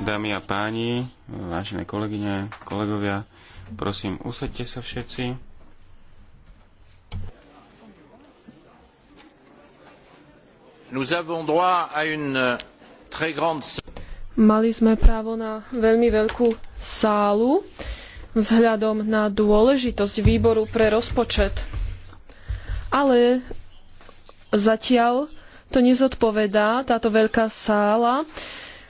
Dámy a páni, vážené kolegyne, kolegovia, prosím, usadte sa všetci. Nous avons droit à une euh, très grande Mali sme právo na veľmi veľkú sálu vzhľadom na dôležitosť výboru pre rozpočet. Ale zatiaľ to nezodpovedá, táto veľká sála,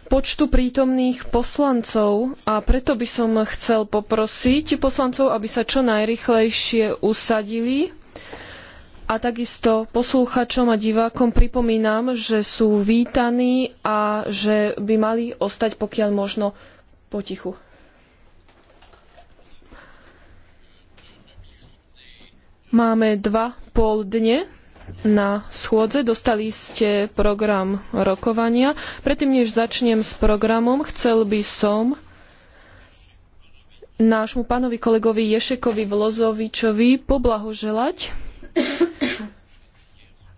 počtu prítomných poslancov a preto by som chcel poprosiť poslancov, aby sa čo najrychlejšie usadili. A takisto poslúchačom a divákom pripomínam, že sú vítaní a že by mali ostať pokiaľ možno potichu. Máme dva pol dne na schôdze. Dostali ste program rokovania. Predtým, než začnem s programom, chcel by som nášmu pánovi kolegovi Ješekovi Vlozovičovi poblahoželať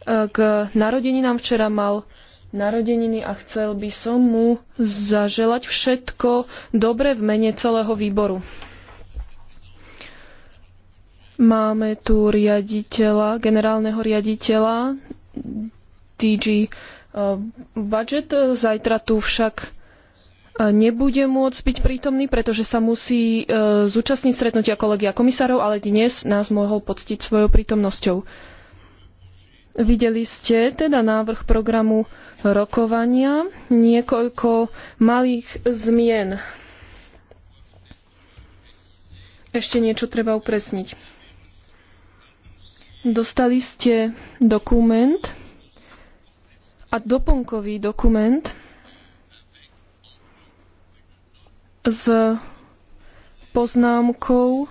k narodeninám. Včera mal narodeniny a chcel by som mu zaželať všetko dobre v mene celého výboru. Máme tu riaditeľa, generálneho riaditeľa DG eh, Budget. Zajtra tu však eh, nebude môcť byť prítomný, pretože sa musí eh, zúčastniť stretnutia kolegia komisárov, ale dnes nás mohol poctiť svojou prítomnosťou. Videli ste teda návrh programu rokovania, niekoľko malých zmien. Ešte niečo treba upresniť. Dostali ste dokument a doplnkový dokument s poznámkou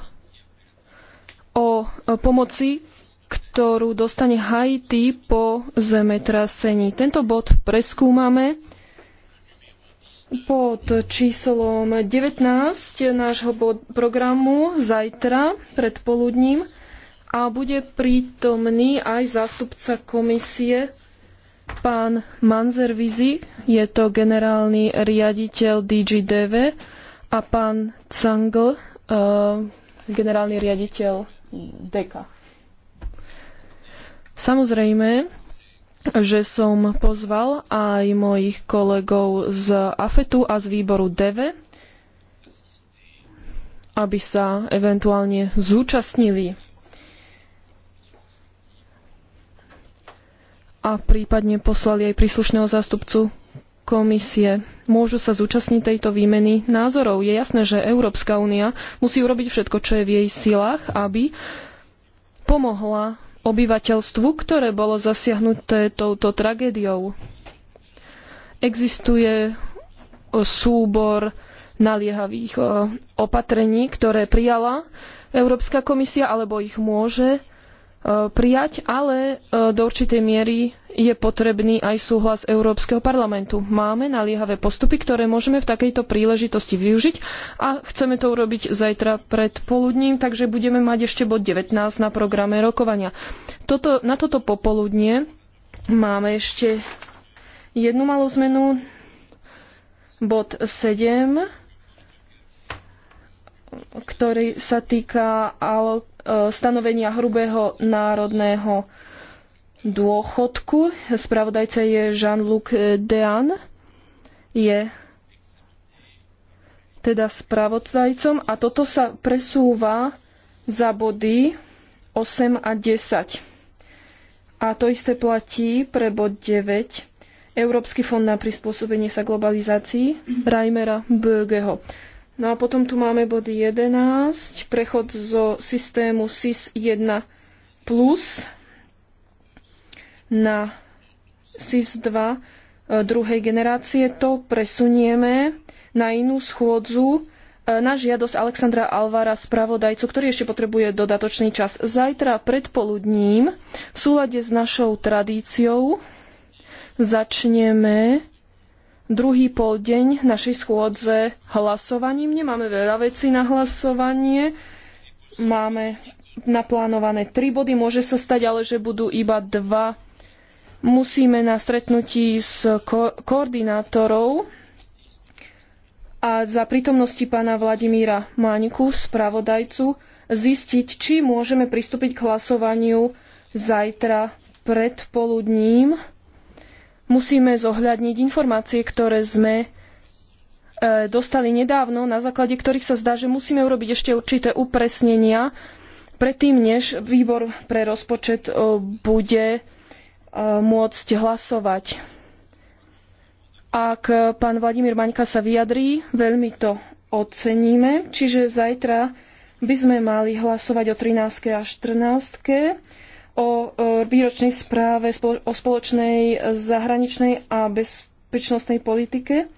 o pomoci, ktorú dostane Haiti po zemetrasení. Tento bod preskúmame pod číslom 19 nášho programu zajtra predpoludním. poludním a bude prítomný aj zástupca komisie pán Manzervizi, je to generálny riaditeľ DGDV a pán Cangl, uh, generálny riaditeľ DECA. Samozrejme, že som pozval aj mojich kolegov z AFETu a z výboru DEVE, aby sa eventuálne zúčastnili a prípadne poslali aj príslušného zástupcu komisie. Môžu sa zúčastniť tejto výmeny názorov. Je jasné, že Európska únia musí urobiť všetko, čo je v jej silách, aby pomohla obyvateľstvu, ktoré bolo zasiahnuté touto tragédiou. Existuje súbor naliehavých eh, opatrení, ktoré prijala Európska komisia, alebo ich môže E, prijať, ale e, do určitej miery je potrebný aj súhlas Európskeho parlamentu. Máme naliehavé postupy, ktoré môžeme v takejto príležitosti využiť a chceme to urobiť zajtra pred poludním, takže budeme mať ešte bod 19 na programe rokovania. Toto, na toto popoludnie máme ešte jednu malú zmenu. Bod 7 ktorý sa týka Eh, stanovenia hrubého národného dôchodku. Spravodajca je Jean-Luc Dean. Je teda spravodajcom a toto sa presúva za body 8 a 10. A to isté platí pre bod 9. Európsky fond na prispôsobenie sa globalizácii Reimera Bögeho. No a potom tu máme bod 11, prechod zo systému SIS-1 plus na SIS-2 e, druhej generácie. To presunieme na inú schôdzu e, na žiadosť Alexandra Alvara, spravodajcu, ktorý ešte potrebuje dodatočný čas. Zajtra predpoludním v súlade s našou tradíciou začneme druhý pol deň našej schôdze hlasovaním. Nemáme veľa vecí na hlasovanie. Máme naplánované tri body. Môže sa stať ale, že budú iba dva. Musíme na stretnutí s ko- koordinátorov a za prítomnosti pána Vladimíra Maňku, spravodajcu, zistiť, či môžeme pristúpiť k hlasovaniu zajtra pred poludním musíme zohľadniť informácie, ktoré sme e, dostali nedávno, na základe ktorých sa zdá, že musíme urobiť ešte určité upresnenia predtým, než výbor pre rozpočet e, bude e, môcť hlasovať. Ak pán Vladimír Maňka sa vyjadrí, veľmi to oceníme. Čiže zajtra by sme mali hlasovať o 13. a 14 o e, výročnej správe o spoločnej zahraničnej a bezpečnostnej politike.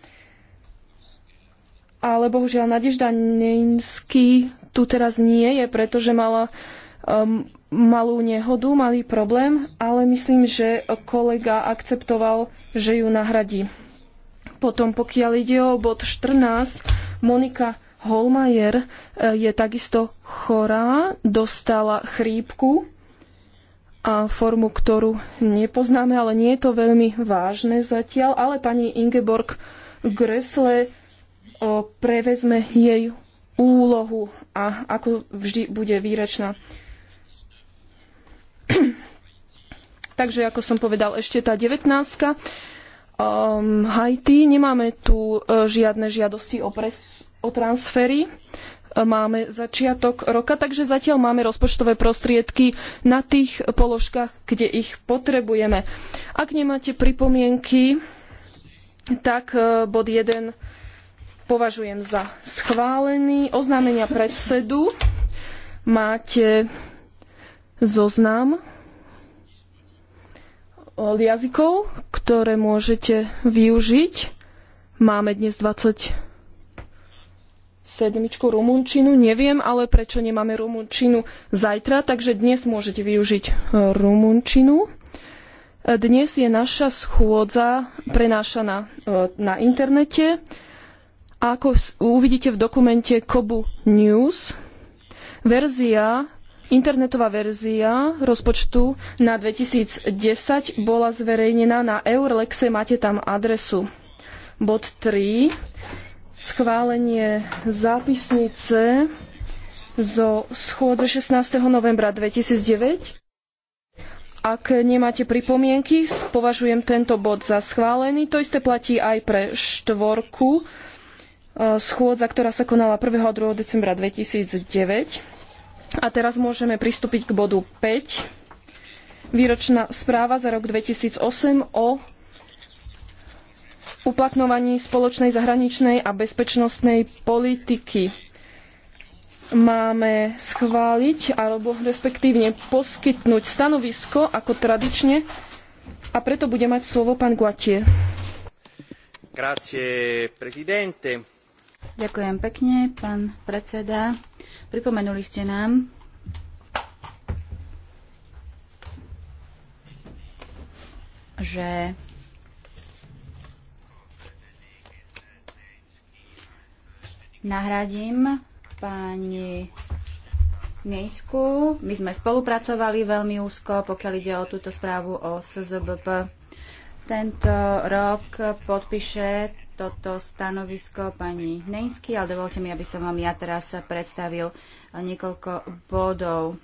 Ale bohužiaľ Nadežda Nejnsky tu teraz nie je, pretože mala um, malú nehodu, malý problém, ale myslím, že kolega akceptoval, že ju nahradí. Potom, pokiaľ ide o bod 14, Monika Holmajer e, je takisto chorá, dostala chrípku a formu, ktorú nepoznáme, ale nie je to veľmi vážne zatiaľ. Ale pani Ingeborg Gressle prevezme jej úlohu a ako vždy bude výračná. Takže, ako som povedal, ešte tá 19. Um, ehm, Haiti. Nemáme tu e, žiadne žiadosti o, pres- o transfery máme začiatok roka, takže zatiaľ máme rozpočtové prostriedky na tých položkách, kde ich potrebujeme. Ak nemáte pripomienky, tak e, bod 1 považujem za schválený. Oznámenia predsedu máte zoznam od jazykov, ktoré môžete využiť. Máme dnes 20 sedmičku rumunčinu. Neviem, ale prečo nemáme rumunčinu zajtra, takže dnes môžete využiť e, rumunčinu. E, dnes je naša schôdza prenášaná e, na internete. A ako uvidíte v dokumente Kobu News, verzia, internetová verzia rozpočtu na 2010 bola zverejnená na Eurlexe, máte tam adresu. Bod 3 schválenie zápisnice zo schôdze 16. novembra 2009. Ak nemáte pripomienky, považujem tento bod za schválený. To isté platí aj pre štvorku e, schôdza, ktorá sa konala 1. a 2. decembra 2009. A teraz môžeme pristúpiť k bodu 5. Výročná správa za rok 2008 o uplatňovaní spoločnej zahraničnej a bezpečnostnej politiky. Máme schváliť alebo respektívne poskytnúť stanovisko ako tradične a preto bude mať slovo pán Guatier. Grazie, presidente. Ďakujem pekne, pán predseda. Pripomenuli ste nám, že nahradím pani Nejsku. My sme spolupracovali veľmi úzko, pokiaľ ide o túto správu o SZBP. Tento rok podpíše toto stanovisko pani Nejsky, ale dovolte mi, aby som vám ja teraz predstavil niekoľko bodov.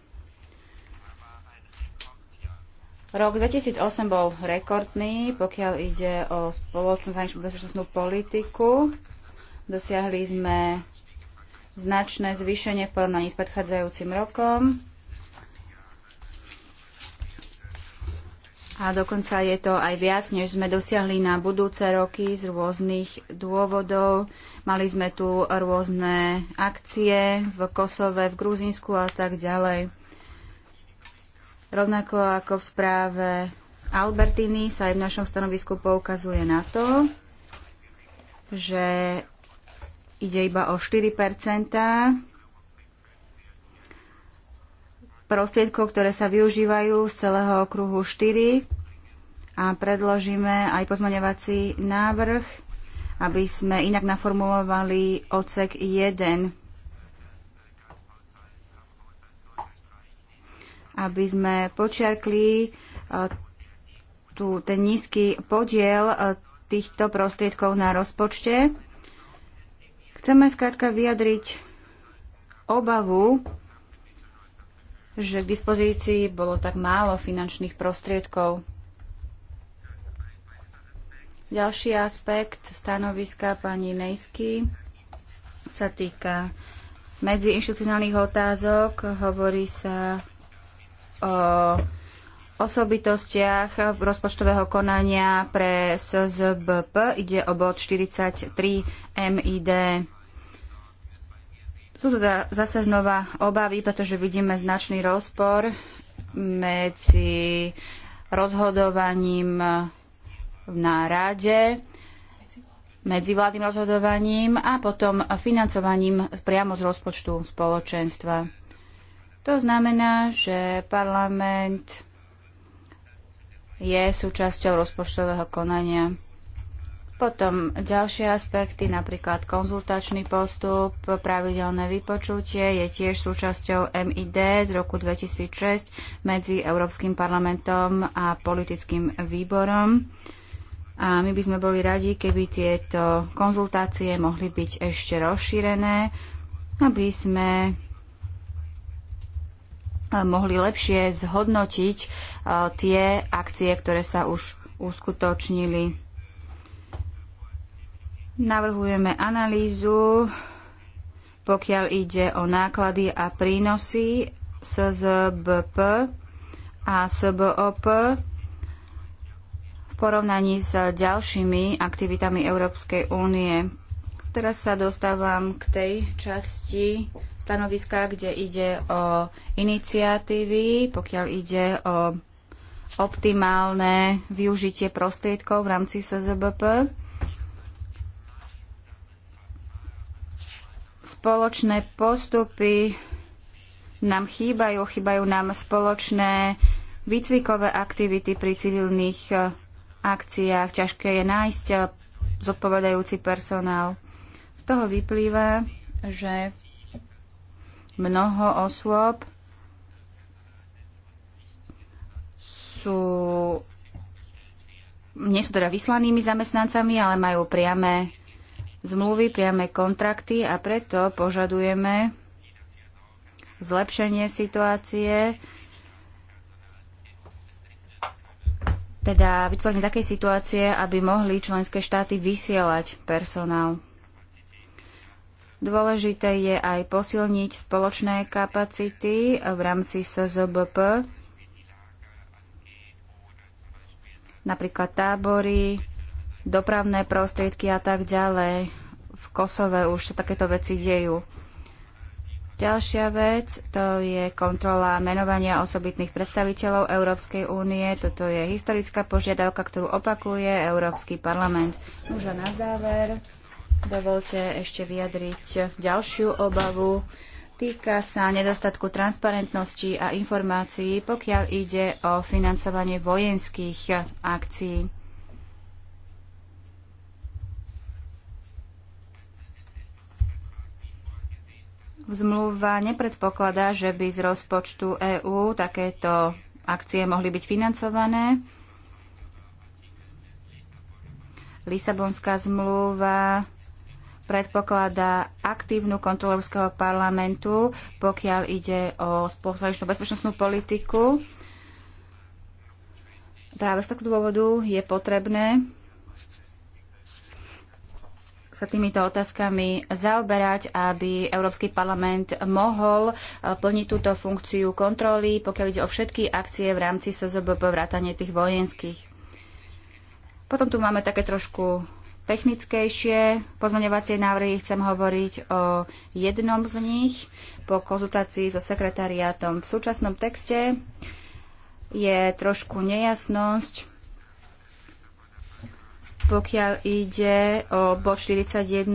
Rok 2008 bol rekordný, pokiaľ ide o spoločnú zahraničnú bezpečnostnú politiku. Dosiahli sme značné zvýšenie v porovnaní s predchádzajúcim rokom. A dokonca je to aj viac, než sme dosiahli na budúce roky z rôznych dôvodov. Mali sme tu rôzne akcie v Kosove, v Gruzínsku a tak ďalej. Rovnako ako v správe Albertiny sa aj v našom stanovisku poukazuje na to, že Ide iba o 4 prostriedkov, ktoré sa využívajú z celého okruhu 4 a predložíme aj pozmaňovací návrh, aby sme inak naformulovali odsek 1, aby sme počiarkli e, tú, ten nízky podiel e, týchto prostriedkov na rozpočte Chceme skrátka vyjadriť obavu, že k dispozícii bolo tak málo finančných prostriedkov. Ďalší aspekt stanoviska pani Nejsky sa týka medziinstitucionálnych otázok. Hovorí sa o osobitostiach rozpočtového konania pre SZBP. Ide o bod 43 MID. Sú teda zase znova obavy, pretože vidíme značný rozpor medzi rozhodovaním na rade, medzivládnym rozhodovaním a potom financovaním priamo z rozpočtu spoločenstva. To znamená, že parlament je súčasťou rozpočtového konania. Potom ďalšie aspekty, napríklad konzultačný postup, pravidelné vypočutie je tiež súčasťou MID z roku 2006 medzi Európskym parlamentom a politickým výborom. A my by sme boli radi, keby tieto konzultácie mohli byť ešte rozšírené, aby sme mohli lepšie zhodnotiť tie akcie, ktoré sa už uskutočnili. Navrhujeme analýzu, pokiaľ ide o náklady a prínosy SZBP a SBOP v porovnaní s ďalšími aktivitami Európskej únie. Teraz sa dostávam k tej časti stanoviska, kde ide o iniciatívy, pokiaľ ide o optimálne využitie prostriedkov v rámci SZBP. Spoločné postupy nám chýbajú, chýbajú nám spoločné výcvikové aktivity pri civilných e, akciách. Ťažké je nájsť e, zodpovedajúci personál. Z toho vyplýva, že Mnoho osôb sú nie sú teda vyslanými zamestnancami, ale majú priame zmluvy, priame kontrakty a preto požadujeme zlepšenie situácie, teda vytvorenie takej situácie, aby mohli členské štáty vysielať personál. Dôležité je aj posilniť spoločné kapacity v rámci SZBP, napríklad tábory, dopravné prostriedky a tak ďalej. V Kosove už sa takéto veci dejú. Ďalšia vec, to je kontrola menovania osobitných predstaviteľov Európskej únie. Toto je historická požiadavka, ktorú opakuje Európsky parlament. Už a na záver. Dovolte ešte vyjadriť ďalšiu obavu. Týka sa nedostatku transparentnosti a informácií, pokiaľ ide o financovanie vojenských akcií. Zmluva nepredpokladá, že by z rozpočtu EÚ takéto akcie mohli byť financované. Lisabonská zmluva predpokladá aktívnu Európskeho parlamentu, pokiaľ ide o spoločnú bezpečnostnú politiku. Práve z tohto dôvodu je potrebné sa týmito otázkami zaoberať, aby Európsky parlament mohol eh, plniť túto funkciu kontroly, pokiaľ ide o všetky akcie v rámci SZBP vrátane tých vojenských. Potom tu máme také trošku technickejšie pozmeňovacie návrhy. Chcem hovoriť o jednom z nich po konzultácii so sekretariátom. V súčasnom texte je trošku nejasnosť, pokiaľ ide o bod 41.3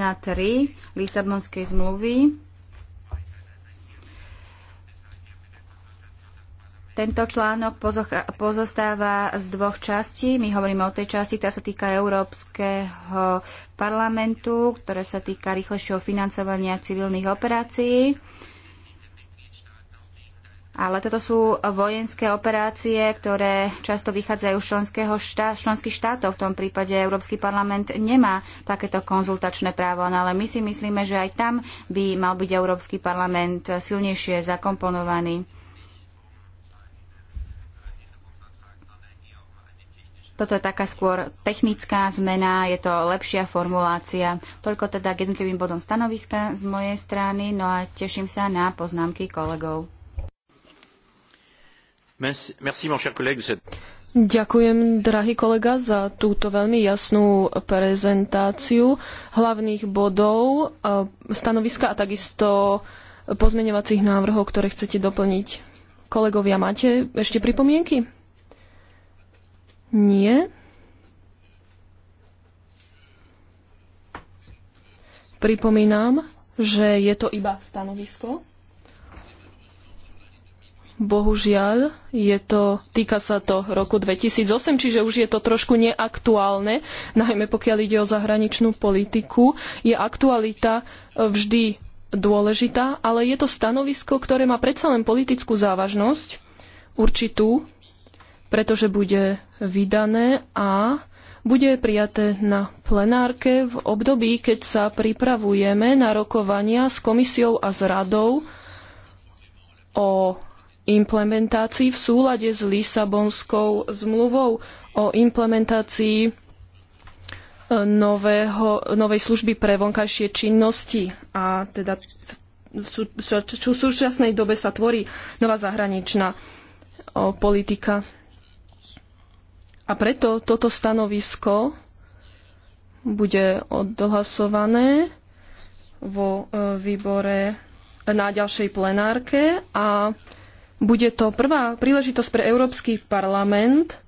Lisabonskej zmluvy Tento článok pozostáva z dvoch častí. My hovoríme o tej časti, ktorá sa týka Európskeho parlamentu, ktoré sa týka rýchlejšieho financovania civilných operácií. Ale toto sú vojenské operácie, ktoré často vychádzajú z členského členských štátov. V tom prípade Európsky parlament nemá takéto konzultačné právo, no ale my si myslíme, že aj tam by mal byť Európsky parlament silnejšie zakomponovaný. Toto je taká skôr technická zmena, je to lepšia formulácia. Toľko teda k jednotlivým bodom stanoviska z mojej strany, no a teším sa na poznámky kolegov. Merci, mon cher collègue. Ďakujem, drahý kolega, za túto veľmi jasnú prezentáciu hlavných bodov e, stanoviska a takisto pozmeňovacích návrhov, ktoré chcete doplniť. Kolegovia, máte ešte pripomienky? Nie. Pripomínam, že je to iba stanovisko. Bohužiaľ, je to, týka sa to roku 2008, čiže už je to trošku neaktuálne, najmä pokiaľ ide o zahraničnú politiku. Je aktualita e, vždy dôležitá, ale je to stanovisko, ktoré má predsa len politickú závažnosť, určitú, pretože bude vydané a bude prijaté na plenárke v období, keď sa pripravujeme na rokovania s komisiou a s radou o implementácii v súlade s Lisabonskou zmluvou o implementácii e, nového, novej služby pre vonkajšie činnosti a teda v súčasnej dobe sa tvorí nová zahraničná politika. A preto toto stanovisko bude odhlasované vo e, výbore e, na ďalšej plenárke a bude to prvá príležitosť pre Európsky parlament,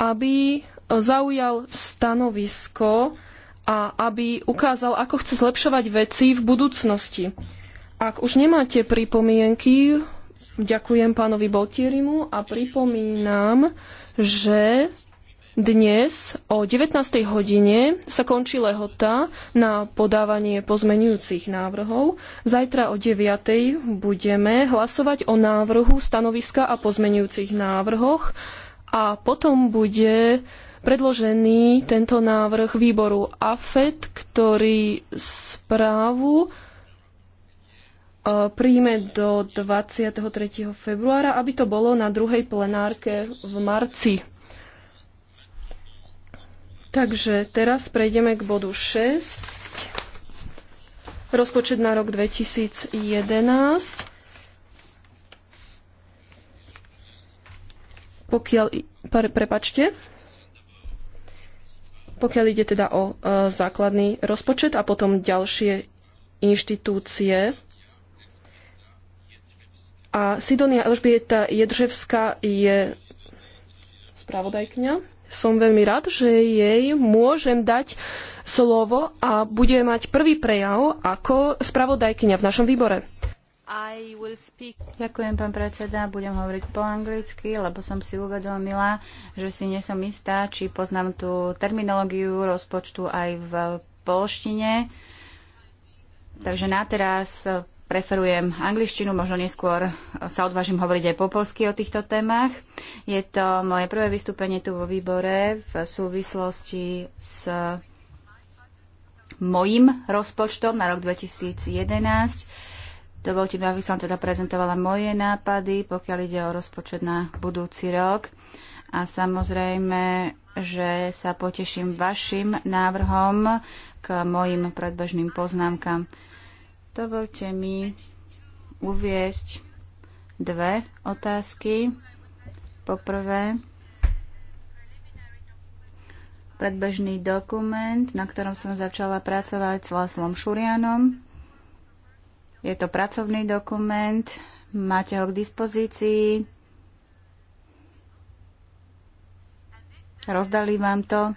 aby zaujal stanovisko a aby ukázal, ako chce zlepšovať veci v budúcnosti. Ak už nemáte pripomienky, ďakujem pánovi Botierimu a pripomínam, že dnes o 19. hodine sa končí lehota na podávanie pozmenujúcich návrhov. Zajtra o 9. budeme hlasovať o návrhu stanoviska a pozmenujúcich návrhoch a potom bude predložený tento návrh výboru AFET, ktorý správu e, príjme do 23. februára, aby to bolo na druhej plenárke v marci. Takže teraz prejdeme k bodu 6. Rozpočet na rok 2011. Pokiaľ, pre, prepačte, pokiaľ ide teda o e, základný rozpočet a potom ďalšie inštitúcie. A Sidonia Elžbieta Jedrževská je spravodajkňa som veľmi rád, že jej môžem dať slovo a bude mať prvý prejav ako spravodajkyňa v našom výbore. Speak... Ďakujem, pán predseda. Budem hovoriť po anglicky, lebo som si uvedomila, že si nesom istá, či poznám tú terminológiu rozpočtu aj v polštine. Takže na teraz preferujem angličtinu, možno neskôr sa odvážim hovoriť aj po polsky o týchto témach. Je to moje prvé vystúpenie tu vo výbore v súvislosti s mojim rozpočtom na rok 2011. Dovolte mi, aby som teda prezentovala moje nápady, pokiaľ ide o rozpočet na budúci rok. A samozrejme, že sa poteším vašim návrhom k mojim predbežným poznámkam. Dovolte mi uviesť dve otázky. Poprvé, predbežný dokument, na ktorom som začala pracovať s Laslom Šurianom. Je to pracovný dokument, máte ho k dispozícii, rozdali vám to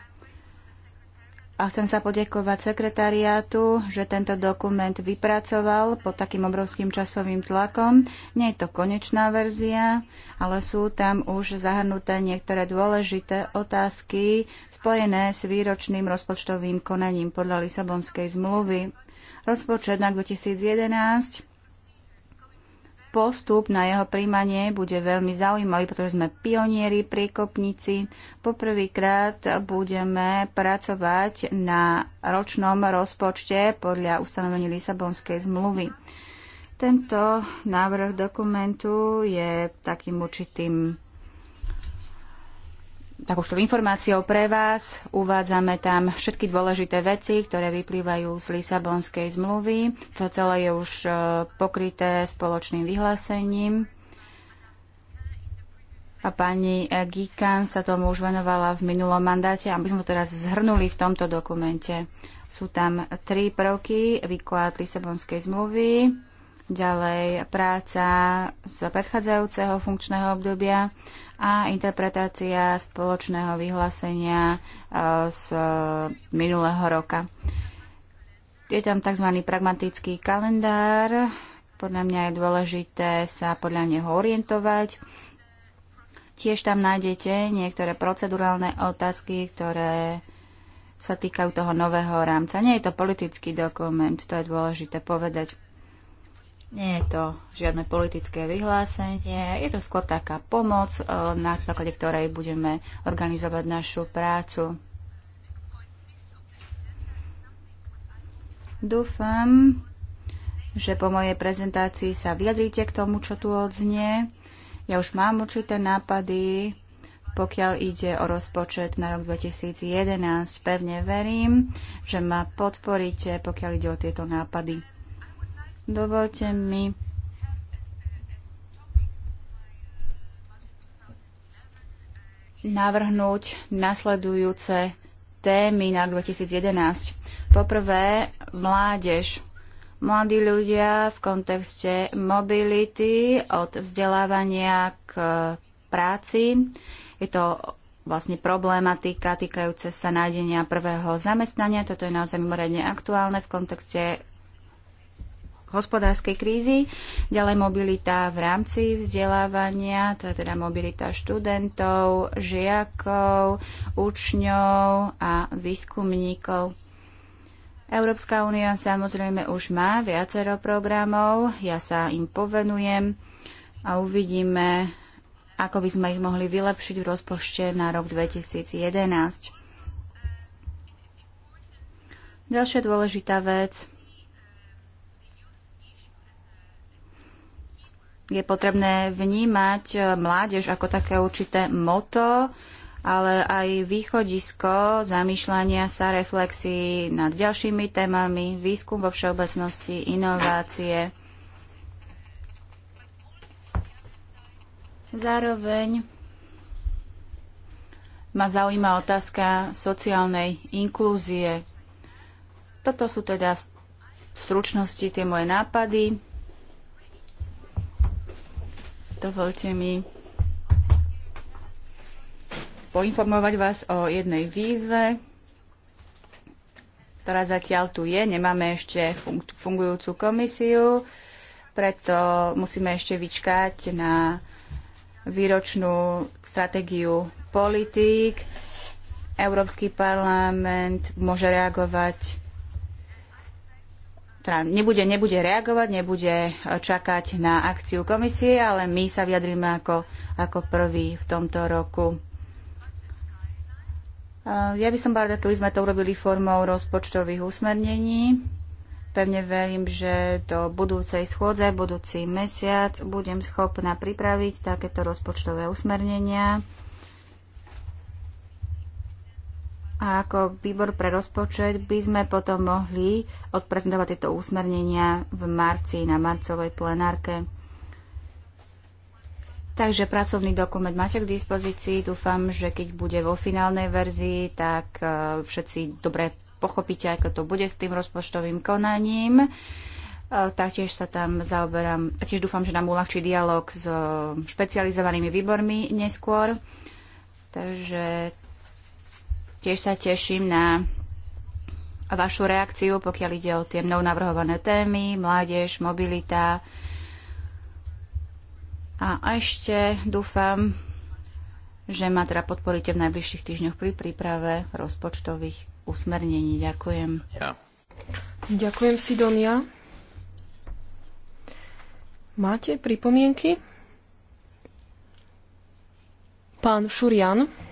a chcem sa podekovať sekretariátu, že tento dokument vypracoval pod takým obrovským časovým tlakom. Nie je to konečná verzia, ale sú tam už zahrnuté niektoré dôležité otázky spojené s výročným rozpočtovým konaním podľa Lisabonskej zmluvy. Rozpočet na 2011 postup na jeho príjmanie bude veľmi zaujímavý, pretože sme pionieri, priekopníci. Poprvýkrát budeme pracovať na ročnom rozpočte podľa ustanovení Lisabonskej zmluvy. Tento návrh dokumentu je takým určitým takúto informáciou pre vás. Uvádzame tam všetky dôležité veci, ktoré vyplývajú z Lisabonskej zmluvy. To celé je už e, pokryté spoločným vyhlásením. A pani e, Gikan sa tomu už venovala v minulom mandáte aby sme to teraz zhrnuli v tomto dokumente. Sú tam tri prvky, výklad Lisabonskej zmluvy, ďalej práca z predchádzajúceho funkčného obdobia a interpretácia spoločného vyhlásenia e, z minulého roka. Je tam tzv. pragmatický kalendár. Podľa mňa je dôležité sa podľa neho orientovať. Tiež tam nájdete niektoré procedurálne otázky, ktoré sa týkajú toho nového rámca. Nie je to politický dokument, to je dôležité povedať. Nie je to žiadne politické vyhlásenie, je to skôr taká pomoc, eh, na základe ktorej budeme organizovať našu prácu. Dúfam, že po mojej prezentácii sa vyjadríte k tomu, čo tu odznie. Ja už mám určité nápady, pokiaľ ide o rozpočet na rok 2011. Pevne verím, že ma podporíte, pokiaľ ide o tieto nápady. Dovolte mi navrhnúť nasledujúce témy na 2011. Poprvé, mládež. Mladí ľudia v kontexte mobility od vzdelávania k práci. Je to vlastne problematika týkajúce sa nájdenia prvého zamestnania. Toto je naozaj mimoriadne aktuálne v kontexte hospodárskej krízy, ďalej mobilita v rámci vzdelávania, to je teda mobilita študentov, žiakov, učňov a výskumníkov. Európska únia samozrejme už má viacero programov, ja sa im povenujem a uvidíme, ako by sme ich mohli vylepšiť v rozpočte na rok 2011. Ďalšia dôležitá vec je potrebné vnímať eh, mládež ako také určité moto, ale aj východisko zamýšľania sa reflexí nad ďalšími témami, výskum vo všeobecnosti, inovácie. Zároveň ma zaujíma otázka sociálnej inklúzie. Toto sú teda v stručnosti tie moje nápady. Dovolte mi poinformovať vás o jednej výzve, ktorá zatiaľ tu je. Nemáme ešte fungujúcu komisiu, preto musíme ešte vyčkať na výročnú stratégiu politík. Európsky parlament môže reagovať teda nebude, nebude reagovať, nebude e, čakať na akciu komisie, ale my sa vyjadríme ako, ako prvý v tomto roku. E, ja by som bola rada, keby sme to urobili formou rozpočtových usmernení. Pevne verím, že do budúcej schôdze, budúci mesiac budem schopná pripraviť takéto rozpočtové usmernenia A ako výbor pre rozpočet by sme potom mohli odprezentovať tieto úsmernenia v marci na marcovej plenárke. Takže pracovný dokument máte k dispozícii. Dúfam, že keď bude vo finálnej verzii, tak e, všetci dobre pochopíte, ako to bude s tým rozpočtovým konaním. E, taktiež sa tam zaoberám, taktiež dúfam, že nám uľahčí dialog s e, špecializovanými výbormi neskôr. Takže Tiež sa teším na vašu reakciu, pokiaľ ide o tie mnou navrhované témy, mládež, mobilita. A ešte dúfam, že ma teda podporíte v najbližších týždňoch pri príprave rozpočtových usmernení. Ďakujem. Ja. Ďakujem, Sidonia. Máte pripomienky? Pán Šurian.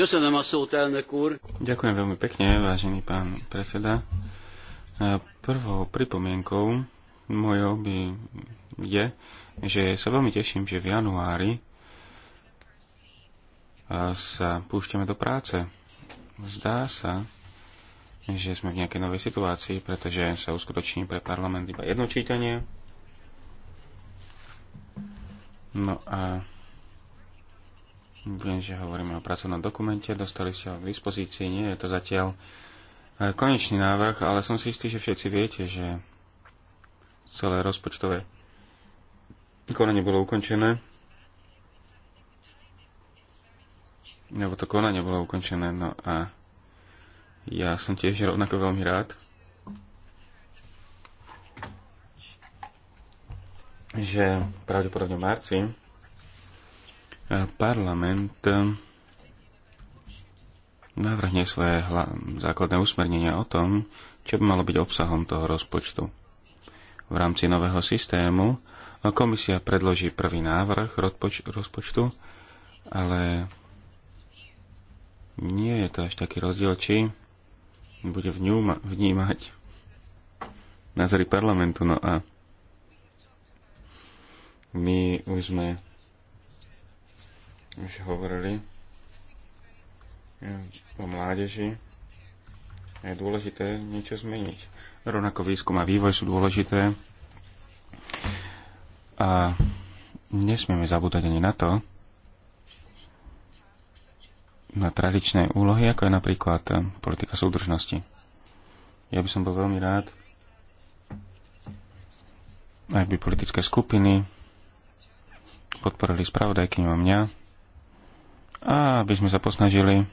Köszönöm a szót, elnök úr. Ďakujem veľmi pekne, vážený pán predseda. Prvou pripomienkou mojou by je, že sa veľmi teším, že v januári sa púšťame do práce. Zdá sa, že sme v nejakej novej situácii, pretože sa uskutoční pre parlament iba jedno čítanie. No a Viem, že hovoríme o pracovnom dokumente, dostali ste ho k dispozícii, nie je to zatiaľ e, konečný návrh, ale som si istý, že všetci viete, že celé rozpočtové konanie bolo ukončené. Nebo to konanie bolo ukončené, no a ja som tiež rovnako veľmi rád, že pravdepodobne v marci parlament eh, navrhne svoje základné usmernenia o tom, čo by malo byť obsahom toho rozpočtu. V rámci nového systému komisia predloží prvý návrh rozpočtu, ale nie je to až taký rozdiel, či bude vnímať názory parlamentu. No a my už sme už hovorili o mládeži, je dôležité niečo zmeniť. Rovnako výskum a vývoj sú dôležité a nesmieme zabúdať ani na to, na tradičné úlohy, ako je napríklad politika súdržnosti. Ja by som bol veľmi rád, ak by politické skupiny podporili spravodajkyňu a mňa a aby sme sa posnažili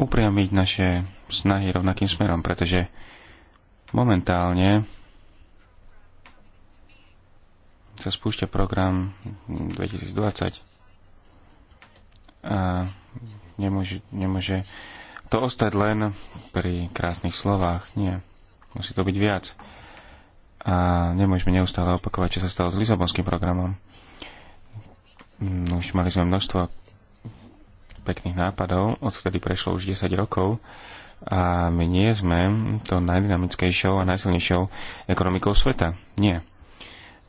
upriamiť naše snahy rovnakým smerom, pretože momentálne sa spúšťa program 2020 a nemôže, nemôže to ostať len pri krásnych slovách. Nie, musí to byť viac. A nemôžeme neustále opakovať, čo sa stalo s Lisabonským programom. Už mali sme množstvo pekných nápadov, od ktorých prešlo už 10 rokov a my nie sme to najdynamickejšou a najsilnejšou ekonomikou sveta. Nie.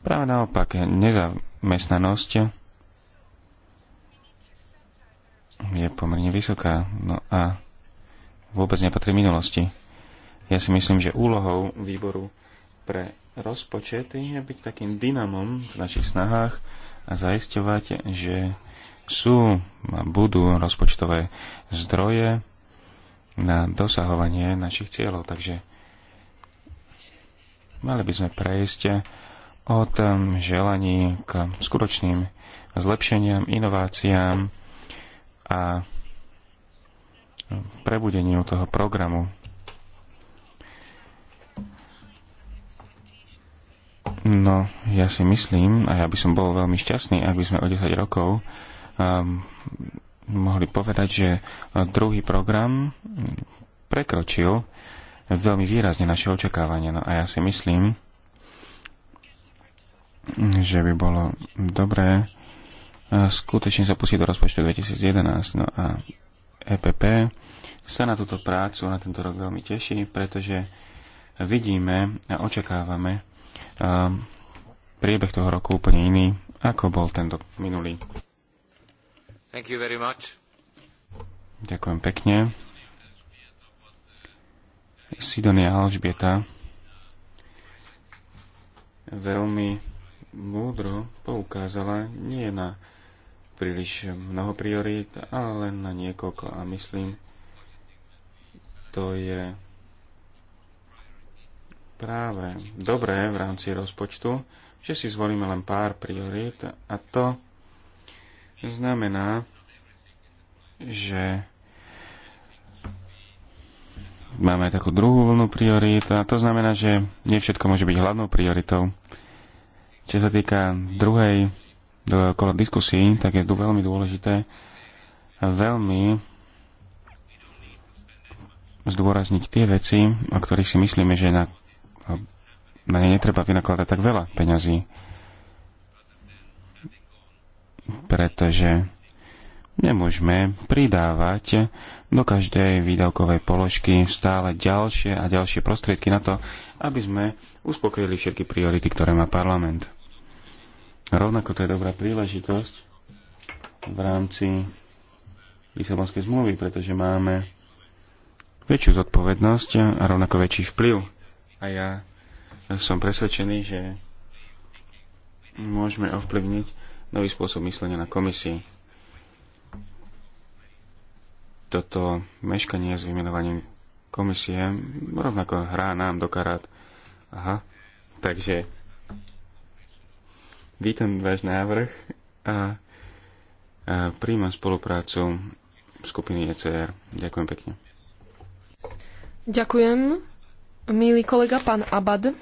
Práve naopak, nezamestnanosť je pomerne vysoká. No a vôbec nepatrí minulosti. Ja si myslím, že úlohou výboru pre rozpočet je byť takým dynamom v našich snahách a zaisťovať, že sú a budú rozpočtové zdroje na dosahovanie našich cieľov. Takže mali by sme prejsť od um, želaní k skutočným zlepšeniam, inováciám a prebudeniu toho programu. No, ja si myslím, a ja by som bol veľmi šťastný, ak by sme o 10 rokov Ehm, mohli povedať, že e, druhý program prekročil veľmi výrazne naše očakávania. No a ja si myslím, že by bolo dobré e, skutočne zapustiť do rozpočtu 2011. No a EPP sa na túto prácu, na tento rok veľmi teší, pretože vidíme a očakávame e, priebeh toho roku úplne iný, ako bol tento minulý. Ďakujem pekne. Sidonia Alžbieta veľmi múdro poukázala nie na príliš mnoho priorít, ale len na niekoľko. A myslím, to je práve dobré v rámci rozpočtu, že si zvolíme len pár priorít a to znamená, že máme takú druhú vlnu priorít a to znamená, že nie všetko môže byť hlavnou prioritou. Čo sa týka druhej, kola diskusí, tak je tu veľmi dôležité veľmi zdôrazniť tie veci, o ktorých si myslíme, že na, na ne netreba vynakladať tak veľa peňazí pretože nemôžeme pridávať do každej výdavkovej položky stále ďalšie a ďalšie prostriedky na to, aby sme uspokojili všetky priority, ktoré má parlament. Rovnako to je dobrá príležitosť v rámci Lisabonskej zmluvy, pretože máme väčšiu zodpovednosť a rovnako väčší vplyv. A ja som presvedčený, že môžeme ovplyvniť nový spôsob myslenia na komisii. Toto meškanie s vymenovaním komisie rovnako hrá nám do karát. Aha, takže vítam váš návrh a, a príjmam spoluprácu skupiny ECR. Ďakujem pekne. Ďakujem. Milý kolega, pán Abad.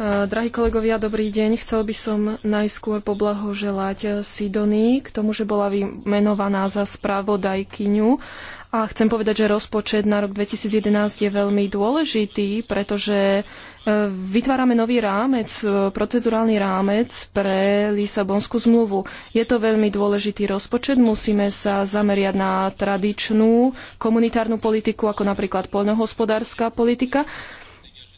Drahí kolegovia, dobrý deň. Chcel by som najskôr poblahoželať e, Sidony k tomu, že bola vymenovaná za spravodajkyňu. A chcem povedať, že rozpočet na rok 2011 je veľmi dôležitý, pretože e, vytvárame nový rámec, e, procedurálny rámec pre Lisabonskú zmluvu. Je to veľmi dôležitý rozpočet, musíme sa zameriať na tradičnú komunitárnu politiku, ako napríklad poľnohospodárska politika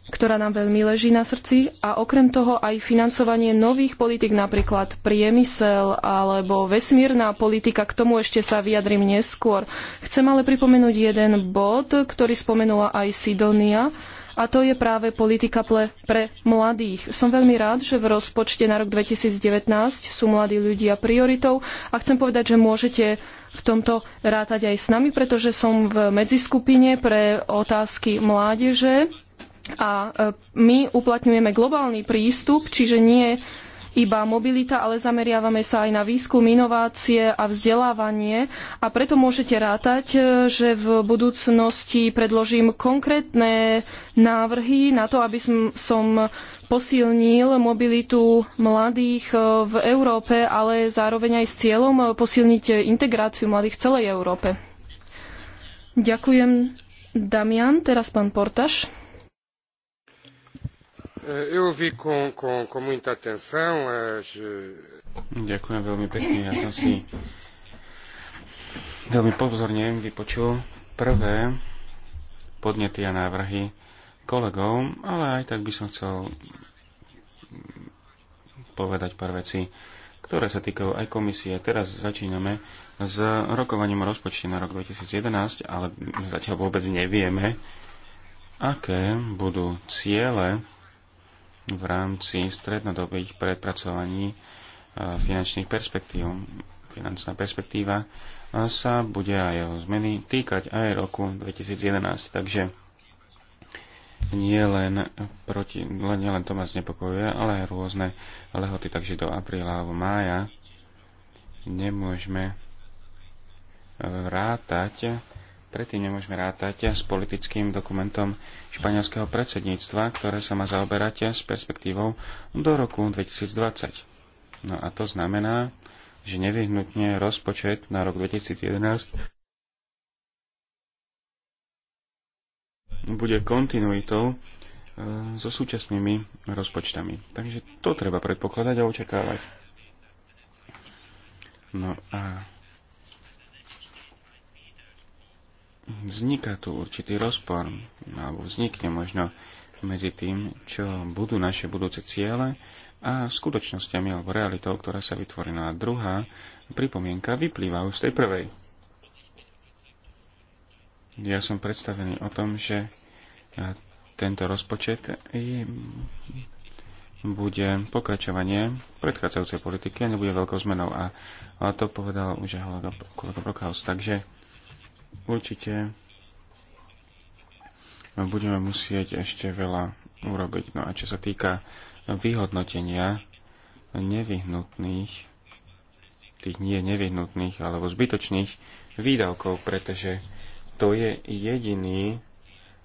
ktorá nám veľmi leží na srdci a okrem toho aj financovanie nových politik, napríklad priemysel alebo vesmírna politika, k tomu ešte sa vyjadrim neskôr. Chcem ale pripomenúť jeden bod, ktorý spomenula aj Sidonia, a to je práve politika pre, pre mladých. Som veľmi rád, že v rozpočte na rok 2019 sú mladí ľudia prioritou a chcem povedať, že môžete v tomto rátať aj s nami, pretože som v medziskupine pre otázky mládeže a e, my uplatňujeme globálny prístup, čiže nie iba mobilita, ale zameriavame sa aj na výskum, inovácie a vzdelávanie a preto môžete rátať, e, že v budúcnosti predložím konkrétne návrhy na to, aby som, som posilnil mobilitu mladých e, v Európe, ale zároveň aj s cieľom posilniť integráciu mladých v celej Európe. Ďakujem, Damian. Teraz pán Portaš. Eh, eh, Ďakujem veľmi pekne. Ja som si veľmi pozorne vypočul prvé podnety a návrhy kolegov, ale aj tak by som chcel povedať pár vecí, ktoré sa týkajú aj komisie. Teraz začíname s rokovaním rozpočte na rok 2011, ale zatiaľ vôbec nevieme, aké budú ciele v rámci strednodobých prepracovaní e, finančných perspektív. Finančná perspektíva e, sa bude aj jeho zmeny týkať aj roku 2011. Takže nie len, proti, len, nie len to ma znepokojuje, ale aj rôzne lehoty. Takže do apríla alebo mája nemôžeme vrátať Predtým nemôžeme rátať s politickým dokumentom španielského predsedníctva, ktoré sa má zaoberať s perspektívou do roku 2020. No a to znamená, že nevyhnutne rozpočet na rok 2011 bude kontinuitou e, so súčasnými rozpočtami. Takže to treba predpokladať a očakávať. No a vzniká tu určitý rozpor, alebo vznikne možno medzi tým, čo budú naše budúce ciele a skutočnosťami alebo realitou, ktorá sa vytvorí. No druhá pripomienka vyplýva už z tej prvej. Ja som predstavený o tom, že tento rozpočet je, bude pokračovanie predchádzajúcej politiky a nebude veľkou zmenou. A, a to povedal už aj kolega Brockhaus. Takže určite budeme musieť ešte veľa urobiť. No a čo sa týka vyhodnotenia nevyhnutných, tých nie nevyhnutných alebo zbytočných výdavkov, pretože to je jediný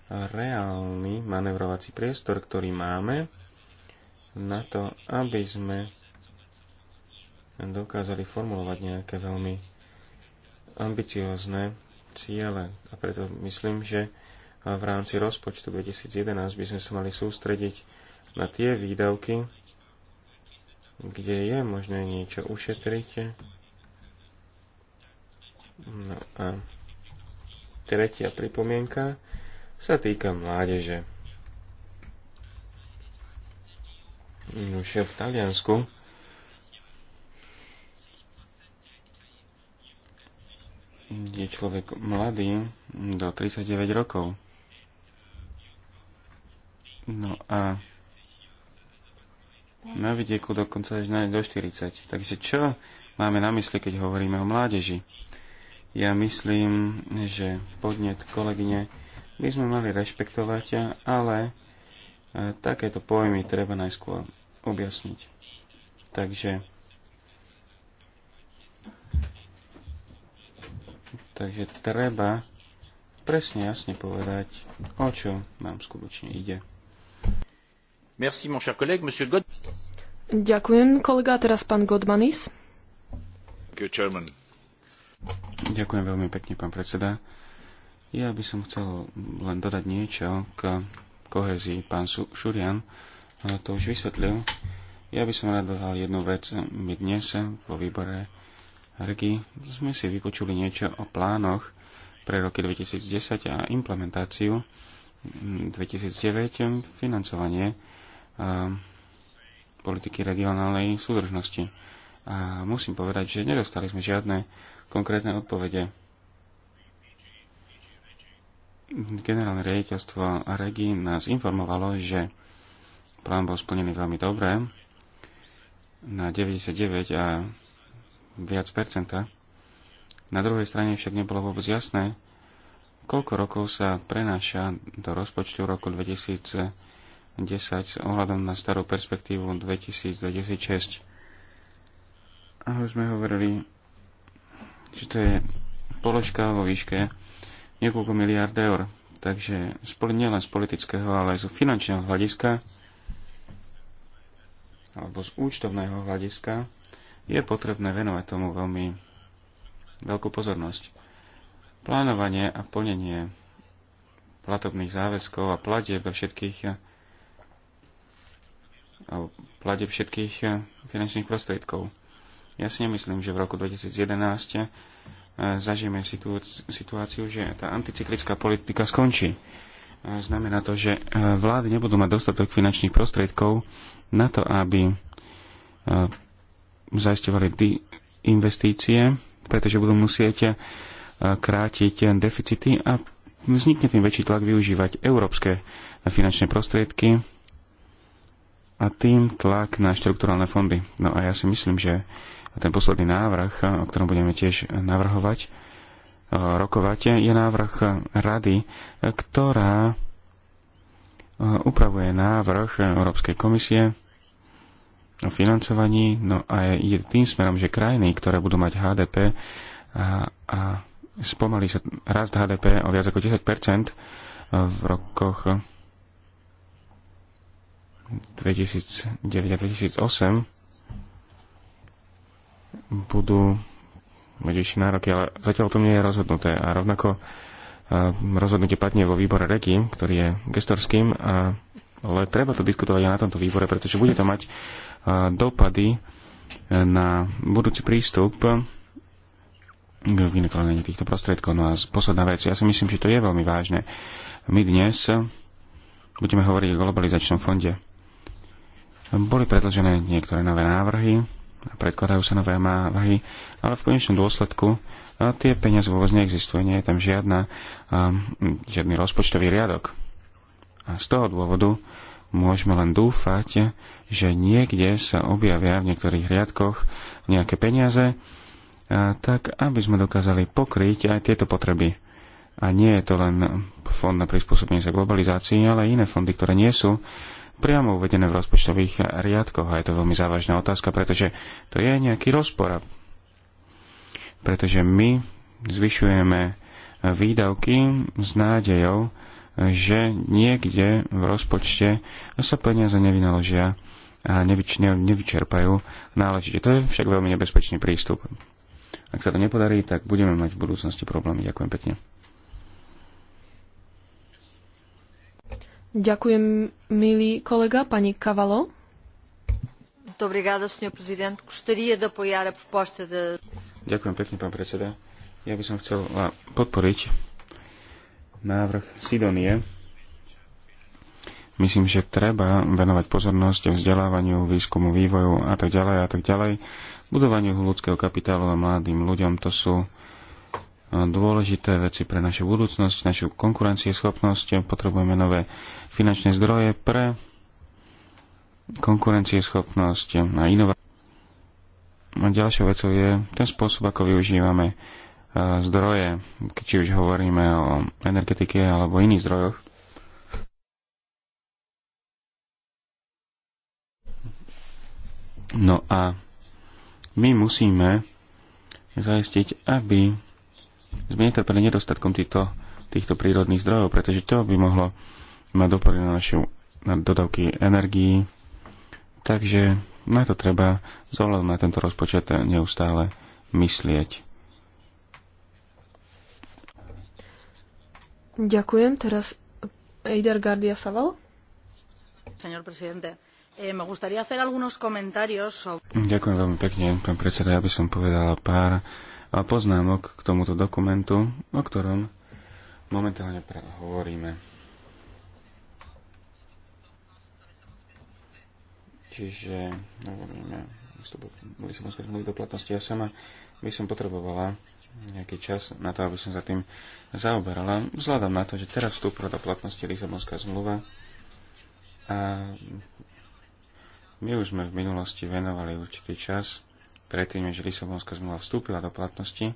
reálny manevrovací priestor, ktorý máme na to, aby sme dokázali formulovať nejaké veľmi ambiciozne ciele. A preto myslím, že v rámci rozpočtu 2011 by sme sa mali sústrediť na tie výdavky, kde je možné niečo ušetriť. No a tretia pripomienka sa týka mládeže. Už v Taliansku je človek mladý do 39 rokov. No a na vidieku dokonca až do 40. Takže čo máme na mysli, keď hovoríme o mládeži? Ja myslím, že podnet kolegyne by sme mali rešpektovať, ale e, takéto pojmy treba najskôr objasniť. Takže Takže treba presne jasne povedať, o čo nám skutočne ide. Merci, mon cher collègue, monsieur God... Ďakujem, kolega. Teraz pán Godmanis. Good chairman. Ďakujem veľmi pekne, pán predseda. Ja by som chcel len dodať niečo k kohezii. Pán Šurian to už vysvetlil. Ja by som rád dodal jednu vec. My dnes vo výbore Regi sme si vypočuli niečo o plánoch pre roky 2010 a implementáciu 2009 mm, mm, financovanie politiky regionálnej súdržnosti. A musím povedať, že nedostali sme žiadne konkrétne odpovede. Generálne riaditeľstvo Regi nás informovalo, že plán bol splnený veľmi dobre na 99 a viac percenta. Na druhej strane však nebolo vôbec jasné, koľko rokov sa prenáša do rozpočtu roku 2010 s ohľadom na starú perspektívu 2026. A už sme hovorili, že to je položka vo výške niekoľko miliard eur. Takže nielen z politického, ale aj z finančného hľadiska alebo z účtovného hľadiska je potrebné venovať tomu veľmi veľkú pozornosť. Plánovanie a plnenie platobných záväzkov a platieb všetkých alebo platieb všetkých finančných prostriedkov. Ja si nemyslím, že v roku 2011 e, zažijeme situáciu, že tá anticyklická politika skončí. E, znamená to, že e, vlády nebudú mať dostatok finančných prostriedkov na to, aby zaistovali investície, pretože budú musieť e, krátiť deficity a vznikne tým väčší tlak využívať európske finančné prostriedky a tým tlak na štrukturálne fondy. No a ja si myslím, že ten posledný návrh, e, o ktorom budeme tiež navrhovať, e, rokovať, je návrh rady, ktorá upravuje návrh Európskej komisie o financovaní, no a je tým smerom, že krajiny, ktoré budú mať HDP a, a spomalí sa rast HDP o viac ako 10% e, v rokoch 2009 2008 budú vyššie nároky, ale zatiaľ to nie je rozhodnuté a rovnako e, rozhodnutie padne vo výbore REGI, ktorý je gestorským, ale treba to diskutovať aj na tomto výbore, pretože bude to mať dopady e, na budúci prístup k vynakladaniu týchto prostriedkov. No a posledná vec, ja si myslím, že to je veľmi vážne. My dnes budeme hovoriť o globalizačnom fonde. Boli predložené niektoré nové návrhy, predkladajú sa nové návrhy, ale v konečnom dôsledku e, tie peniaze vôbec neexistujú, nie je tam žiadna, žiadny rozpočtový riadok. A z toho dôvodu Môžeme len dúfať, že niekde sa objavia v niektorých riadkoch nejaké peniaze, tak aby sme dokázali pokryť aj tieto potreby. A nie je to len fond na prispôsobenie sa globalizácii, ale aj iné fondy, ktoré nie sú priamo uvedené v rozpočtových riadkoch. A je to veľmi závažná otázka, pretože to je nejaký rozpor. Pretože my zvyšujeme výdavky s nádejou, že niekde v rozpočte sa peniaze nevynaložia a nevyčerpajú náležite. To je však veľmi nebezpečný prístup. Ak sa to nepodarí, tak budeme mať v budúcnosti problémy. Ďakujem pekne. Ďakujem, milý kolega, pani Kavalo. Ďakujem pekne, pán predseda. Ja by som chcel eh, podporiť návrh Sidonie. Myslím, že treba venovať pozornosť vzdelávaniu, výskumu, vývoju a tak ďalej a tak ďalej. Budovaniu ľudského kapitálu a mladým ľuďom to sú eh, dôležité veci pre našu budúcnosť, našu konkurencieschopnosť. Potrebujeme nové finančné zdroje pre konkurencieschopnosť a inovácie. ďalšou vecou je ten spôsob, ako využívame E, zdroje, či už hovoríme o energetike alebo iných zdrojoch. No a my musíme zajistiť, aby sme netrpeli nedostatkom týchto, týchto prírodných zdrojov, pretože to by mohlo mať dopad na naše na dodavky energií. Takže na to treba zohľadom na tento rozpočet neustále myslieť. Ďakujem. Teraz Eider Gardia Saval. Señor presidente, eh, me gustaría hacer algunos comentarios sobre... Ďakujem veľmi pekne, pán predseda. Ja by som povedala pár poznámok k tomuto dokumentu, o ktorom momentálne hovoríme. Čiže hovoríme o Lisabonskej zmluve do platnosti. Ja sama by som potrebovala nejaký čas na to, aby som sa tým zaoberala. Vzhľadom na to, že teraz vstúpila do platnosti Lisabonská zmluva a my už sme v minulosti venovali určitý čas predtým, než Lisabonská zmluva vstúpila do platnosti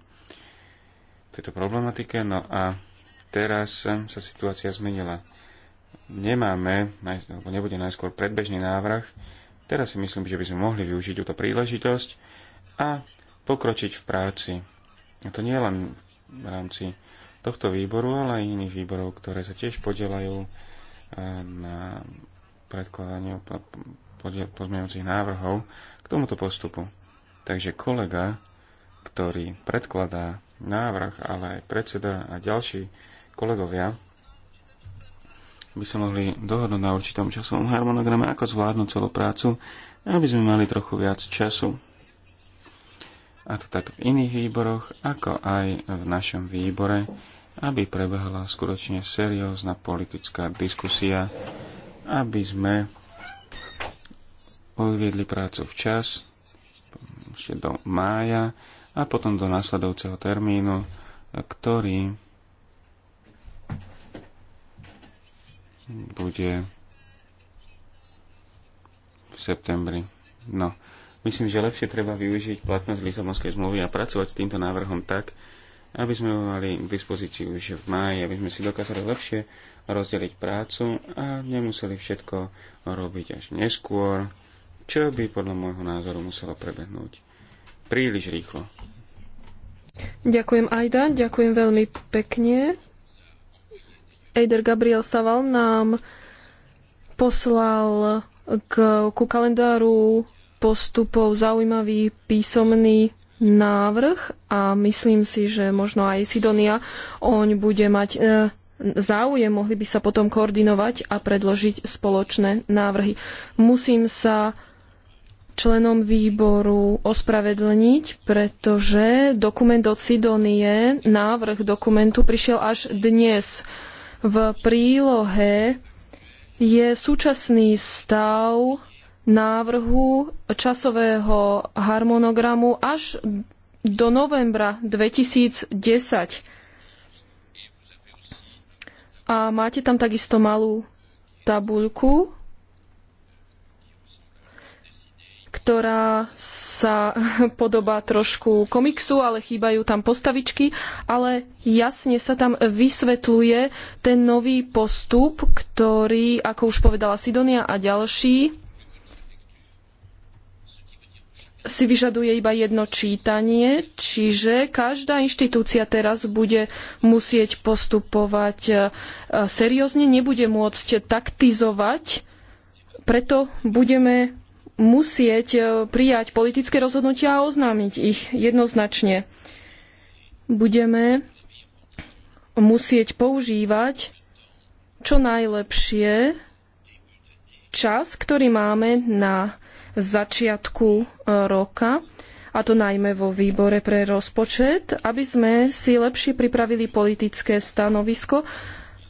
tejto problematike. No a teraz sa situácia zmenila. Nemáme, alebo nebude najskôr predbežný návrh. Teraz si myslím, že by sme mohli využiť túto príležitosť a pokročiť v práci a to nie len v rámci tohto výboru, ale aj iných výborov, ktoré sa tiež podielajú eh, na predkladanie pozmeňujúcich návrhov k tomuto postupu. Takže kolega, ktorý predkladá návrh, ale aj predseda a ďalší kolegovia by sa mohli dohodnúť na určitom časovom harmonograme, ako zvládnuť celú prácu, aby sme mali trochu viac času a to tak v iných výboroch, ako aj v našom výbore, aby prebehla skutočne seriózna politická diskusia, aby sme odviedli prácu včas, ešte do mája a potom do nasledujúceho termínu, ktorý bude v septembri. No, Myslím, že lepšie treba využiť platnosť Lisabonskej zmluvy a pracovať s týmto návrhom tak, aby sme mali k dispozícii už v máji, aby sme si dokázali lepšie rozdeliť prácu a nemuseli všetko robiť až neskôr, čo by podľa môjho názoru muselo prebehnúť príliš rýchlo. Ďakujem Ajda, ďakujem veľmi pekne. Eider Gabriel Saval nám poslal k, ku kalendáru postupov zaujímavý písomný návrh a myslím si, že možno aj Sidonia oň bude mať e, záujem, mohli by sa potom koordinovať a predložiť spoločné návrhy. Musím sa členom výboru ospravedlniť, pretože dokument od Sidonie, návrh dokumentu prišiel až dnes. V prílohe je súčasný stav návrhu časového harmonogramu až do novembra 2010. A máte tam takisto malú tabuľku, ktorá sa podobá trošku komiksu, ale chýbajú tam postavičky, ale jasne sa tam vysvetľuje ten nový postup, ktorý, ako už povedala Sidonia a ďalší, si vyžaduje iba jedno čítanie, čiže každá inštitúcia teraz bude musieť postupovať e, seriózne, nebude môcť taktizovať, preto budeme musieť e, prijať politické rozhodnutia a oznámiť ich jednoznačne. Budeme musieť používať čo najlepšie čas, ktorý máme na začiatku e, roka, a to najmä vo výbore pre rozpočet, aby sme si lepšie pripravili politické stanovisko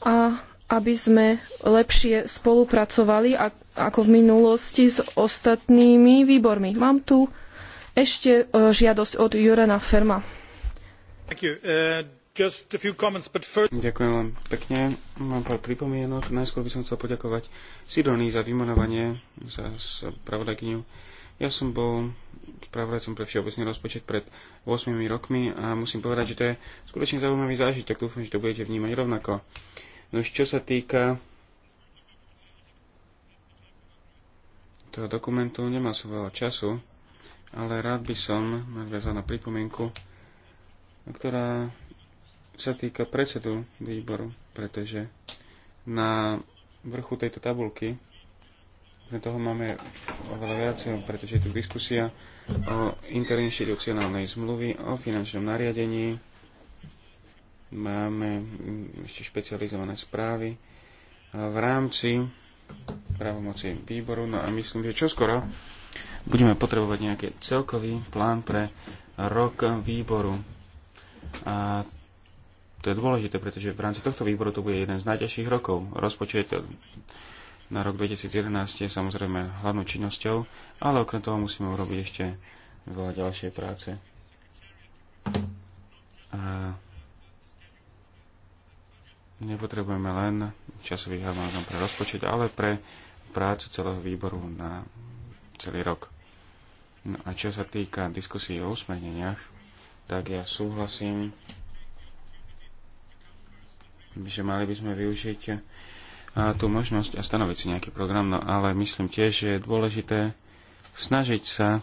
a aby sme lepšie spolupracovali ako v minulosti s ostatnými výbormi. Mám tu ešte e, žiadosť od Jurena Ferma. Thank you. Uh... Ďakujem vám pekne. Mám pár pripomienok. Najskôr by som chcel poďakovať Sidonii za vymenovanie, za spravodajkyňu. Ja som bol spravodajcom pre všeobecný rozpočet pred 8 rokmi a musím povedať, že to je skutočne zaujímavý zážitok. Dúfam, že to budete vnímať rovnako. No čo sa týka toho dokumentu, nemal som veľa času, ale rád by som nadviazal na pripomienku, ktorá sa týka predsedu výboru, pretože na vrchu tejto tabulky pre toho máme oveľa viac, pretože je tu diskusia o interinstitucionálnej zmluvy, o finančnom nariadení, máme ešte špecializované správy v rámci právomoci výboru. No a myslím, že čoskoro budeme potrebovať nejaký celkový plán pre rok výboru. A to je dôležité, pretože v rámci tohto výboru to bude jeden z najťažších rokov. Rozpočet na rok 2011 je samozrejme hlavnou činnosťou, ale okrem toho musíme urobiť ešte veľa ďalšej práce. A nepotrebujeme len časový harmonogram pre rozpočet, ale pre prácu celého výboru na celý rok. No a čo sa týka diskusí o usmerneniach, tak ja súhlasím že mali by sme využiť tú možnosť a stanoviť si nejaký program, no ale myslím tiež, že je dôležité snažiť sa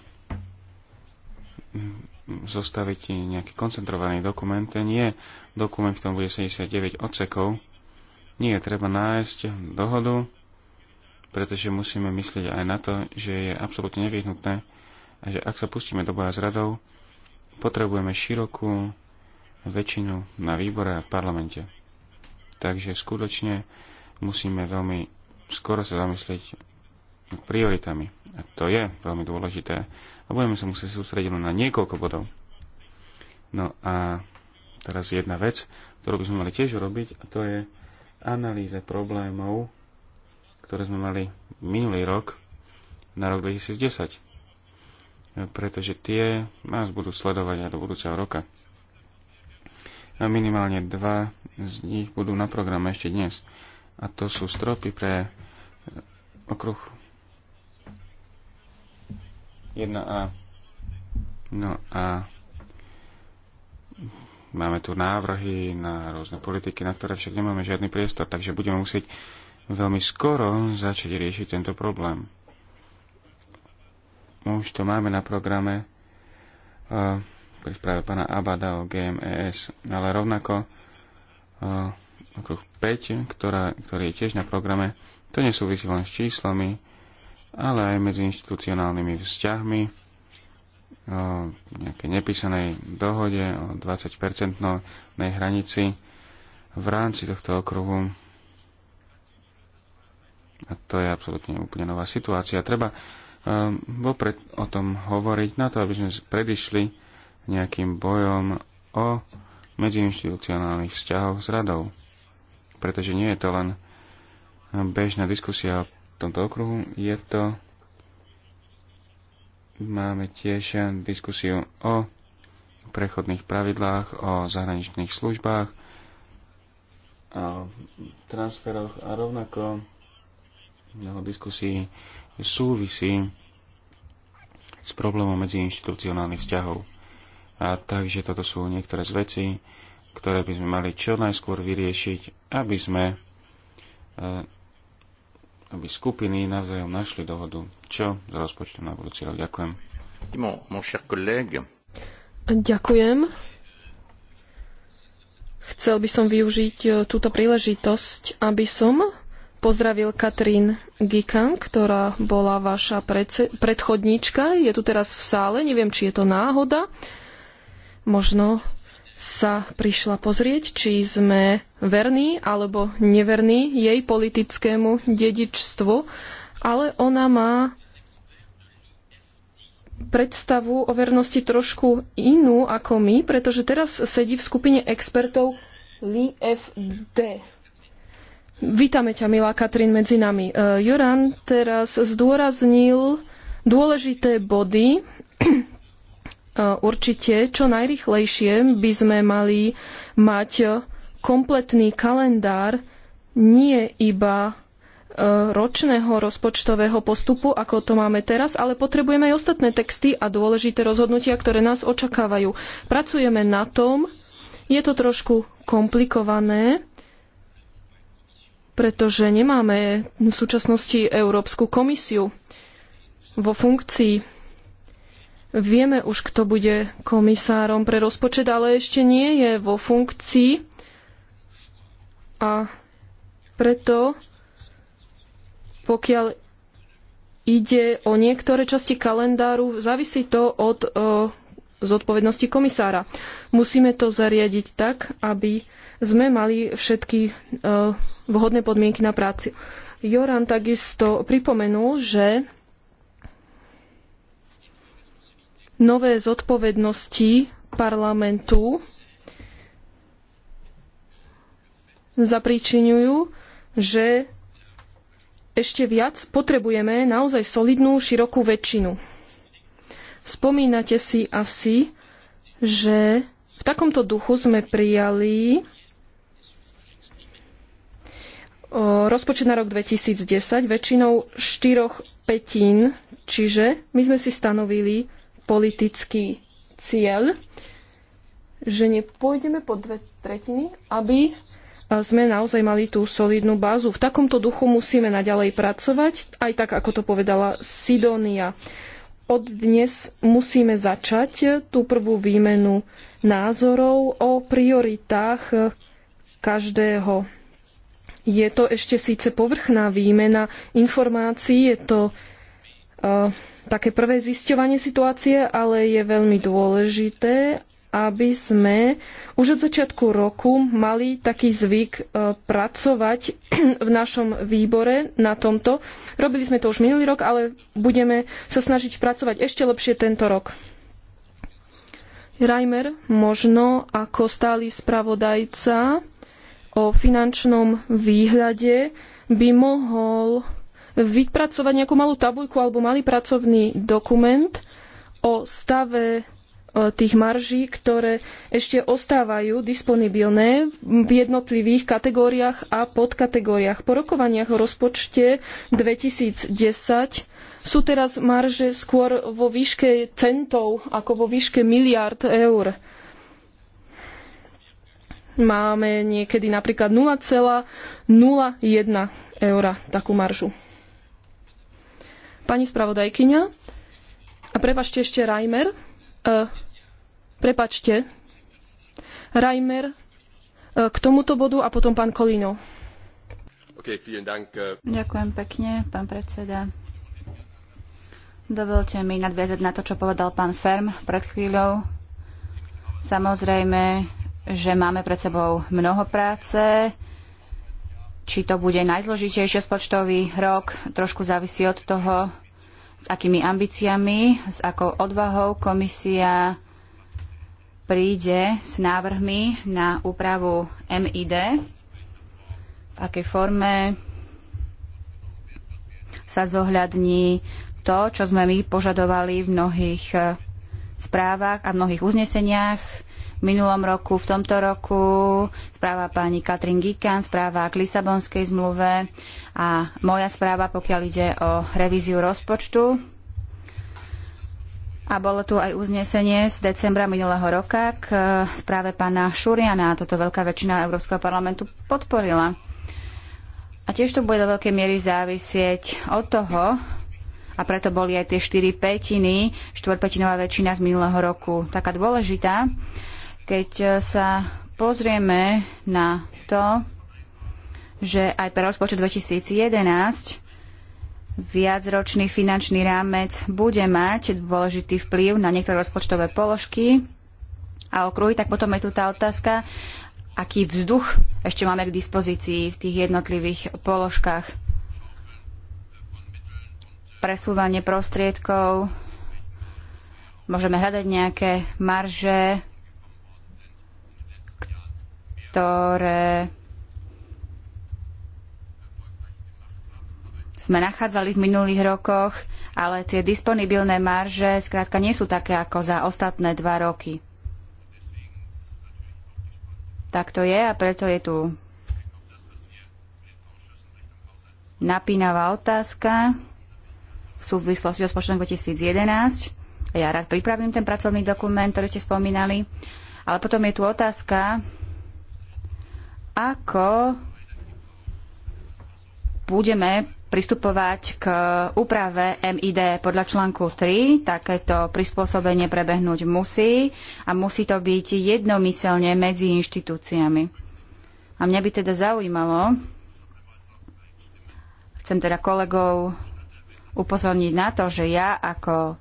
mm, zostaviť nejaký koncentrovaný dokument. Nie dokument, v tom bude 79 odsekov. Nie, je treba nájsť dohodu, pretože musíme myslieť aj na to, že je absolútne nevyhnutné a že ak sa pustíme do boja s radou, potrebujeme širokú väčšinu na výbore a v parlamente. Takže skutočne musíme veľmi skoro sa zamyslieť prioritami. A to je veľmi dôležité. A budeme sa musieť sústrediť na niekoľko bodov. No a teraz jedna vec, ktorú by sme mali tiež robiť, a to je analýza problémov, ktoré sme mali minulý rok na rok 2010. Pretože tie nás budú sledovať aj do budúceho roka minimálne dva z nich budú na programe ešte dnes. A to sú stropy pre eh, okruh 1A. No a máme tu návrhy na rôzne politiky, na ktoré však nemáme žiadny priestor, takže budeme musieť veľmi skoro začať riešiť tento problém. Už to máme na programe. Uh, pri správe pána Abada o GMES, ale rovnako eh, okruh 5, ktorá, ktorý je tiež na programe, to nesúvisí len s číslami, ale aj medzi inštitucionálnymi vzťahmi, o eh, nejakej nepísanej dohode o 20-percentnej hranici v rámci tohto okruhu. A to je absolútne úplne nová situácia. Treba um, vopred o tom hovoriť na to, aby sme predišli nejakým bojom o medziinstitucionálnych vzťahoch s radou. Pretože nie je to len bežná diskusia o tomto okruhu, je to máme tiež diskusiu o prechodných pravidlách, o zahraničných službách, a transferoch a rovnako mnoho diskusí súvisí s problémom medziinstitucionálnych vzťahov. A takže toto sú niektoré z vecí, ktoré by sme mali čo najskôr vyriešiť, aby sme e, aby skupiny navzájom našli dohodu, čo s rozpočtom na budúci rok. Ďakujem. Ďakujem. Chcel by som využiť e, túto príležitosť, aby som pozdravil Katrin Gikan, ktorá bola vaša predchodníčka. Je tu teraz v sále, neviem, či je to náhoda možno sa prišla pozrieť, či sme verní alebo neverní jej politickému dedičstvu, ale ona má predstavu o vernosti trošku inú ako my, pretože teraz sedí v skupine expertov LIFD. Vítame ťa, milá Katrin, medzi nami. E, Joran teraz zdôraznil dôležité body E, určite čo najrychlejšie by sme mali mať kompletný kalendár nie iba e, ročného rozpočtového postupu, ako to máme teraz, ale potrebujeme aj ostatné texty a dôležité rozhodnutia, ktoré nás očakávajú. Pracujeme na tom, je to trošku komplikované, pretože nemáme v súčasnosti Európsku komisiu vo funkcii Vieme už, kto bude komisárom pre rozpočet, ale ešte nie je vo funkcii a preto, pokiaľ ide o niektoré časti kalendáru, závisí to od o, e, zodpovednosti komisára. Musíme to zariadiť tak, aby sme mali všetky o, e, vhodné podmienky na práci. Joran takisto pripomenul, že nové zodpovednosti parlamentu zapričinujú, že ešte viac potrebujeme naozaj solidnú, širokú väčšinu. Spomínate si asi, že v takomto duchu sme prijali rozpočet na rok 2010 väčšinou štyroch petín, čiže my sme si stanovili politický cieľ, že nepôjdeme po dve tretiny, aby e, sme naozaj mali tú solidnú bázu. V takomto duchu musíme naďalej pracovať, aj tak, ako to povedala Sidonia. Od dnes musíme začať tú prvú výmenu názorov o prioritách každého. Je to ešte síce povrchná výmena informácií, je to Eh, také prvé zisťovanie situácie, ale je veľmi dôležité, aby sme už od začiatku roku mali taký zvyk eh, pracovať v našom výbore na tomto. Robili sme to už minulý rok, ale budeme sa snažiť pracovať ešte lepšie tento rok. Reimer, možno ako stály spravodajca o finančnom výhľade by mohol vypracovať nejakú malú tabuľku alebo malý pracovný dokument o stave e, tých marží, ktoré ešte ostávajú disponibilné v jednotlivých kategóriách a podkategóriách. Po rokovaniach o rozpočte 2010 sú teraz marže skôr vo výške centov ako vo výške miliard eur. Máme niekedy napríklad 0,01 eura takú maržu. Pani spravodajkyňa, a prepačte ešte Reimer, uh, prepačte, Reimer e, k tomuto bodu a potom pán Kolino. Okay, dank, uh... Ďakujem pekne, pán predseda. Dovolte mi nadviazať na to, čo povedal pán Ferm pred chvíľou. Samozrejme, že máme pred sebou mnoho práce, či to bude najzložitejší rozpočtový rok, trošku závisí od toho, s akými ambíciami, s akou odvahou komisia príde s návrhmi na úpravu MID, v akej forme sa zohľadní to, čo sme my požadovali v mnohých eh, správach a v mnohých uzneseniach, v minulom roku, v tomto roku, správa pani Katrin Gikan, správa k Lisabonskej zmluve a moja správa, pokiaľ ide o revíziu rozpočtu. A bolo tu aj uznesenie z decembra minulého roka k e, správe pána Šuriana a toto veľká väčšina Európskeho parlamentu podporila. A tiež to bude do veľkej miery závisieť od toho, a preto boli aj tie štyri pätiny, štvorpätinová väčšina z minulého roku taká dôležitá, keď e, sa pozrieme na to, že aj pre rozpočet 2011 viacročný finančný rámec bude mať dôležitý vplyv na niektoré rozpočtové položky a okruhy, tak potom je tu tá otázka, aký vzduch ešte máme k dispozícii v tých jednotlivých položkách. Presúvanie prostriedkov, môžeme hľadať nejaké marže, ktoré sme nachádzali v minulých rokoch, ale tie disponibilné marže skrátka nie sú také ako za ostatné dva roky. Tak to je a preto je tu napínavá otázka v súvislosti s rozpočtom 2011. Ja rád pripravím ten pracovný dokument, ktorý ste spomínali. Ale potom je tu otázka, ako budeme pristupovať k úprave MID podľa článku 3. Takéto prispôsobenie prebehnúť musí a musí to byť jednomyselne medzi inštitúciami. A mňa by teda zaujímalo, chcem teda kolegov upozorniť na to, že ja ako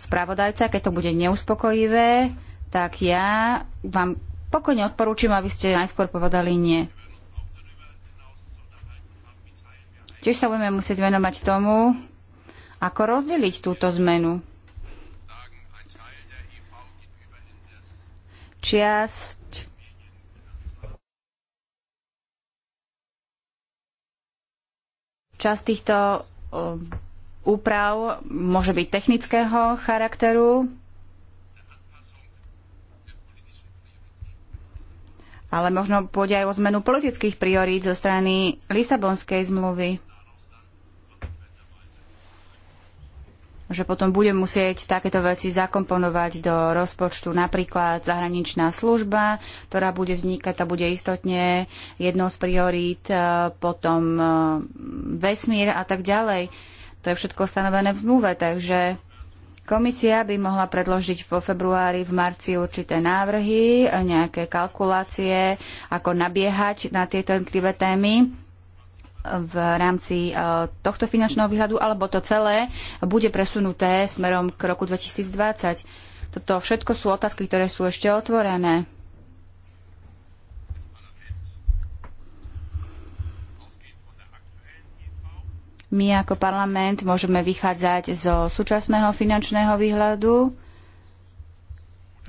spravodajca, keď to bude neuspokojivé, tak ja vám Pokojne odporúčam, aby ste najskôr povedali nie. Tiež sa budeme musieť venovať tomu, ako rozdeliť túto zmenu. Čiasť Časť týchto um, úprav môže byť technického charakteru, ale možno pôjde aj o zmenu politických priorít zo strany Lisabonskej zmluvy. že potom bude musieť takéto veci zakomponovať do rozpočtu. Napríklad zahraničná služba, ktorá bude vznikať a bude istotne jednou z priorít, e, potom e, vesmír a tak ďalej. To je všetko stanovené v zmluve, takže Komisia by mohla predložiť vo februári, v marci určité návrhy, nejaké kalkulácie, ako nabiehať na tieto jednotlivé témy v rámci e, tohto finančného výhľadu, alebo to celé bude presunuté smerom k roku 2020. Toto všetko sú otázky, ktoré sú ešte otvorené. My ako parlament môžeme vychádzať zo súčasného finančného výhľadu,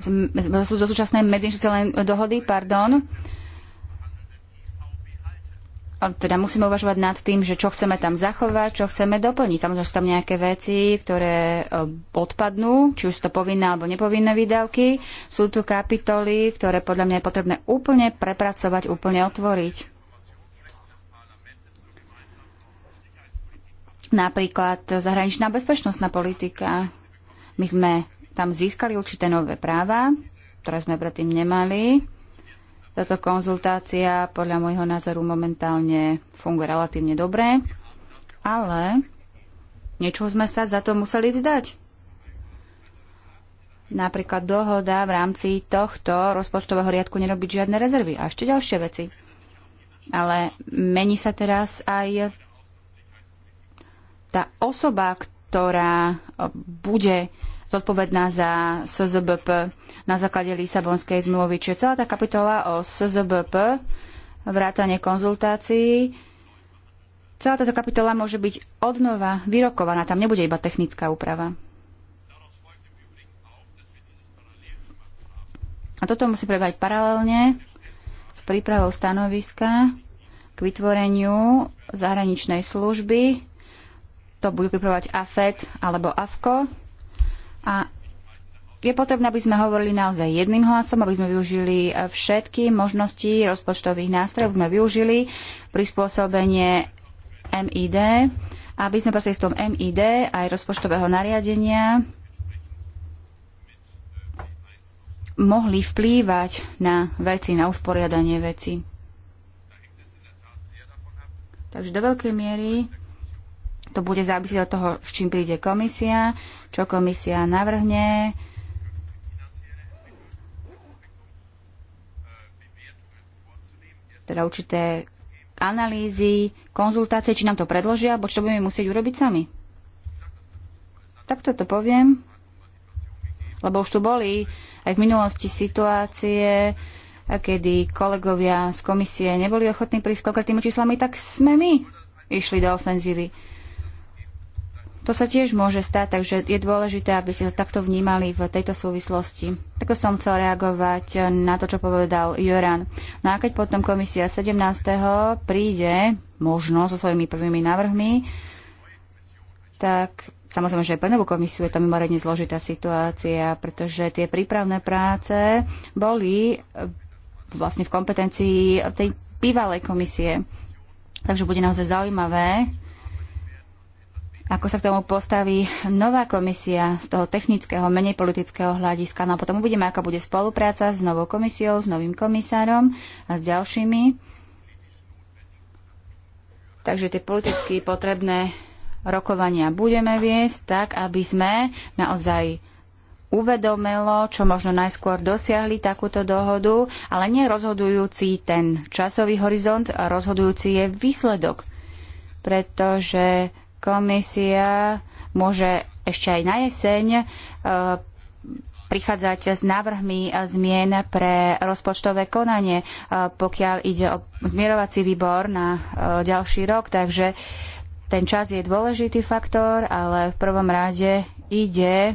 zo súčasnej medzinštitucionálnej dohody, pardon, teda musíme uvažovať nad tým, že čo chceme tam zachovať, čo chceme doplniť. Samozrejme sú tam nejaké veci, ktoré e, odpadnú, či už to povinné alebo nepovinné výdavky. Sú tu kapitoly, ktoré podľa mňa je potrebné úplne prepracovať, úplne otvoriť. napríklad zahraničná bezpečnostná politika. My sme tam získali určité nové práva, ktoré sme predtým nemali. Táto konzultácia podľa môjho názoru momentálne funguje relatívne dobre, ale niečo sme sa za to museli vzdať. Napríklad dohoda v rámci tohto rozpočtového riadku nerobiť žiadne rezervy a ešte ďalšie veci. Ale mení sa teraz aj tá osoba, ktorá eh, bude zodpovedná za SZBP na základe Lisabonskej zmluvy. Čiže celá tá kapitola o SZBP, vrátanie konzultácií, celá táto kapitola môže byť odnova vyrokovaná. Tam nebude iba technická úprava. A toto musí prebať paralelne s prípravou stanoviska k vytvoreniu zahraničnej služby to budú pripravovať AFET alebo AFKO. A je potrebné, aby sme hovorili naozaj jedným hlasom, aby sme využili e, všetky možnosti rozpočtových nástrojov, aby sme využili prispôsobenie MID, aby sme tom MID aj rozpočtového nariadenia mohli vplývať na veci, na usporiadanie veci. Takže do veľkej miery to bude závisieť od toho, s čím príde komisia, čo komisia navrhne. Teda určité analýzy, konzultácie, či nám to predložia, alebo čo budeme musieť urobiť sami. Takto to poviem, lebo už tu boli aj v minulosti situácie, kedy kolegovia z komisie neboli ochotní prísť konkrétnymi číslami, tak sme my išli do ofenzívy. To sa tiež môže stať, takže je dôležité, aby ste to takto vnímali v tejto súvislosti. Tako som chcel reagovať na to, čo povedal Joran. No a keď potom komisia 17. príde, možno so svojimi prvými návrhmi, tak Samozrejme, že aj pre novú komisiu je to mimoriadne zložitá situácia, pretože tie prípravné práce boli eh, vlastne v kompetencii tej bývalej komisie. Takže bude naozaj zaujímavé ako sa k tomu postaví nová komisia z toho technického, menej politického hľadiska. No a potom uvidíme, aká bude spolupráca s novou komisiou, s novým komisárom a s ďalšími. Takže tie politicky potrebné rokovania budeme viesť tak, aby sme naozaj uvedomilo, čo možno najskôr dosiahli takúto dohodu, ale nie rozhodujúci ten časový horizont, rozhodujúci je výsledok. Pretože Komisia môže ešte aj na jeseň e, prichádzať s návrhmi zmien pre rozpočtové konanie, e, pokiaľ ide o zmierovací výbor na e, ďalší rok. Takže ten čas je dôležitý faktor, ale v prvom rade ide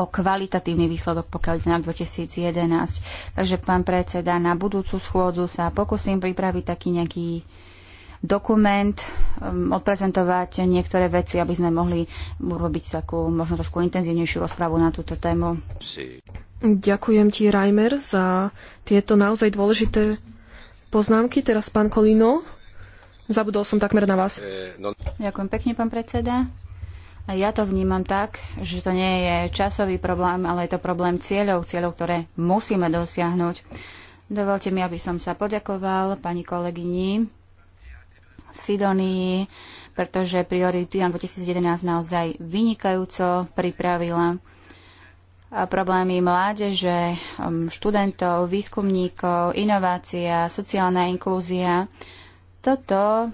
o kvalitatívny výsledok, pokiaľ ide na 2011. Takže, pán predseda, na budúcu schôdzu sa pokúsim pripraviť taký nejaký dokument, um, odprezentovať niektoré veci, aby sme mohli urobiť takú možno trošku intenzívnejšiu rozprávu na túto tému. Ďakujem ti, Reimer, za tieto naozaj dôležité poznámky. Teraz pán Kolino, zabudol som takmer na vás. Eh, no- Ďakujem pekne, pán predseda. A ja to vnímam tak, že to nie je časový problém, ale je to problém cieľov, cieľov, ktoré musíme dosiahnuť. Dovolte mi, aby som sa poďakoval pani kolegyni Sidonii, pretože priority na 2011 naozaj vynikajúco pripravila problémy mládeže, um, študentov, výskumníkov, inovácia, sociálna inklúzia. Toto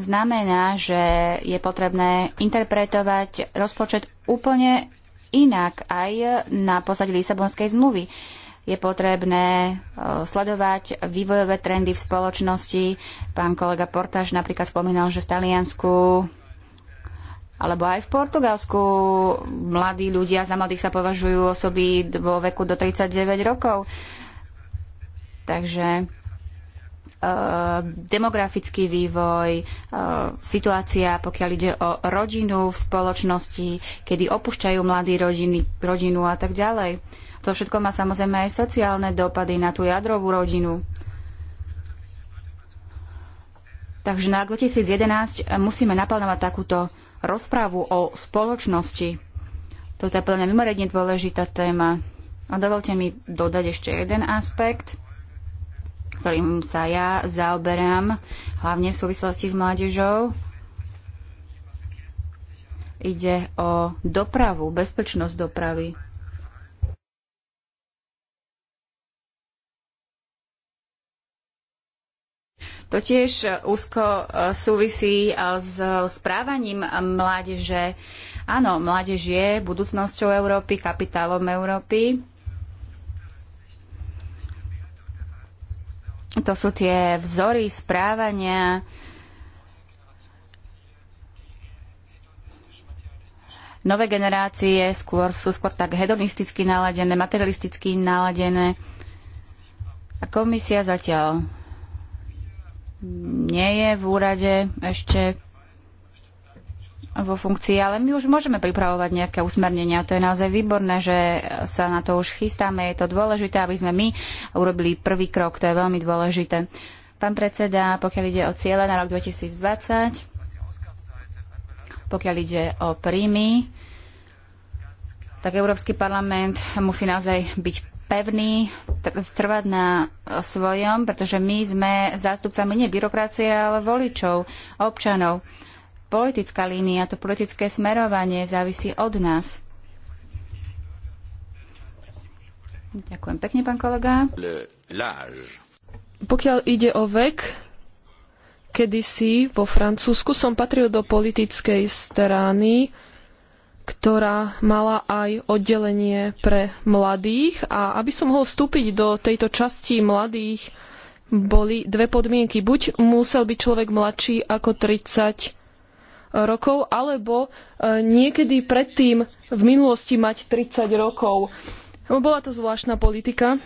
znamená, že je potrebné interpretovať rozpočet úplne inak aj na posadí Lisabonskej zmluvy je potrebné e, sledovať vývojové trendy v spoločnosti. Pán kolega Portáž napríklad spomínal, že v Taliansku alebo aj v Portugalsku mladí ľudia, za mladých sa považujú osoby vo veku do 39 rokov. Takže e, demografický vývoj, e, situácia, pokiaľ ide o rodinu v spoločnosti, kedy opúšťajú mladí rodiny, rodinu a tak ďalej. To všetko má samozrejme aj sociálne dopady na tú jadrovú rodinu. Takže na 2011 musíme naplánovať takúto rozprávu o spoločnosti. Toto je plne mimoriadne dôležitá téma. A dovolte mi dodať ešte jeden aspekt, ktorým sa ja zaoberám, hlavne v súvislosti s mládežou. Ide o dopravu, bezpečnosť dopravy. To tiež e, úzko e, súvisí e, s správaním mládeže. Áno, mládež je budúcnosťou Európy, kapitálom Európy. To sú tie vzory správania, nové generácie skôr, sú skôr tak hedonisticky naladené, materialisticky naladené. A komisia zatiaľ nie je v úrade ešte vo funkcii, ale my už môžeme pripravovať nejaké usmernenia. To je naozaj výborné, že sa na to už chystáme. Je to dôležité, aby sme my urobili prvý krok. To je veľmi dôležité. Pán predseda, pokiaľ ide o ciele na rok 2020, pokiaľ ide o príjmy, tak Európsky parlament musí naozaj byť pevný, trvať na svojom, pretože my sme zástupcami nie byrokracie, ale voličov, občanov. Politická línia, to politické smerovanie závisí od nás. Ďakujem pekne, pán kolega. Pokiaľ ide o vek, kedysi vo Francúzsku som patril do politickej strany, ktorá mala aj oddelenie pre mladých. A aby som mohol vstúpiť do tejto časti mladých, boli dve podmienky. Buď musel byť človek mladší ako 30 rokov, alebo e, niekedy predtým v minulosti mať 30 rokov. Bola to zvláštna politika.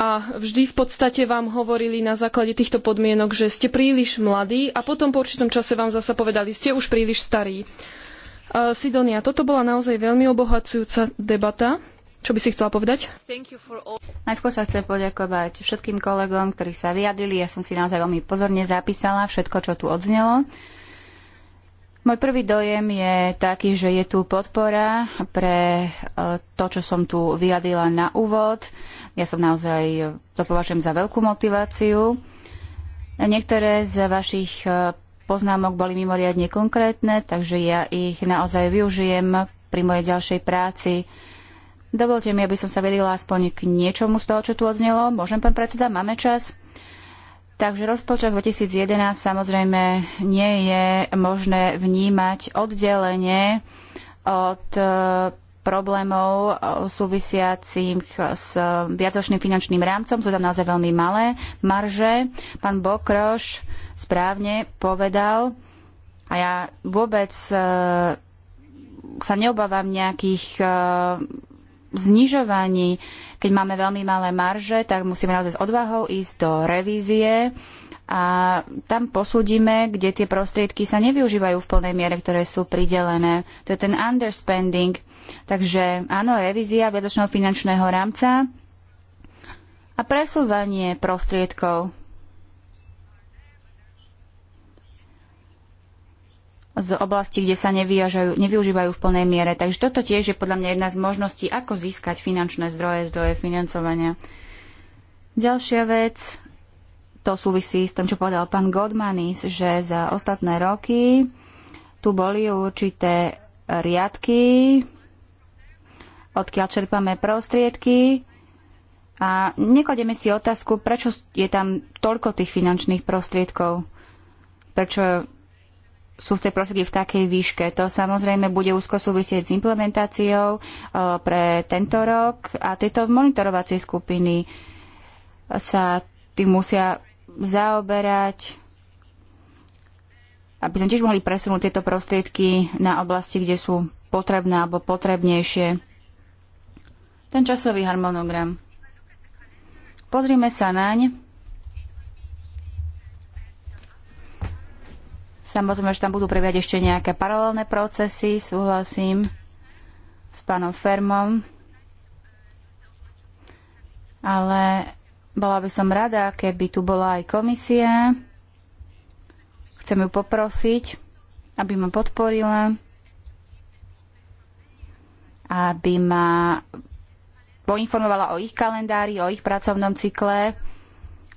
A vždy v podstate vám hovorili na základe týchto podmienok, že ste príliš mladí a potom po určitom čase vám zasa povedali, ste už príliš starí. Eh, Sidonia, toto bola naozaj veľmi obohacujúca debata. Čo by si chcela povedať? Najskôr sa chcem poďakovať všetkým kolegom, ktorí sa vyjadrili. Ja som si naozaj veľmi pozorne zapísala všetko, čo tu odznelo. Môj prvý dojem je taký, že je tu podpora pre eh, to, čo som tu vyjadrila na úvod. Ja som naozaj, eh, to považujem za veľkú motiváciu. Niektoré z vašich poznámok boli mimoriadne konkrétne, takže ja ich naozaj využijem pri mojej ďalšej práci. Dovolte mi, aby som sa vedela aspoň k niečomu z toho, čo tu odznelo. Môžem, pán predseda, máme čas? Takže rozpočet 2011 samozrejme nie je možné vnímať oddelenie od e, problémov e, súvisiacich s viacročným finančným rámcom. Sú tam naozaj veľmi malé marže. Pán Bokroš správne povedal a ja vôbec e, sa neobávam nejakých e, znižovaní. Keď máme veľmi malé marže, tak musíme naozaj s odvahou ísť do revízie a tam posúdime, kde tie prostriedky sa nevyužívajú v plnej miere, ktoré sú pridelené. To je ten underspending. Takže áno, revízia viadočného finančného rámca a presúvanie prostriedkov. z oblasti, kde sa nevyužívajú v plnej miere. Takže toto tiež je podľa mňa jedna z možností, ako získať finančné zdroje, zdroje financovania. Ďalšia vec, to súvisí s tým, čo povedal pán Godmanis, že za ostatné roky tu boli určité riadky, odkiaľ čerpame prostriedky a nekladieme si otázku, prečo je tam toľko tých finančných prostriedkov, prečo sú v tej prostredí v takej výške. To samozrejme bude úzko súvisieť s implementáciou e, pre tento rok a tieto monitorovacie skupiny sa tým musia zaoberať, aby sme tiež mohli presunúť tieto prostriedky na oblasti, kde sú potrebné alebo potrebnejšie. Ten časový harmonogram. Pozrime sa naň. Samozrejme, že tam budú prebiehať ešte nejaké paralelné procesy, súhlasím s pánom Fermom, ale bola by som rada, keby tu bola aj komisia. Chcem ju poprosiť, aby ma podporila, aby ma poinformovala o ich kalendári, o ich pracovnom cykle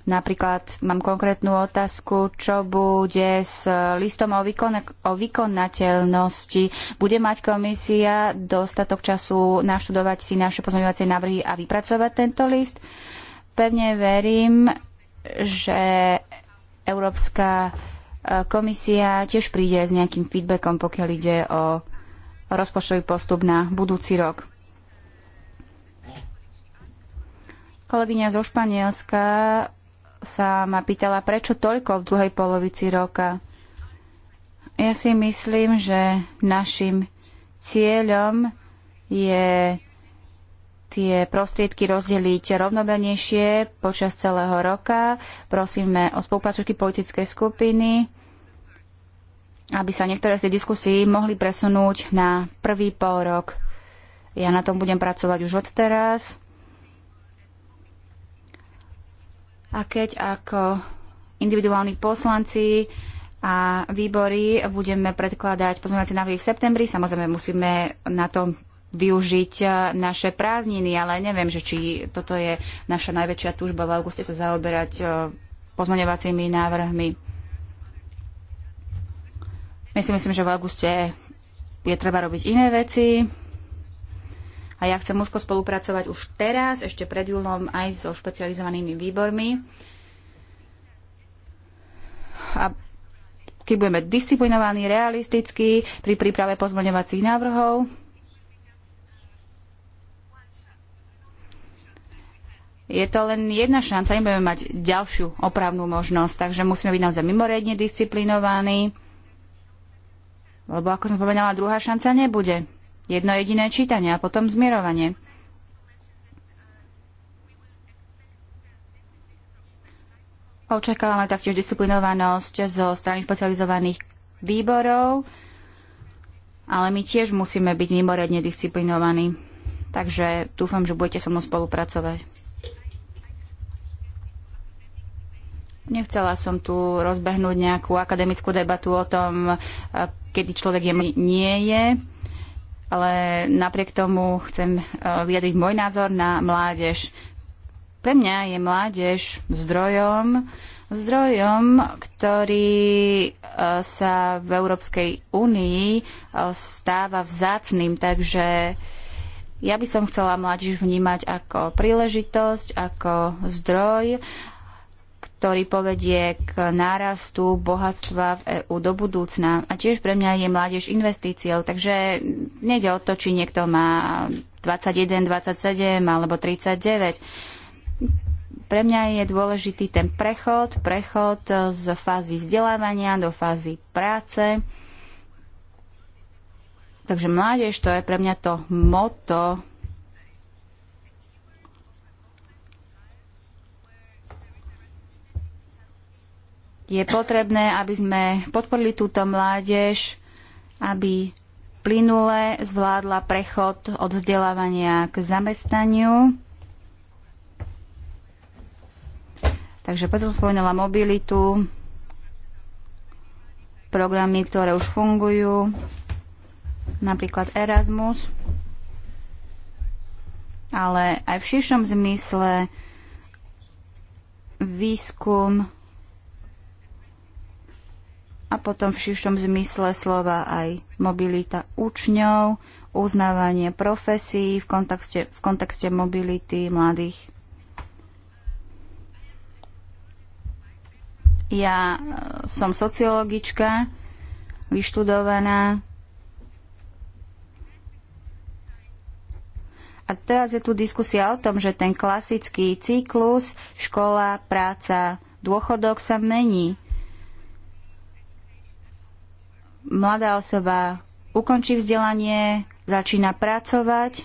Napríklad mám konkrétnu otázku, čo bude s listom o, výkon- o vykonateľnosti. Bude mať komisia dostatok času naštudovať si naše pozmeňovacie návrhy a vypracovať tento list? Pevne verím, že Európska e, komisia tiež príde s nejakým feedbackom, pokiaľ ide o rozpočtový postup na budúci rok. Kolegyňa zo Španielska sa ma pýtala, prečo toľko v druhej polovici roka. Ja si myslím, že našim cieľom je tie prostriedky rozdeliť rovnobenejšie počas celého roka. Prosíme o spolupracovky politickej skupiny, aby sa niektoré z tých diskusí mohli presunúť na prvý pol rok. Ja na tom budem pracovať už odteraz a keď ako individuálni poslanci a výbory budeme predkladať pozmeňovacie návrhy v septembri, samozrejme musíme na to využiť e, naše prázdniny, ale neviem, že či toto je naša najväčšia túžba v auguste sa zaoberať e, pozmeňovacími návrhmi. My si myslím, že v auguste je treba robiť iné veci. A ja chcem úzko spolupracovať už teraz, ešte pred júlom, aj so špecializovanými výbormi. A keď budeme disciplinovaní, realistickí pri príprave pozmoňovacích návrhov, je to len jedna šanca, nebudeme mať ďalšiu opravnú možnosť, takže musíme byť naozaj mimoriadne disciplinovaní, lebo ako som povedala, druhá šanca nebude jedno jediné čítanie a potom zmierovanie. Očakávame taktiež disciplinovanosť zo strany specializovaných výborov, ale my tiež musíme byť mimoriadne disciplinovaní. Takže dúfam, že budete so mnou spolupracovať. Nechcela som tu rozbehnúť nejakú akademickú debatu o tom, eh, kedy človek je, nie je ale napriek tomu chcem e, vyjadriť môj názor na mládež. Pre mňa je mládež zdrojom, zdrojom, ktorý e, sa v Európskej únii e, stáva vzácným, takže ja by som chcela mládež vnímať ako príležitosť, ako zdroj, ktorý povedie k nárastu bohatstva v EÚ do budúcna. A tiež pre mňa je mládež investíciou, takže nejde o to, či niekto má 21, 27 alebo 39. Pre mňa je dôležitý ten prechod, prechod z fázy vzdelávania do fázy práce. Takže mládež to je pre mňa to moto Je potrebné, aby sme podporili túto mládež, aby plynule zvládla prechod od vzdelávania k zamestnaniu. Takže preto som spomenula mobilitu, programy, ktoré už fungujú, napríklad Erasmus, ale aj v širšom zmysle výskum, a potom v širšom zmysle slova aj mobilita učňov, uznávanie profesí v kontexte, v kontexte mobility mladých. Ja e, som sociologička, vyštudovaná. A teraz je tu diskusia o tom, že ten klasický cyklus škola, práca, dôchodok sa mení mladá osoba ukončí vzdelanie, začína pracovať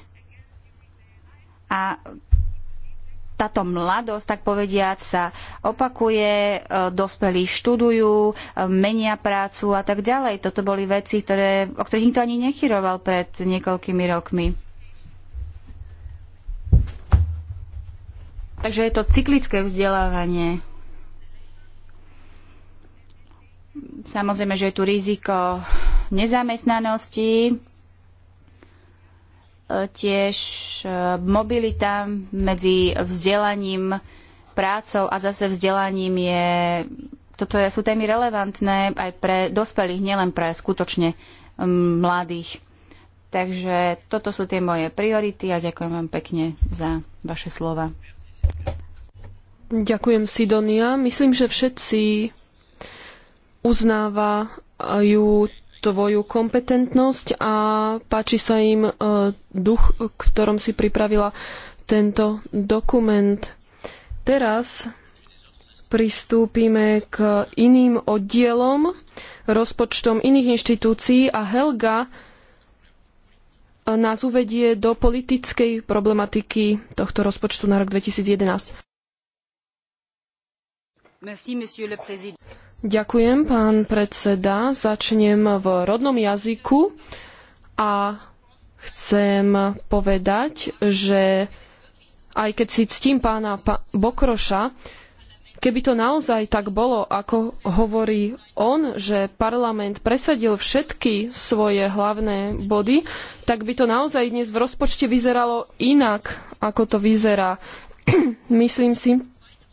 a táto mladosť, tak povediať, sa opakuje, e, dospelí študujú, e, menia prácu a tak ďalej. Toto boli veci, ktoré, o ktorých nikto ani nechyroval pred niekoľkými rokmi. Takže je to cyklické vzdelávanie. Samozrejme, že je tu riziko nezamestnanosti, tiež e, mobilita medzi vzdelaním, prácou a zase vzdelaním je... Toto sú témy relevantné aj pre dospelých, nielen pre skutočne mladých. Takže toto sú tie moje priority a ďakujem vám pekne za vaše slova. Ďakujem Sidonia. Myslím, že všetci uznávajú tvoju kompetentnosť a páči sa im e, duch, v ktorom si pripravila tento dokument. Teraz pristúpime k iným oddielom, rozpočtom iných inštitúcií a Helga nás uvedie do politickej problematiky tohto rozpočtu na rok 2011. Merci, Ďakujem, pán predseda. Začnem v rodnom jazyku a chcem povedať, že aj keď si ctím pána Bokroša, keby to naozaj tak bolo, ako hovorí on, že parlament presadil všetky svoje hlavné body, tak by to naozaj dnes v rozpočte vyzeralo inak, ako to vyzerá. Myslím si,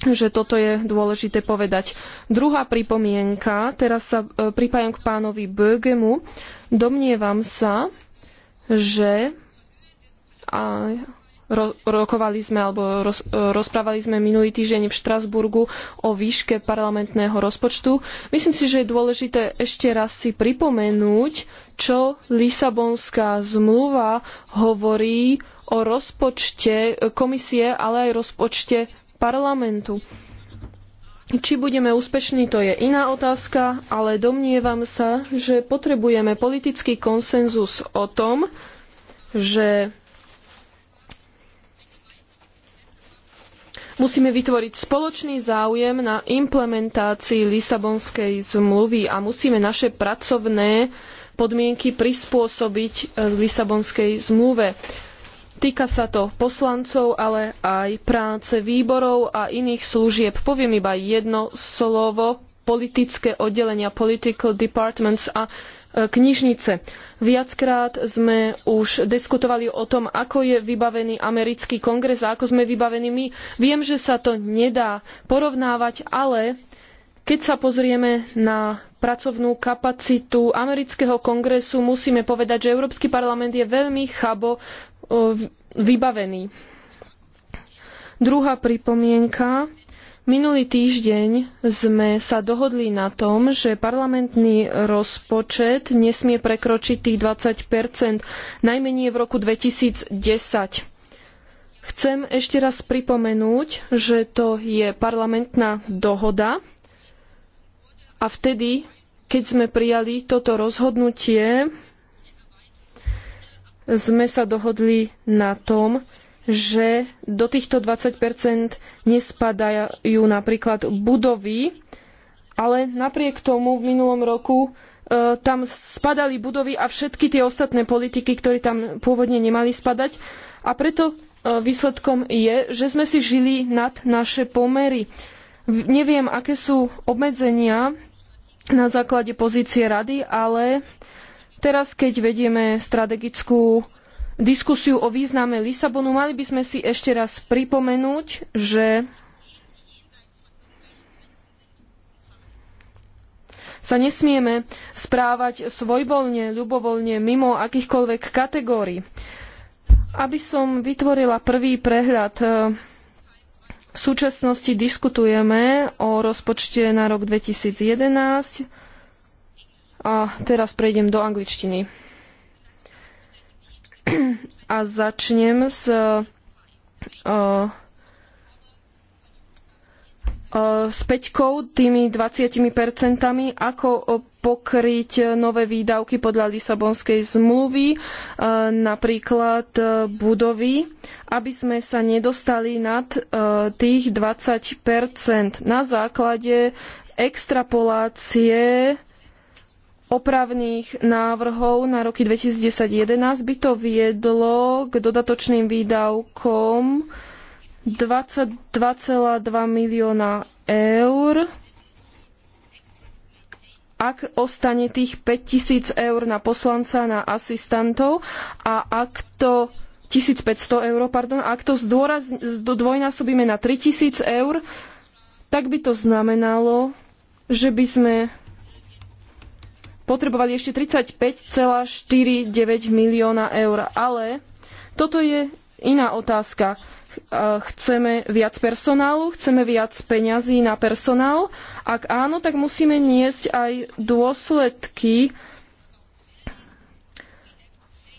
že toto je dôležité povedať. Druhá pripomienka, teraz sa e, pripájam k pánovi Bögemu. Domnievam sa, že a ro, rokovali sme alebo roz, e, rozprávali sme minulý týždeň v Štrasburgu o výške parlamentného rozpočtu. Myslím si, že je dôležité ešte raz si pripomenúť, čo Lisabonská zmluva hovorí o rozpočte komisie, ale aj rozpočte parlamentu. Či budeme úspešní, to je iná otázka, ale domnievam sa, že potrebujeme politický konsenzus o tom, že musíme vytvoriť spoločný záujem na implementácii Lisabonskej zmluvy a musíme naše pracovné podmienky prispôsobiť eh, Lisabonskej zmluve. Týka sa to poslancov, ale aj práce výborov a iných služieb. Poviem iba jedno slovo politické oddelenia, political departments a e, knižnice. Viackrát sme už diskutovali o tom, ako je vybavený americký kongres a ako sme vybavení my. Viem, že sa to nedá porovnávať, ale keď sa pozrieme na pracovnú kapacitu amerického kongresu, musíme povedať, že Európsky parlament je veľmi chabo vybavení. Druhá pripomienka. Minulý týždeň sme sa dohodli na tom, že parlamentný rozpočet nesmie prekročiť tých 20 najmenej v roku 2010. Chcem ešte raz pripomenúť, že to je parlamentná dohoda a vtedy, keď sme prijali toto rozhodnutie, sme sa dohodli na tom, že do týchto 20 nespadajú napríklad budovy, ale napriek tomu v minulom roku e, tam spadali budovy a všetky tie ostatné politiky, ktoré tam pôvodne nemali spadať. A preto e, výsledkom je, že sme si žili nad naše pomery. neviem, aké sú obmedzenia na základe pozície rady, ale Teraz, keď vedieme strategickú diskusiu o význame Lisabonu, mali by sme si ešte raz pripomenúť, že sa nesmieme správať svojvoľne, ľubovoľne, mimo akýchkoľvek kategórií. Aby som vytvorila prvý prehľad, e, v súčasnosti diskutujeme o rozpočte na rok 2011. A teraz prejdem do angličtiny. A začnem s uh, uh, uh s Peťkou, tými 20 percentami, ako uh, pokryť nové výdavky podľa Lisabonskej zmluvy, napríklad budovy, aby sme sa nedostali nad tých 20 Na základe extrapolácie opravných návrhov na roky 2011 by to viedlo k dodatočným výdavkom 22,2 milióna eur, ak ostane tých 5000 eur na poslanca, na asistentov a ak to 1500 eur, pardon, ak to zdvojnásobíme na 3000 eur, tak by to znamenalo, že by sme potrebovali ešte 35,49 milióna eur. Ale toto je iná otázka. Eh, chceme viac personálu, chceme viac peňazí na personál. Ak áno, tak musíme niesť aj dôsledky,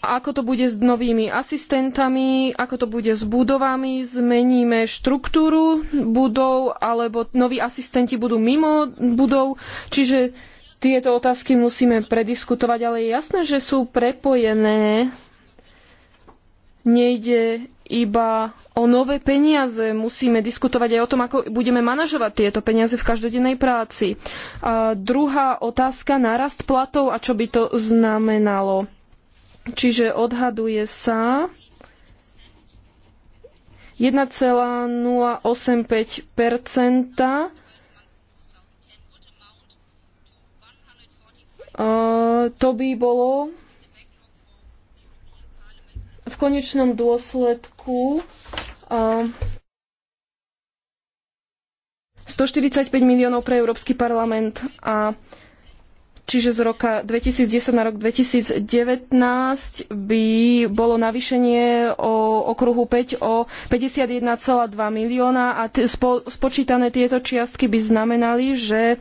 ako to bude s novými asistentami, ako to bude s budovami, zmeníme štruktúru budov, alebo noví asistenti budú mimo budov. Čiže tieto otázky musíme prediskutovať, ale je jasné, že sú prepojené. Nejde iba o nové peniaze. Musíme diskutovať aj o tom, ako budeme manažovať tieto peniaze v každodennej práci. A druhá otázka, nárast platov a čo by to znamenalo. Čiže odhaduje sa 1,085 to by bolo v konečnom dôsledku 145 miliónov pre Európsky parlament a čiže z roka 2010 na rok 2019 by bolo navýšenie o okruhu 5 o 51,2 milióna a spočítané tieto čiastky by znamenali, že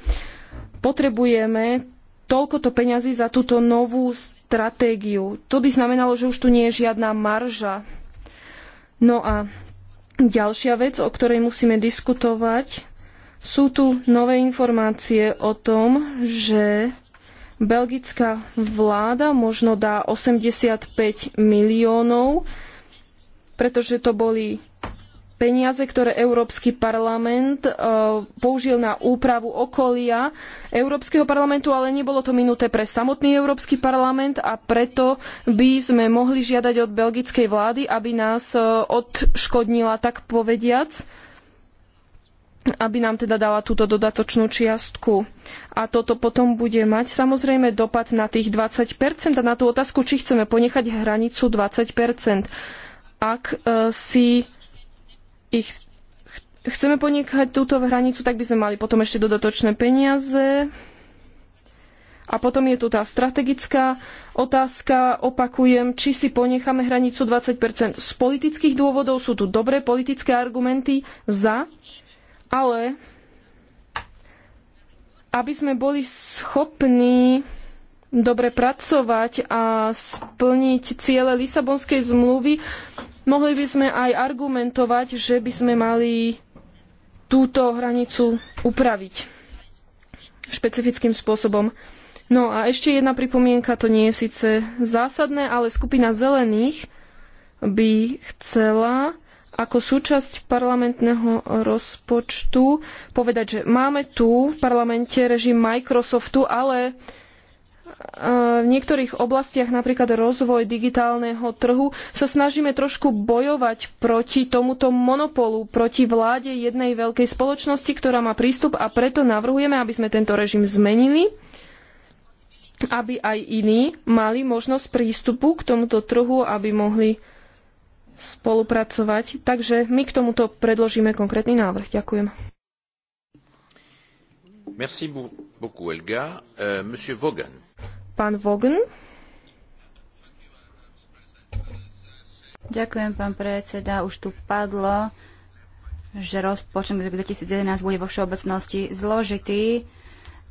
potrebujeme toľkoto peňazí za túto novú stratégiu. To by znamenalo, že už tu nie je žiadna marža. No a ďalšia vec, o ktorej musíme diskutovať, sú tu nové informácie o tom, že belgická vláda možno dá 85 miliónov, pretože to boli peniaze, ktoré Európsky parlament e, použil na úpravu okolia Európskeho parlamentu, ale nebolo to minuté pre samotný Európsky parlament a preto by sme mohli žiadať od belgickej vlády, aby nás e, odškodnila, tak povediac aby nám teda dala túto dodatočnú čiastku. A toto potom bude mať samozrejme dopad na tých 20% a na tú otázku, či chceme ponechať hranicu 20%. Ak e, si ich chceme ponechať túto hranicu, tak by sme mali potom ešte dodatočné peniaze. A potom je tu tá strategická otázka, opakujem, či si ponecháme hranicu 20 z politických dôvodov, sú tu dobré politické argumenty za, ale aby sme boli schopní dobre pracovať a splniť ciele Lisabonskej zmluvy, Mohli by sme aj argumentovať, že by sme mali túto hranicu upraviť špecifickým spôsobom. No a ešte jedna pripomienka, to nie je síce zásadné, ale skupina zelených by chcela ako súčasť parlamentného rozpočtu povedať, že máme tu v parlamente režim Microsoftu, ale v niektorých oblastiach, napríklad rozvoj digitálneho trhu, sa snažíme trošku bojovať proti tomuto monopolu, proti vláde jednej veľkej spoločnosti, ktorá má prístup a preto navrhujeme, aby sme tento režim zmenili aby aj iní mali možnosť prístupu k tomuto trhu, aby mohli spolupracovať. Takže my k tomuto predložíme konkrétny návrh. Ďakujem. Merci beaucoup, Elga. Uh, monsieur Vaughan. Pán Vogen. Ďakujem, pán predseda. Už tu padlo, že rozpočet 2011 bude vo všeobecnosti zložitý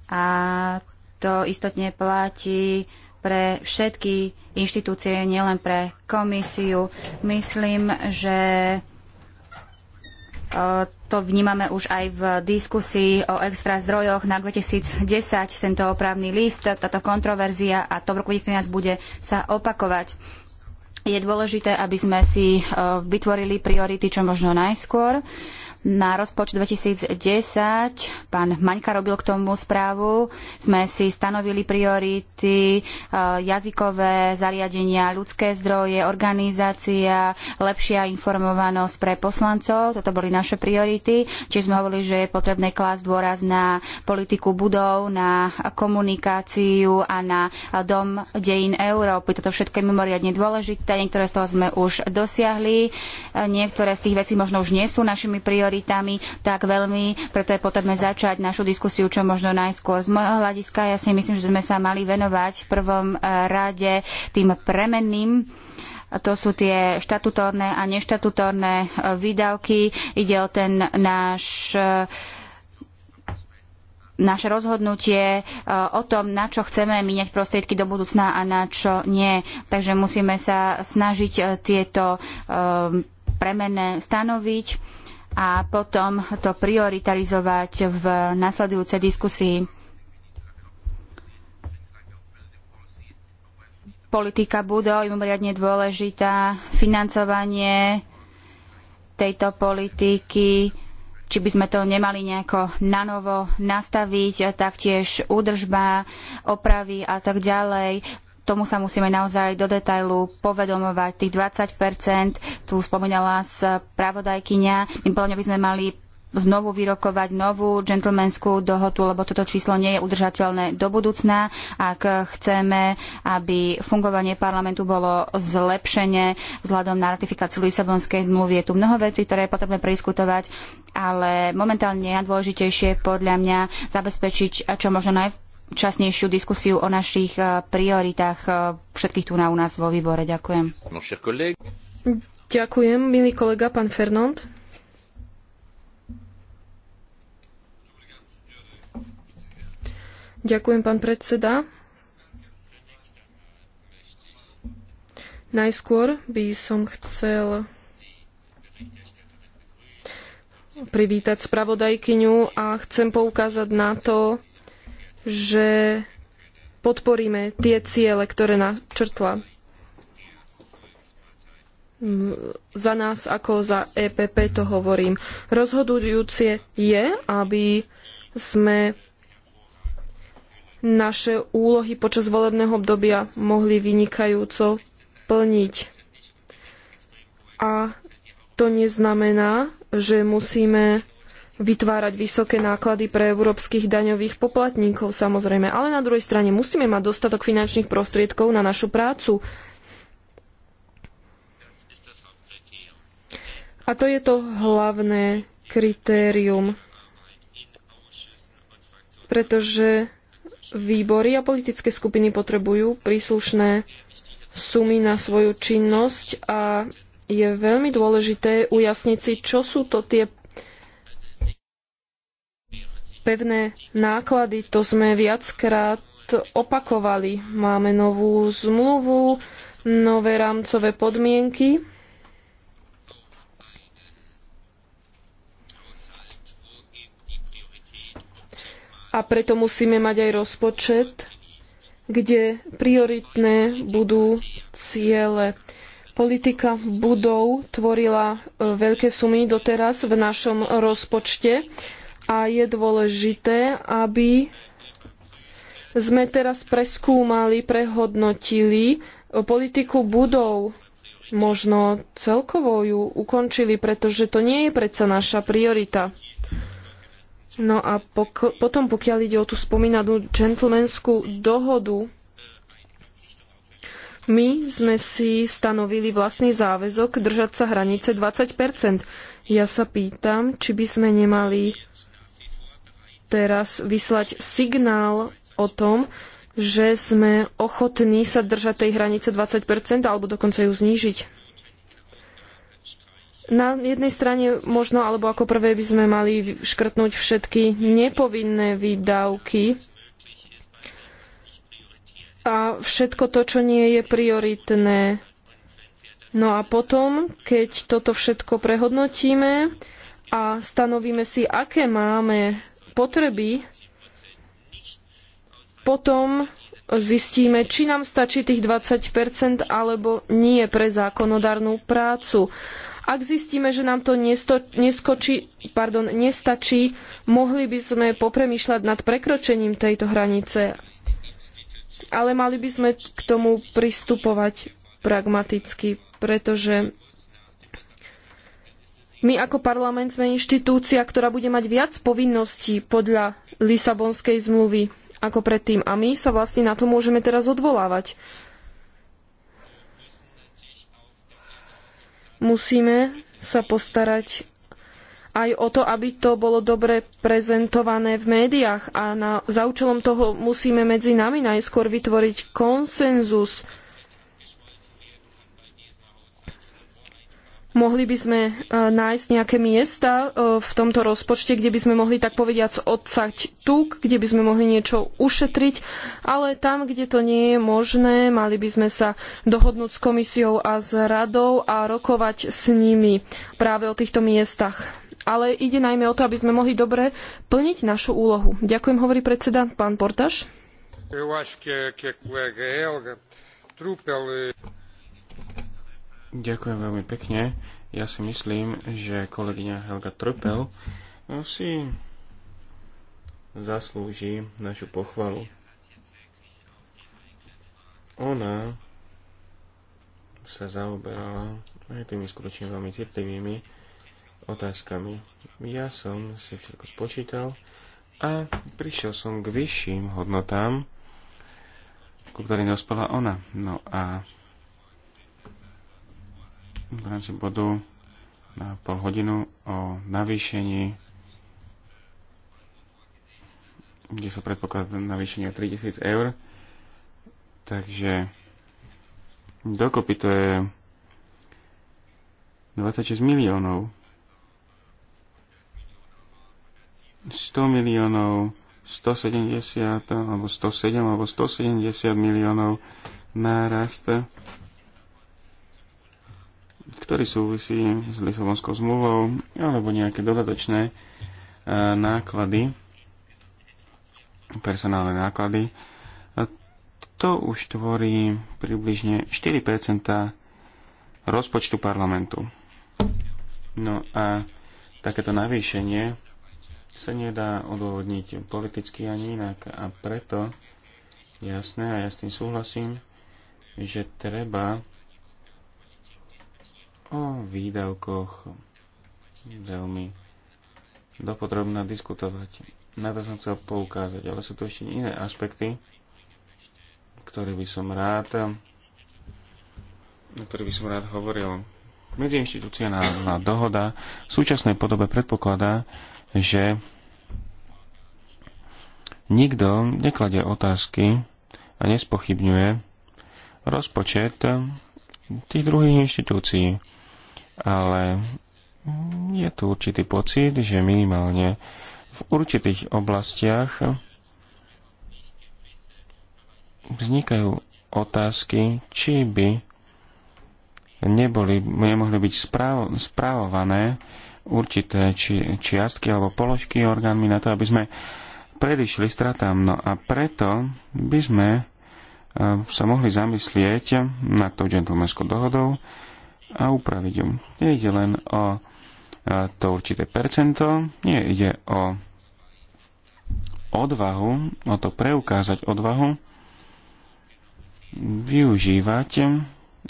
a to istotne platí pre všetky inštitúcie, nielen pre komisiu. Myslím, že to vnímame už aj v diskusii o extra zdrojoch na 2010, tento opravný list, táto kontroverzia a to v roku 2013 bude sa opakovať. Je dôležité, aby sme si e, vytvorili priority čo možno najskôr na rozpočet 2010, pán Maňka robil k tomu správu, sme si stanovili priority, e, jazykové zariadenia, ľudské zdroje, organizácia, lepšia informovanosť pre poslancov, toto boli naše priority, čiže sme hovorili, že je potrebné klásť dôraz na politiku budov, na komunikáciu a na dom dejín Európy. Toto všetko je mimoriadne dôležité, niektoré z toho sme už dosiahli, e, niektoré z tých vecí možno už nie sú našimi prioritami, prioritami tak veľmi, preto je potrebné začať našu diskusiu čo možno najskôr. Z môjho hľadiska ja si myslím, že sme sa mali venovať v prvom e, rade tým premenným to sú tie štatutórne a neštatutórne e, výdavky. Ide o ten náš e, naše rozhodnutie o tom, na čo chceme míňať prostriedky do budúcna a na čo nie. Takže musíme sa snažiť tieto premene stanoviť a potom to prioritarizovať v nasledujúcej diskusii. Politika budov je mimoriadne dôležitá, financovanie tejto politiky, či by sme to nemali nejako nanovo nastaviť, taktiež údržba, opravy a tak ďalej tomu sa musíme naozaj do detailu povedomovať. Tých 20%, tu spomínala spravodajkyňa, my plne by sme mali znovu vyrokovať novú džentlmenskú dohodu, lebo toto číslo nie je udržateľné do budúcna. Ak chceme, aby fungovanie parlamentu bolo zlepšené vzhľadom na ratifikáciu Lisabonskej zmluvy, je tu mnoho vecí, ktoré je potrebné prediskutovať, ale momentálne je najdôležitejšie podľa mňa zabezpečiť čo možno naj časnejšiu diskusiu o našich eh, prioritách eh, všetkých tu na u nás vo výbore. Ďakujem. Ďakujem, milý kolega, pán Fernand. Ďakujem, pán predseda. Najskôr by som chcel privítať spravodajkyňu a chcem poukázať na to, že podporíme tie ciele, ktoré načrtla. Za nás ako za EPP to hovorím. Rozhodujúce je, aby sme naše úlohy počas volebného obdobia mohli vynikajúco plniť. A to neznamená, že musíme vytvárať vysoké náklady pre európskych daňových poplatníkov, samozrejme. Ale na druhej strane musíme mať dostatok finančných prostriedkov na našu prácu. A to je to hlavné kritérium, pretože výbory a politické skupiny potrebujú príslušné sumy na svoju činnosť a je veľmi dôležité ujasniť si, čo sú to tie pevné náklady, to sme viackrát opakovali. Máme novú zmluvu, nové rámcové podmienky. A preto musíme mať aj rozpočet, kde prioritné budú ciele. Politika budov tvorila e, veľké sumy doteraz v našom rozpočte a je dôležité, aby sme teraz preskúmali, prehodnotili politiku budov. Možno celkovo ju ukončili, pretože to nie je predsa naša priorita. No a pok potom, pokiaľ ide o tú spomínanú džentlmenskú dohodu, my sme si stanovili vlastný záväzok držať sa hranice 20 Ja sa pýtam, či by sme nemali teraz vyslať signál o tom, že sme ochotní sa držať tej hranice 20% alebo dokonca ju znížiť. Na jednej strane možno, alebo ako prvé by sme mali škrtnúť všetky nepovinné výdavky a všetko to, čo nie je prioritné. No a potom, keď toto všetko prehodnotíme a stanovíme si, aké máme potreby, potom zistíme, či nám stačí tých 20 alebo nie pre zákonodárnu prácu. Ak zistíme, že nám to neskočí, pardon, nestačí, mohli by sme popremýšľať nad prekročením tejto hranice. Ale mali by sme k tomu pristupovať pragmaticky, pretože my ako parlament sme inštitúcia, ktorá bude mať viac povinností podľa Lisabonskej zmluvy ako predtým. A my sa vlastne na to môžeme teraz odvolávať. Musíme sa postarať aj o to, aby to bolo dobre prezentované v médiách a na, za účelom toho musíme medzi nami najskôr vytvoriť konsenzus Mohli by sme e, nájsť nejaké miesta e, v tomto rozpočte, kde by sme mohli tak povediac odsať tuk, kde by sme mohli niečo ušetriť, ale tam, kde to nie je možné, mali by sme sa dohodnúť s komisiou a s radou a rokovať s nimi práve o týchto miestach. Ale ide najmä o to, aby sme mohli dobre plniť našu úlohu. Ďakujem, hovorí predseda, pán Portaš. Ďakujem veľmi pekne. Ja si myslím, že kolegyňa Helga Trpel si zaslúži našu pochvalu. Ona sa zaoberala aj tými skutočne veľmi citlivými otázkami. Ja som si všetko spočítal a prišiel som k vyšším hodnotám, ku ktorým dospela ona. No a v rámci bodu na pol hodinu o navýšení, kde sa predpokladá navýšenie 3000 eur. Takže dokopy to je 26 miliónov. 100 miliónov, 170 alebo 107 alebo 170 miliónov nárast ktorý súvisí s Lisabonskou zmluvou alebo nejaké dodatočné e, náklady, personálne náklady. A to už tvorí približne 4 rozpočtu parlamentu. No a takéto navýšenie sa nedá odôvodniť politicky ani inak a preto jasné a ja s tým súhlasím, že treba o výdavkoch veľmi dopodrobne diskutovať. Na to som chcel poukázať, ale sú tu ešte iné aspekty, ktoré by som rád, na ktoré by som rád hovoril. Medziinstitucionálna dohoda v súčasnej podobe predpokladá, že nikto nekladie otázky a nespochybňuje rozpočet tých druhých inštitúcií ale je tu určitý pocit, že minimálne v určitých oblastiach vznikajú otázky, či by neboli, nemohli byť správované určité či, čiastky alebo položky orgánmi na to, aby sme predišli stratám. No a preto by sme eh, sa mohli zamyslieť nad tou džentlmenskou dohodou a upraviť ju. Nejde len o e, to určité percento, nie ide o odvahu, o to preukázať odvahu, využívať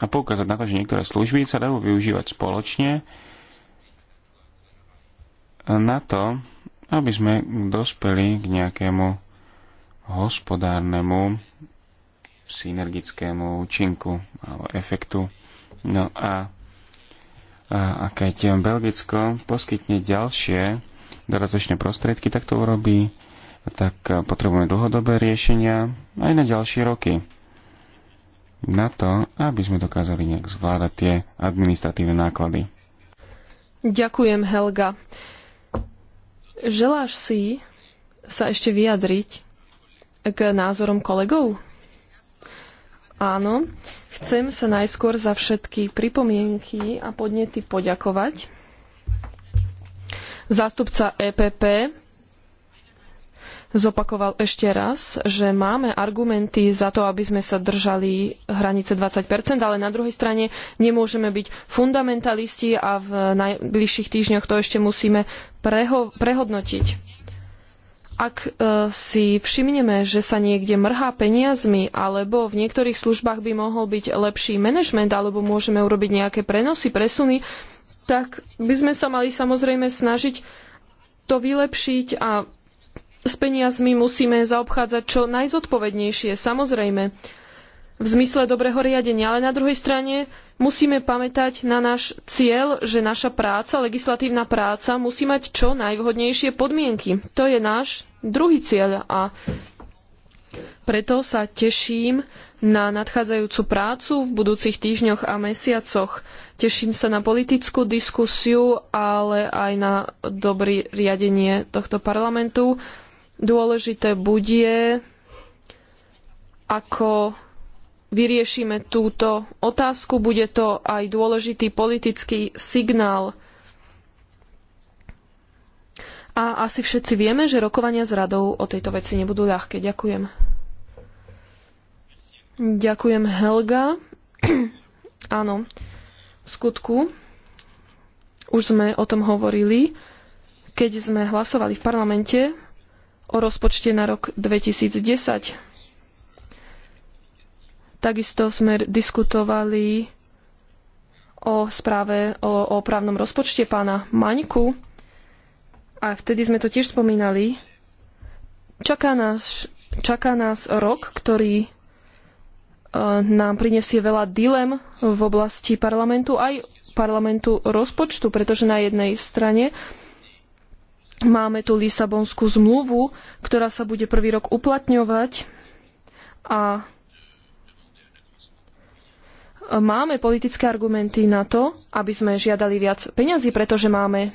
a poukázať na to, že niektoré služby sa dajú využívať spoločne na to, aby sme dospeli k nejakému hospodárnemu synergickému účinku alebo efektu. No a a keď Belgicko poskytne ďalšie dodatočné prostriedky, tak to urobí, tak e, potrebujeme dlhodobé riešenia aj na ďalšie roky. Na to, aby sme dokázali nejak zvládať tie administratívne náklady. Ďakujem, Helga. Želáš si sa ešte vyjadriť k názorom kolegov? Áno, chcem sa najskôr za všetky pripomienky a podnety poďakovať. Zástupca EPP zopakoval ešte raz, že máme argumenty za to, aby sme sa držali hranice 20%, ale na druhej strane nemôžeme byť fundamentalisti a v najbližších týždňoch to ešte musíme preho- prehodnotiť. Ak e, si všimneme, že sa niekde mrhá peniazmi, alebo v niektorých službách by mohol byť lepší manažment, alebo môžeme urobiť nejaké prenosy, presuny, tak by sme sa mali samozrejme snažiť to vylepšiť a s peniazmi musíme zaobchádzať čo najzodpovednejšie, samozrejme, v zmysle dobrého riadenia. Ale na druhej strane Musíme pamätať na náš cieľ, že naša práca, legislatívna práca, musí mať čo najvhodnejšie podmienky. To je náš druhý cieľ a preto sa teším na nadchádzajúcu prácu v budúcich týždňoch a mesiacoch. Teším sa na politickú diskusiu, ale aj na dobré riadenie tohto parlamentu. Dôležité bude, ako vyriešime túto otázku. Bude to aj dôležitý politický signál. A asi všetci vieme, že rokovania s radou o tejto veci nebudú ľahké. Ďakujem. Ďakujem Helga. Áno, v skutku, už sme o tom hovorili, keď sme hlasovali v parlamente o rozpočte na rok 2010 Takisto sme diskutovali o správe o, o právnom rozpočte pána Maňku a vtedy sme to tiež spomínali. Čaká nás, čaká nás rok, ktorý e, nám prinesie veľa dilem v oblasti parlamentu, aj parlamentu rozpočtu, pretože na jednej strane máme tu Lisabonskú zmluvu, ktorá sa bude prvý rok uplatňovať a máme politické argumenty na to, aby sme žiadali viac peňazí, pretože máme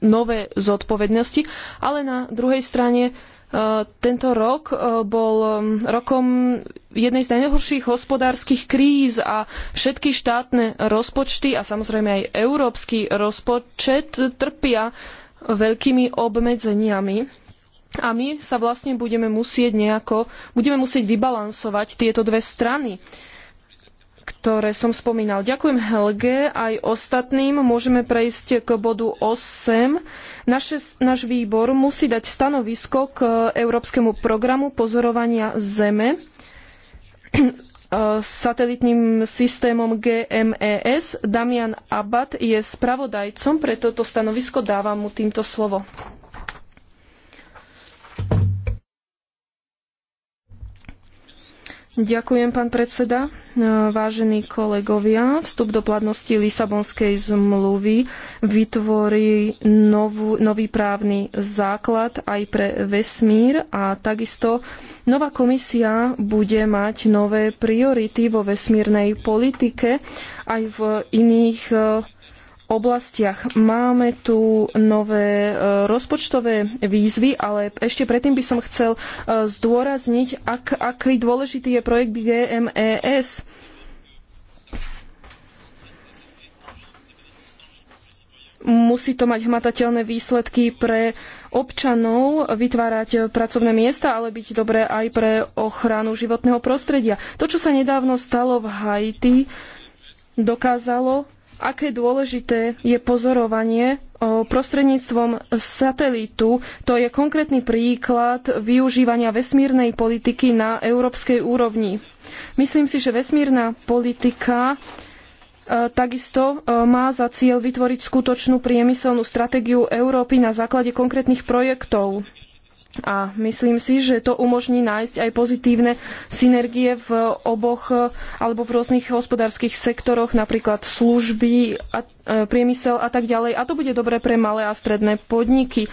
nové zodpovednosti, ale na druhej strane e, tento rok e, bol e, rokom jednej z najhorších hospodárskych kríz a všetky štátne rozpočty a samozrejme aj európsky rozpočet trpia veľkými obmedzeniami. A my sa vlastne budeme musieť nejako, budeme musieť vybalansovať tieto dve strany. Uh, ktoré som spomínal. Ďakujem Helge aj ostatným. Môžeme prejsť k bodu 8. Naše, náš výbor musí dať stanovisko k Európskemu programu pozorovania Zeme eh, satelitným systémom GMES. Damian Abad je spravodajcom, pre toto stanovisko dávam mu týmto slovo. Ďakujem, pán predseda. E, vážení kolegovia, vstup do platnosti Lisabonskej zmluvy vytvorí novú, nový právny základ aj pre vesmír a takisto nová komisia bude mať nové priority vo vesmírnej politike aj v iných e, oblastiach. Máme tu nové e, rozpočtové výzvy, ale ešte predtým by som chcel e, zdôrazniť, ak, aký dôležitý je projekt GMES. musí to mať hmatateľné výsledky pre občanov, vytvárať pracovné miesta, ale byť dobré aj pre ochranu životného prostredia. To, čo sa nedávno stalo v Haiti, dokázalo, aké dôležité je pozorovanie prostredníctvom satelitu. To je konkrétny príklad využívania vesmírnej politiky na európskej úrovni. Myslím si, že vesmírna politika e, takisto e, má za cieľ vytvoriť skutočnú priemyselnú stratégiu Európy na základe konkrétnych projektov. A myslím si, že to umožní nájsť aj pozitívne synergie v oboch eh, alebo v rôznych hospodárskych sektoroch, napríklad služby, a, eh, priemysel a tak ďalej. A to bude dobré pre malé a stredné podniky.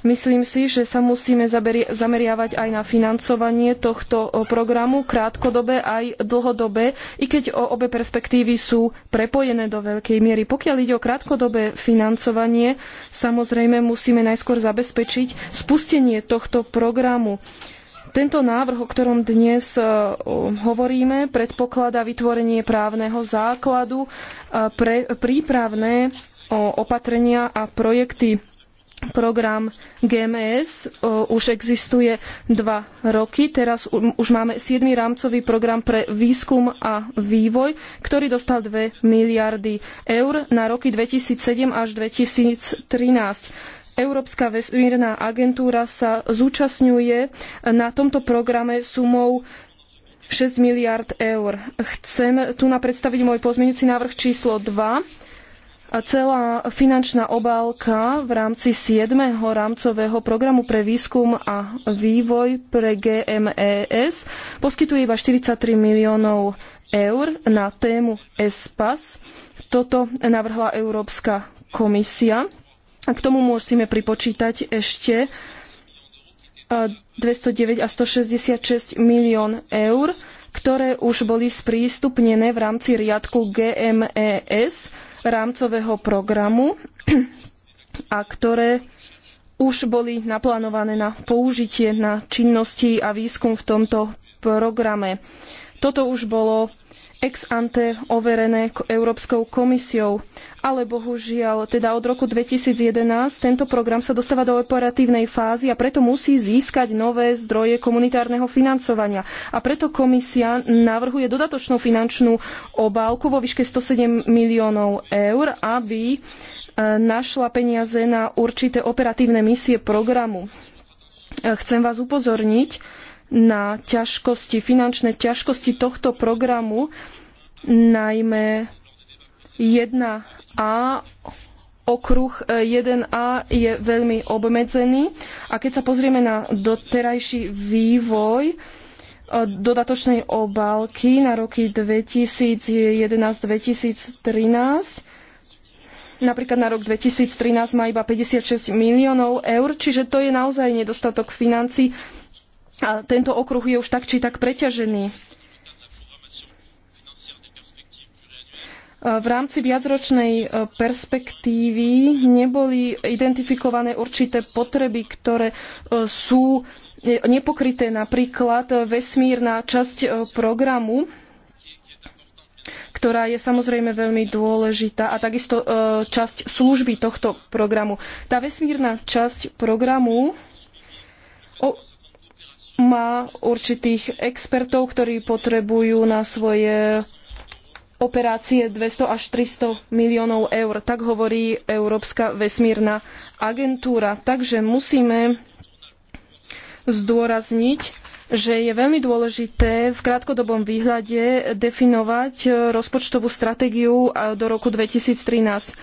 Myslím si, že sa musíme zameriavať aj na financovanie tohto programu, krátkodobé aj dlhodobé, i keď o obe perspektívy sú prepojené do veľkej miery. Pokiaľ ide o krátkodobé financovanie, samozrejme musíme najskôr zabezpečiť spustenie tohto programu. Tento návrh, o ktorom dnes hovoríme, predpokladá vytvorenie právneho základu pre prípravné opatrenia a projekty program GMS už existuje dva roky. Teraz už máme 7. rámcový program pre výskum a vývoj, ktorý dostal 2 miliardy eur na roky 2007 až 2013. Európska vesmírna agentúra sa zúčastňuje na tomto programe sumou 6 miliard eur. Chcem tu na predstaviť môj pozmeňujúci návrh číslo 2 Celá finančná obálka v rámci 7. rámcového programu pre výskum a vývoj pre GMES poskytuje iba 43 miliónov eur na tému ESPAS. Toto navrhla Európska komisia. A k tomu musíme pripočítať ešte 209 e, a 166 milión eur, ktoré už boli sprístupnené v rámci riadku GMES rámcového programu a ktoré už boli naplánované na použitie na činnosti a výskum v tomto programe. Toto už bolo ex ante overené Európskou komisiou ale bohužiaľ teda od roku 2011 tento program sa dostáva do operatívnej fázy a preto musí získať nové zdroje komunitárneho financovania. A preto komisia navrhuje dodatočnú finančnú obálku vo výške 107 miliónov eur, aby e, našla peniaze na určité operatívne misie programu. E, chcem vás upozorniť na ťažkosti, finančné ťažkosti tohto programu, najmä 1A okruh 1A e, je veľmi obmedzený a keď sa pozrieme na doterajší vývoj e, dodatočnej obálky na roky 2011-2013, napríklad na rok 2013 má iba 56 miliónov eur, čiže to je naozaj nedostatok financií a tento okruh je už tak či tak preťažený. v rámci viacročnej e, perspektívy neboli identifikované určité potreby, ktoré e, sú e, nepokryté napríklad vesmírna časť programu ktorá je samozrejme veľmi dôležitá a takisto časť služby tohto programu. Tá vesmírna časť programu má určitých expertov, ktorí potrebujú na svoje operácie 200 až 300 miliónov eur. Tak hovorí Európska vesmírna agentúra. Takže musíme zdôrazniť, že je veľmi dôležité v krátkodobom výhľade definovať rozpočtovú stratégiu do roku 2013.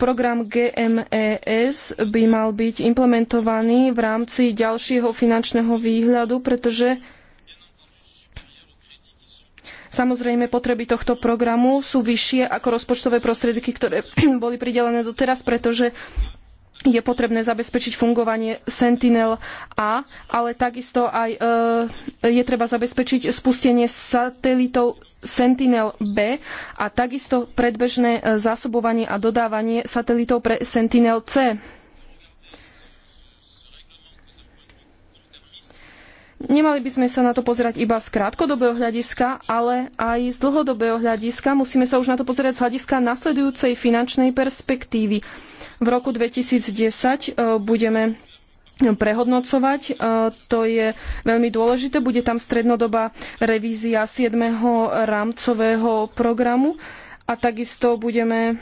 Program GMES by mal byť implementovaný v rámci ďalšieho finančného výhľadu, pretože Samozrejme, potreby tohto programu sú vyššie ako rozpočtové prostriedky, ktoré boli pridelené doteraz, pretože je potrebné zabezpečiť fungovanie Sentinel A, ale takisto aj e, je treba zabezpečiť spustenie satelitov Sentinel B a takisto predbežné e, zásobovanie a dodávanie satelitov pre Sentinel C. Nemali by sme sa na to pozerať iba z krátkodobého hľadiska, ale aj z dlhodobého hľadiska. Musíme sa už na to pozerať z hľadiska nasledujúcej finančnej perspektívy. V roku 2010 e, budeme prehodnocovať. E, to je veľmi dôležité. Bude tam strednodobá revízia 7. rámcového programu a takisto budeme e,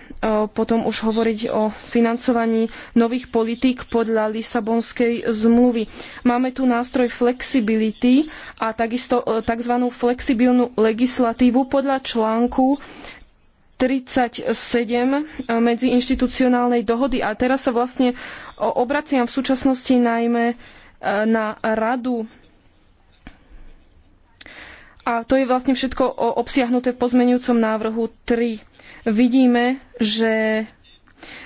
potom už hovoriť o financovaní nových politík podľa Lisabonskej zmluvy. Máme tu nástroj flexibility a takisto e, tzv. flexibilnú legislatívu podľa článku 37 e, medziinštitucionálnej dohody. A teraz sa vlastne obraciam v súčasnosti najmä na radu a to je vlastne všetko obsiahnuté v pozmenujúcom návrhu 3. Vidíme, že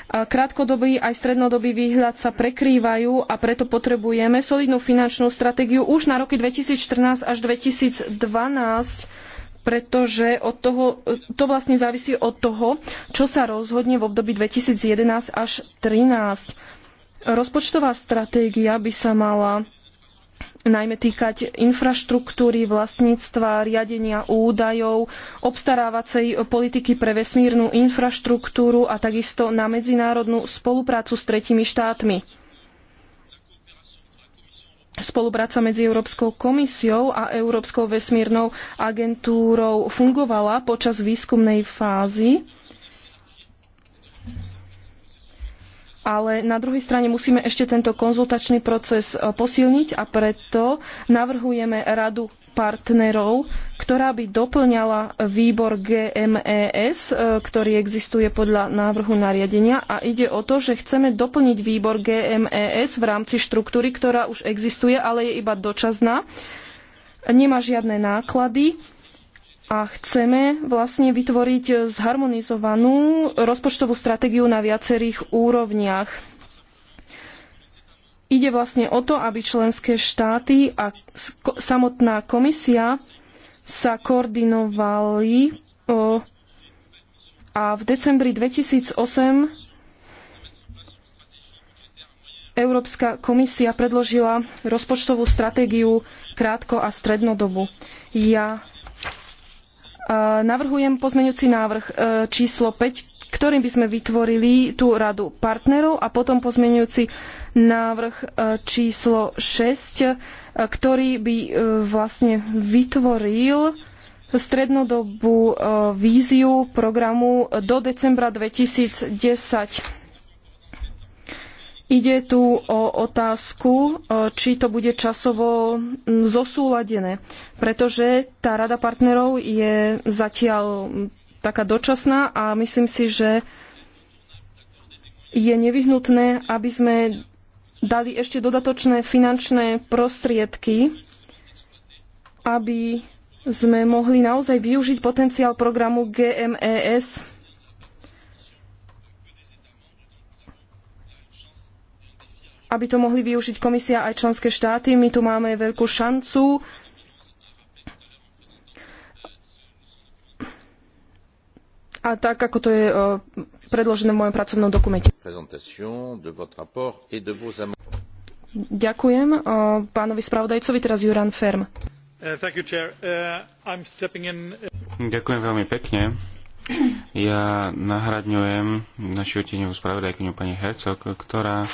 Krátkodobý aj strednodobý výhľad sa prekrývajú a preto potrebujeme solidnú finančnú stratégiu už na roky 2014 až 2012, pretože od toho, to vlastne závisí od toho, čo sa rozhodne v období 2011 až 2013. Rozpočtová stratégia by sa mala najmä týkať infraštruktúry, vlastníctva, riadenia údajov, obstarávacej politiky pre vesmírnu infraštruktúru a takisto na medzinárodnú spoluprácu s tretimi štátmi. Spolupráca medzi Európskou komisiou a Európskou vesmírnou agentúrou fungovala počas výskumnej fázy ale na druhej strane musíme ešte tento konzultačný proces e, posilniť a preto navrhujeme radu partnerov, ktorá by doplňala výbor GMES, e, ktorý existuje podľa návrhu nariadenia a ide o to, že chceme doplniť výbor GMES v rámci štruktúry, ktorá už existuje, ale je iba dočasná, nemá žiadne náklady a chceme vlastne vytvoriť zharmonizovanú rozpočtovú stratégiu na viacerých úrovniach. Ide vlastne o to, aby členské štáty a samotná komisia sa koordinovali a v decembri 2008 Európska komisia predložila rozpočtovú stratégiu krátko a strednodobu. Ja navrhujem pozmeňujúci návrh e, číslo 5, ktorým by sme vytvorili tú radu partnerov a potom pozmeňujúci návrh e, číslo 6, e, ktorý by vlastne vytvoril strednodobú víziu programu do decembra 2010 Ide tu o otázku, e, či to bude časovo zosúladené, pretože tá rada partnerov je zatiaľ taká dočasná a myslím si, že je nevyhnutné, aby sme dali ešte dodatočné finančné prostriedky, aby sme mohli naozaj využiť potenciál programu GMES aby to mohli využiť komisia aj členské štáty. My tu máme veľkú šancu. A tak, ako to je e, predložené v mojom pracovnom dokumente. Ďakujem e, pánovi spravodajcovi, teraz Juran Ferm. Uh, uh, uh- Ďakujem veľmi pekne. Ja nahradňujem našu tieňovú spravodajkyňu pani Hercog, ktorá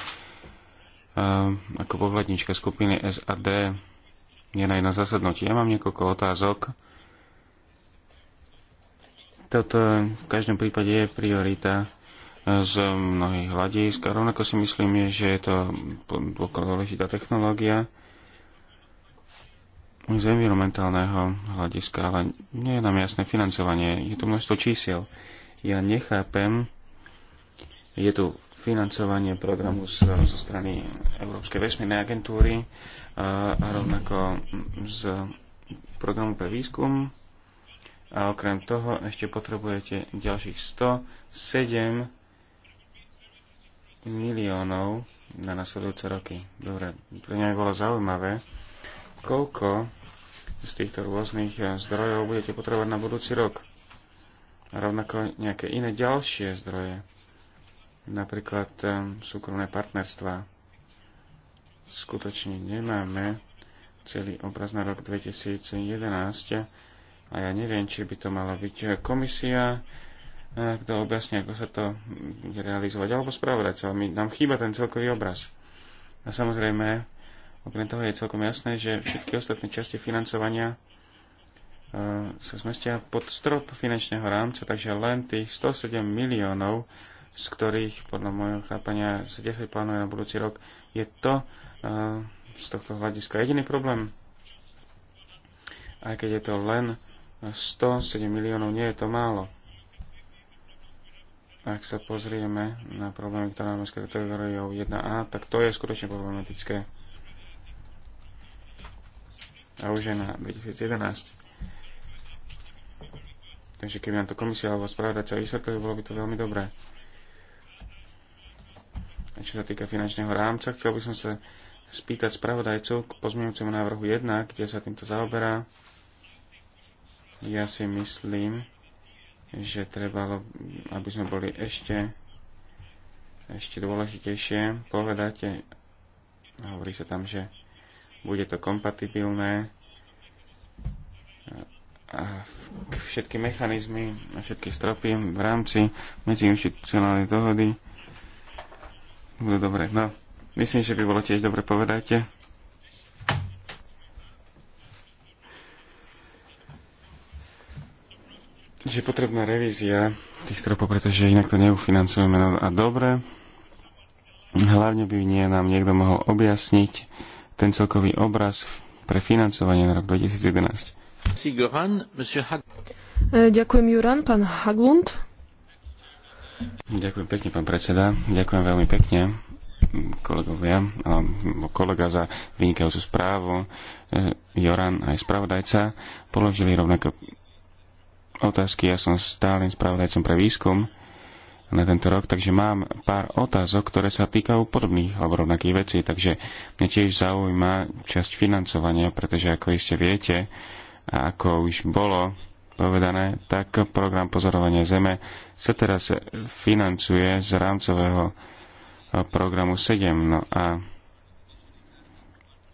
ako povladnička skupiny SAD je na jedno zasadnutie. Ja mám niekoľko otázok. Toto v každom prípade je priorita z mnohých hľadísk a rovnako si myslím, že je to dôležitá technológia z environmentálneho hľadiska, ale nie je nám jasné financovanie. Je tu množstvo čísiel. Ja nechápem, je tu financovanie programu zo, zo strany Európskej vesmírnej agentúry a, a rovnako z programu pre výskum. A okrem toho ešte potrebujete ďalších 107 miliónov na nasledujúce roky. Dobre, pre mňa by bolo zaujímavé, koľko z týchto rôznych e, zdrojov budete potrebovať na budúci rok. A rovnako nejaké iné ďalšie zdroje napríklad súkromné partnerstva. Skutočne nemáme celý obraz na rok 2011 a ja neviem, či by to mala byť komisia, e, kto objasní, ako sa to bude realizovať, alebo spravodať sa. nám chýba ten celkový obraz. A samozrejme, okrem toho je celkom jasné, že všetky ostatné časti financovania e, sa zmestia pod strop finančného rámca, takže len tých 107 miliónov z ktorých podľa môjho chápania sa 10 plánuje na budúci rok, je to eh, z tohto hľadiska jediný problém. Aj keď je to len 107 miliónov, nie je to málo. Ak sa pozrieme na problémy, ktoré máme s kategóriou 1A, tak to je skutočne problematické. A už je na 2011. Takže keby nám to komisia alebo spravodajca vysvetlili, bolo by to veľmi dobré čo sa týka finančného rámca, chcel by som sa spýtať spravodajcov k pozmeňujúcemu návrhu 1, kde sa týmto zaoberá. Ja si myslím, že trebalo, aby sme boli ešte, ešte dôležitejšie povedať, hovorí sa tam, že bude to kompatibilné a všetky mechanizmy a všetky stropy v rámci medziinstitucionálnej dohody No dobre. No, myslím, že by bolo tiež dobre povedať. že je potrebná revízia tých stropov, pretože inak to neufinancujeme. No a dobre, hlavne by nie nám niekto mohol objasniť ten celkový obraz pre financovanie na rok 2011. E, ďakujem, Juran. Pán Haglund. Ďakujem pekne, pán predseda. Ďakujem veľmi pekne kolegovia, alebo kolega za vynikajúcu správu. Eh, Joran aj spravodajca položili rovnako otázky. Ja som stálym spravodajcom pre výskum na tento rok, takže mám pár otázok, ktoré sa týkajú podobných alebo rovnakých vecí, takže mne tiež zaujíma časť financovania, pretože ako iste viete a ako už bolo povedané, tak program pozorovania Zeme sa teraz financuje z rámcového eh, programu 7. No a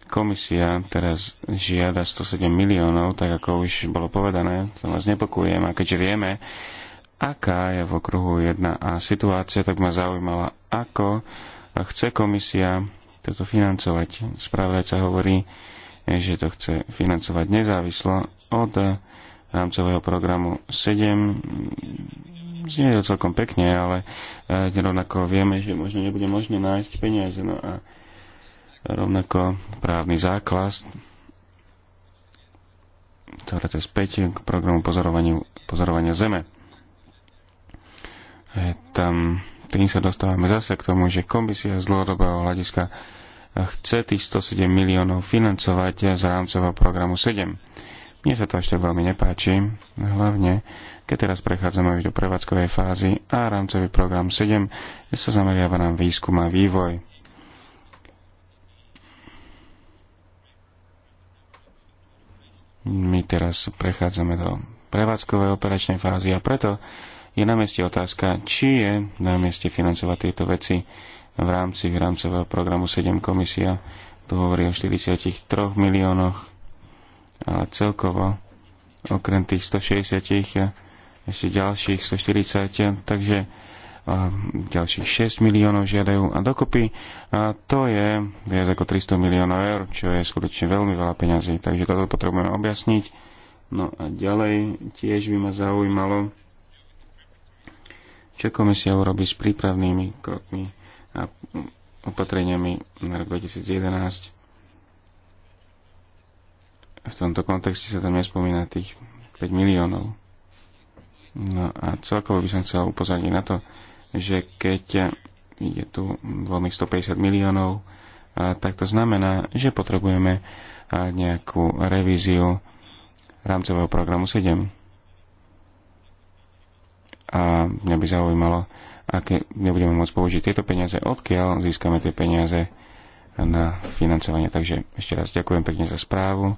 komisia teraz žiada 107 miliónov, tak ako už bolo povedané, to vás nepokujem. A keďže vieme, aká je v okruhu 1A situácia, tak ma zaujímala, ako chce komisia toto financovať. Spravodajca hovorí, že to chce financovať nezávislo od rámcového programu 7. Znie to celkom pekne, ale eh, rovnako vieme, že možno nebude možné nájsť peniaze. No a rovnako právny základ, ktoré to je späť k programu pozorovania Zeme. tam tým sa dostávame zase k tomu, že komisia z dlhodobého hľadiska chce tých 107 miliónov financovať z rámcového programu 7. Mne sa to ešte veľmi nepáči, hlavne keď teraz prechádzame už do prevádzkovej fázy a rámcový program 7 sa zameriava na výskum a vývoj. My teraz prechádzame do prevádzkovej operačnej fázy a preto je na mieste otázka, či je na mieste financovať tieto veci v rámci rámcového programu 7 komisia. Tu hovorí o 43 miliónoch ale celkovo okrem tých 160 eh, ešte ďalších 140, eh, takže eh, ďalších 6 miliónov žiadajú a dokopy a to je viac ako 300 miliónov eur, čo je skutočne veľmi veľa peňazí, takže toto potrebujeme objasniť. No a ďalej tiež by ma zaujímalo, čo komisia urobí s prípravnými krokmi a opatreniami na rok 2011 v tomto kontexte sa tam nespomína tých 5 miliónov. No a celkovo by som chcel upozorniť na to, že keď je tu veľmi 150 miliónov, tak to znamená, že potrebujeme nejakú revíziu rámcového programu 7. A mňa by zaujímalo, aké nebudeme môcť použiť tieto peniaze, odkiaľ získame tie peniaze na financovanie. Takže ešte raz ďakujem pekne za správu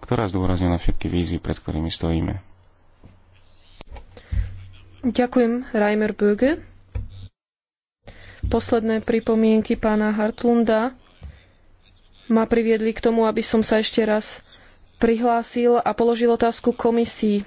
ktorá zdôraznila všetky výzvy, pred ktorými stojíme. Ďakujem, Reimer Böge. Posledné pripomienky pána Hartlunda ma priviedli k tomu, aby som sa ešte raz prihlásil a položil otázku komisii.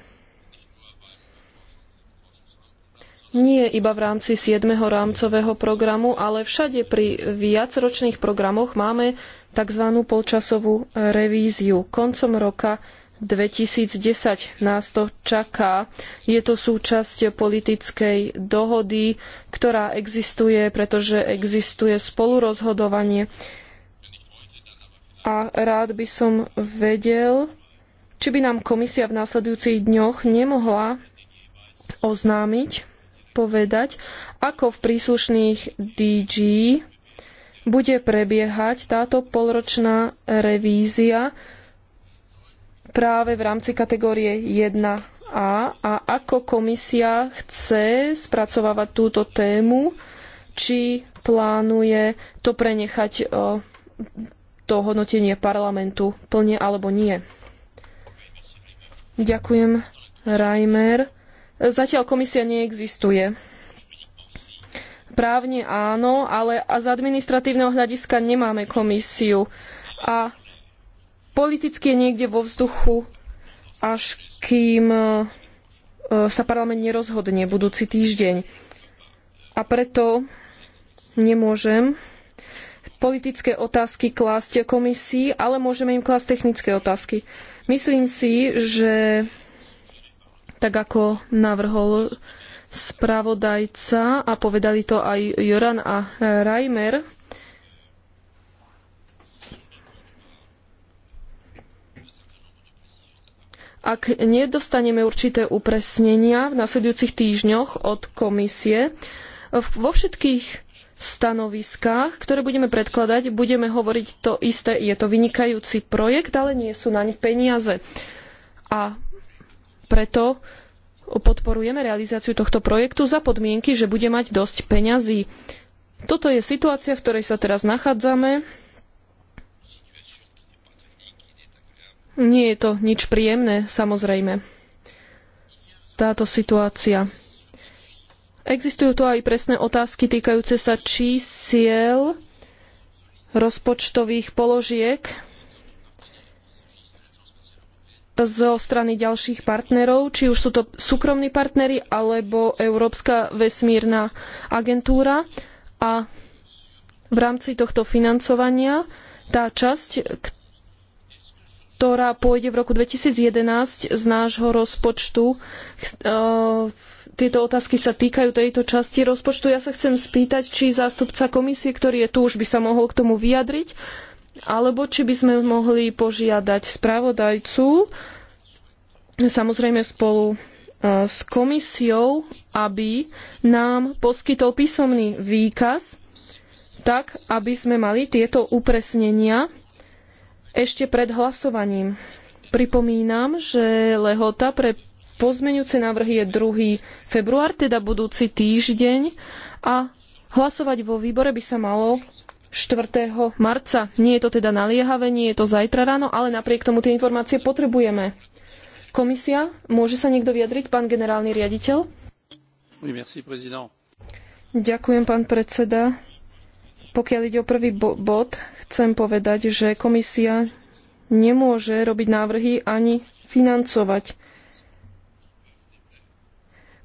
Nie iba v rámci 7. rámcového programu, ale všade pri viacročných programoch máme tzv. polčasovú revíziu. Koncom roka 2010 nás to čaká. Je to súčasť politickej dohody, ktorá existuje, pretože existuje spolurozhodovanie. A rád by som vedel, či by nám komisia v následujúcich dňoch nemohla oznámiť, povedať, ako v príslušných DG bude prebiehať táto polročná revízia práve v rámci kategórie 1A a ako komisia chce spracovávať túto tému, či plánuje to prenechať e, to hodnotenie parlamentu plne alebo nie. Ďakujem, Reimer. Zatiaľ komisia neexistuje. Právne áno, ale z administratívneho hľadiska nemáme komisiu. A politicky je niekde vo vzduchu, až kým e, e, sa parlament nerozhodne budúci týždeň. A preto nemôžem politické otázky klásť komisii, ale môžeme im klásť technické otázky. Myslím si, že tak ako navrhol spravodajca a povedali to aj Joran a Reimer. Ak nedostaneme určité upresnenia v nasledujúcich týždňoch od komisie, vo všetkých stanoviskách, ktoré budeme predkladať, budeme hovoriť to isté. Je to vynikajúci projekt, ale nie sú naň peniaze. A preto podporujeme realizáciu tohto projektu za podmienky, že bude mať dosť peňazí. Toto je situácia, v ktorej sa teraz nachádzame. Nie je to nič príjemné, samozrejme. Táto situácia. Existujú tu aj presné otázky týkajúce sa čísiel rozpočtových položiek zo strany ďalších partnerov, či už sú to súkromní partnery alebo Európska vesmírna agentúra. A v rámci tohto financovania tá časť, ktorá pôjde v roku 2011 z nášho rozpočtu, e, tieto otázky sa týkajú tejto časti rozpočtu. Ja sa chcem spýtať, či zástupca komisie, ktorý je tu, už by sa mohol k tomu vyjadriť alebo či by sme mohli požiadať spravodajcu, samozrejme spolu e, s komisiou, aby nám poskytol písomný výkaz, tak aby sme mali tieto upresnenia ešte pred hlasovaním. Pripomínam, že lehota pre pozmeňujúce návrhy je 2. február, teda budúci týždeň a hlasovať vo výbore by sa malo 4. marca. Nie je to teda naliehavé, nie je to zajtra ráno, ale napriek tomu tie informácie potrebujeme. Komisia, môže sa niekto vyjadriť, pán generálny riaditeľ? Oui, merci, Ďakujem, pán predseda. Pokiaľ ide o prvý bod, chcem povedať, že komisia nemôže robiť návrhy ani financovať.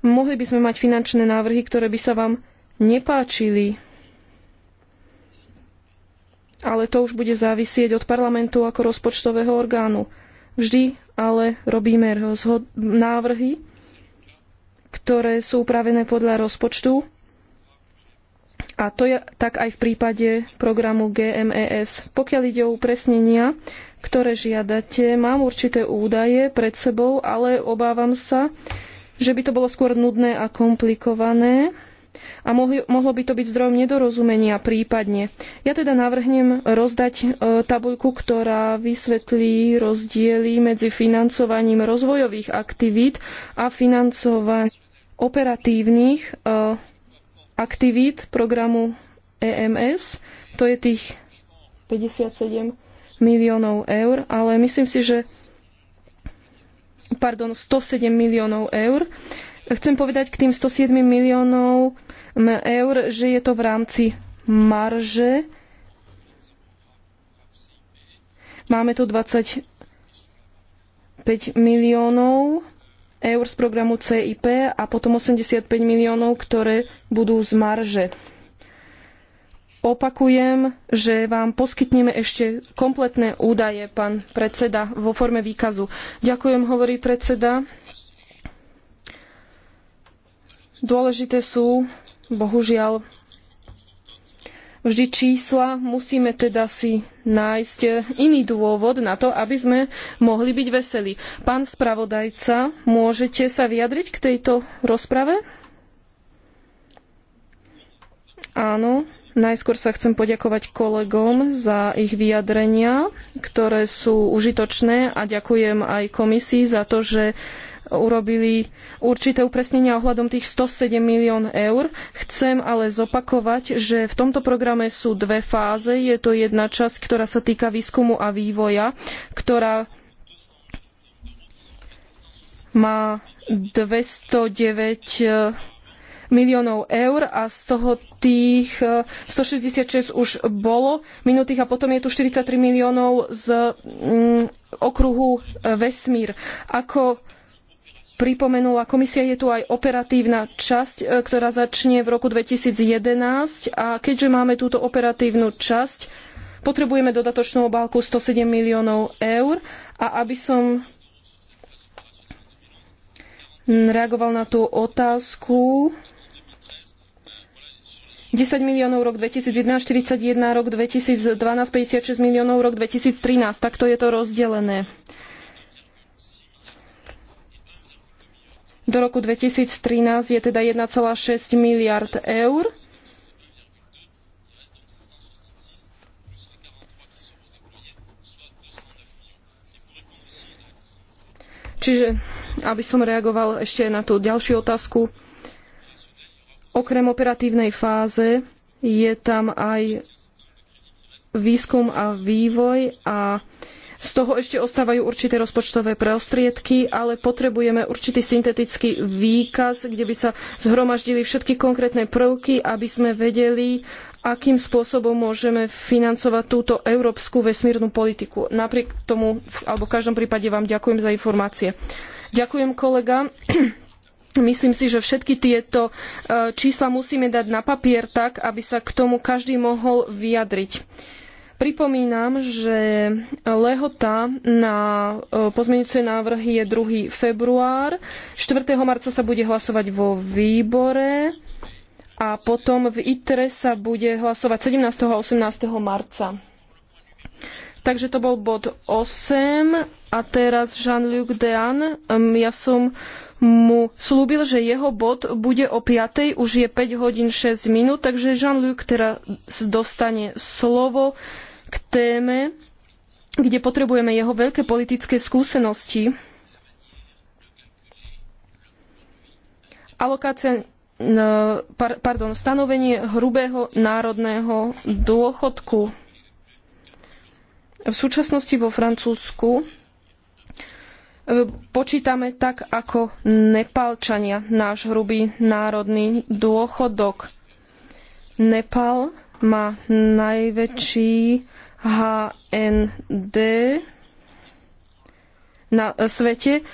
Mohli by sme mať finančné návrhy, ktoré by sa vám nepáčili, ale to už bude závisieť od parlamentu ako rozpočtového orgánu. Vždy ale robíme návrhy, ktoré sú upravené podľa rozpočtu a to je tak aj v prípade programu GMES. Pokiaľ ide o upresnenia, ktoré žiadate, mám určité údaje pred sebou, ale obávam sa, že by to bolo skôr nudné a komplikované a mohli, mohlo by to byť zdrojom nedorozumenia prípadne. Ja teda navrhnem rozdať e, tabuľku, ktorá vysvetlí rozdiely medzi financovaním rozvojových aktivít a financovaním operatívnych e, aktivít programu EMS. To je tých 57 miliónov eur, ale myslím si, že pardon, 107 miliónov eur. E, Chcem povedať k tým 107 miliónov eur, že je to v rámci marže. Máme tu 25 miliónov eur z programu CIP a potom 85 miliónov, ktoré budú z marže. Opakujem, že vám poskytneme ešte kompletné údaje, pán predseda, vo forme výkazu. Ďakujem, hovorí predseda. Dôležité sú, bohužiaľ, vždy čísla. Musíme teda si nájsť iný dôvod na to, aby sme mohli byť veselí. Pán spravodajca, môžete sa vyjadriť k tejto rozprave? Áno, najskôr sa chcem poďakovať kolegom za ich vyjadrenia, ktoré sú užitočné a ďakujem aj komisii za to, že urobili určité upresnenia ohľadom tých 107 milión eur. Chcem ale zopakovať, že v tomto programe sú dve fáze. Je to jedna časť, ktorá sa týka výskumu a vývoja, ktorá má 209 e, miliónov eur a z toho tých 166 e, už bolo minutých a potom je tu 43 miliónov z mm, okruhu e, vesmír. Ako pripomenula komisia, je tu aj operatívna časť, e, ktorá začne v roku 2011 a keďže máme túto operatívnu časť, potrebujeme dodatočnú obálku 107 miliónov eur a aby som reagoval na tú otázku, 10 miliónov rok 2011, 41 rok 2012, 56 miliónov rok 2013. Takto je to rozdelené. do roku 2013 je teda 1,6 miliard eur. Čiže, aby som reagoval ešte na tú ďalšiu otázku, okrem operatívnej fáze je tam aj výskum a vývoj a z toho ešte ostávajú určité rozpočtové prostriedky, ale potrebujeme určitý syntetický výkaz, kde by sa zhromaždili všetky konkrétne prvky, aby sme vedeli, akým spôsobom môžeme financovať túto európsku vesmírnu politiku. Napriek tomu, alebo v každom prípade vám ďakujem za informácie. Ďakujem kolega. Myslím si, že všetky tieto e, čísla musíme dať na papier tak, aby sa k tomu každý mohol vyjadriť. Pripomínam, že lehota na e, pozmeňujúce návrhy je 2. február. 4. marca sa bude hlasovať vo výbore a potom v ITRE sa bude hlasovať 17. a 18. marca. Takže to bol bod 8 a teraz Jean-Luc Dean. Ja som mu slúbil, že jeho bod bude o 5. Už je 5 hodín 6 minút, takže Jean-Luc teraz dostane slovo k téme, kde potrebujeme jeho veľké politické skúsenosti. Alokácia, pardon, stanovenie hrubého národného dôchodku. V súčasnosti vo Francúzsku e, počítame tak ako Nepálčania náš hrubý národný dôchodok. Nepal má najväčší HND na svete.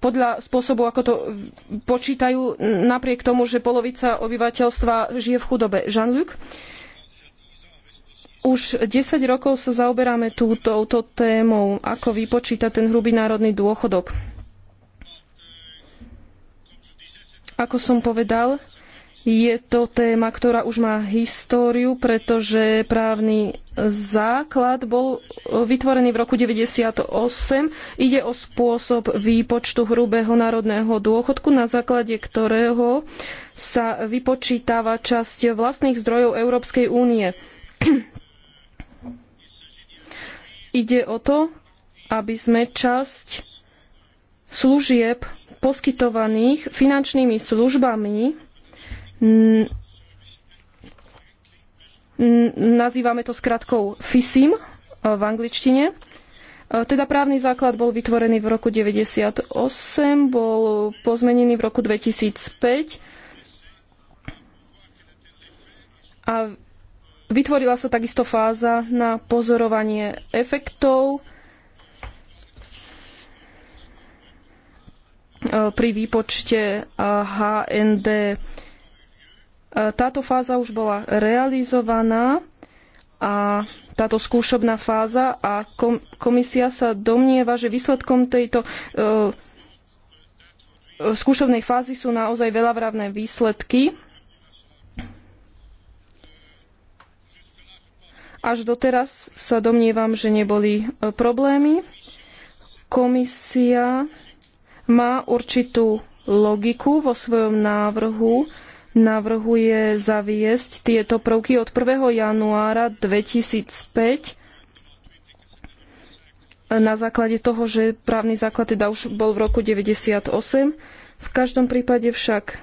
Podľa spôsobu, ako to počítajú, napriek tomu, že polovica obyvateľstva žije v chudobe. Jean-Luc, už 10 rokov sa zaoberáme túto témou, ako vypočítať ten hrubý národný dôchodok. Ako som povedal, je to téma, ktorá už má históriu, pretože právny základ bol vytvorený v roku 98. Ide o spôsob výpočtu hrubého národného dôchodku, na základe ktorého sa vypočítava časť vlastných zdrojov Európskej únie. Ide o to, aby sme časť služieb poskytovaných finančnými službami Nazývame to skratkou FISIM eh, v angličtine. Eh, teda právny základ bol vytvorený v roku 1998, bol pozmenený v roku 2005 a vytvorila sa takisto fáza na pozorovanie efektov eh, pri výpočte HND E, táto fáza už bola realizovaná a táto skúšobná fáza a komisia sa domnieva, že výsledkom tejto e, e, skúšobnej fázy sú naozaj veľavravné výsledky. Až doteraz sa domnievam, že neboli problémy. Komisia má určitú logiku vo svojom návrhu, navrhuje zaviesť tieto prvky od 1. januára 2005 na základe toho, že právny základ teda už bol v roku 98. V každom prípade však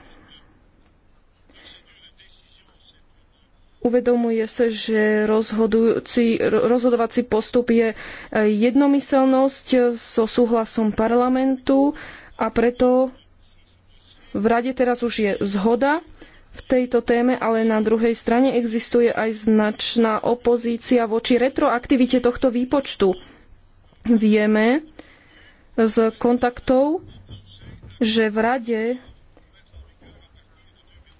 uvedomuje sa, že rozhodovací postup je e, jednomyseľnosť e, so súhlasom parlamentu a preto v rade teraz už je zhoda v tejto téme, ale na druhej strane existuje aj značná opozícia voči retroaktivite tohto výpočtu. Vieme z kontaktov, že v rade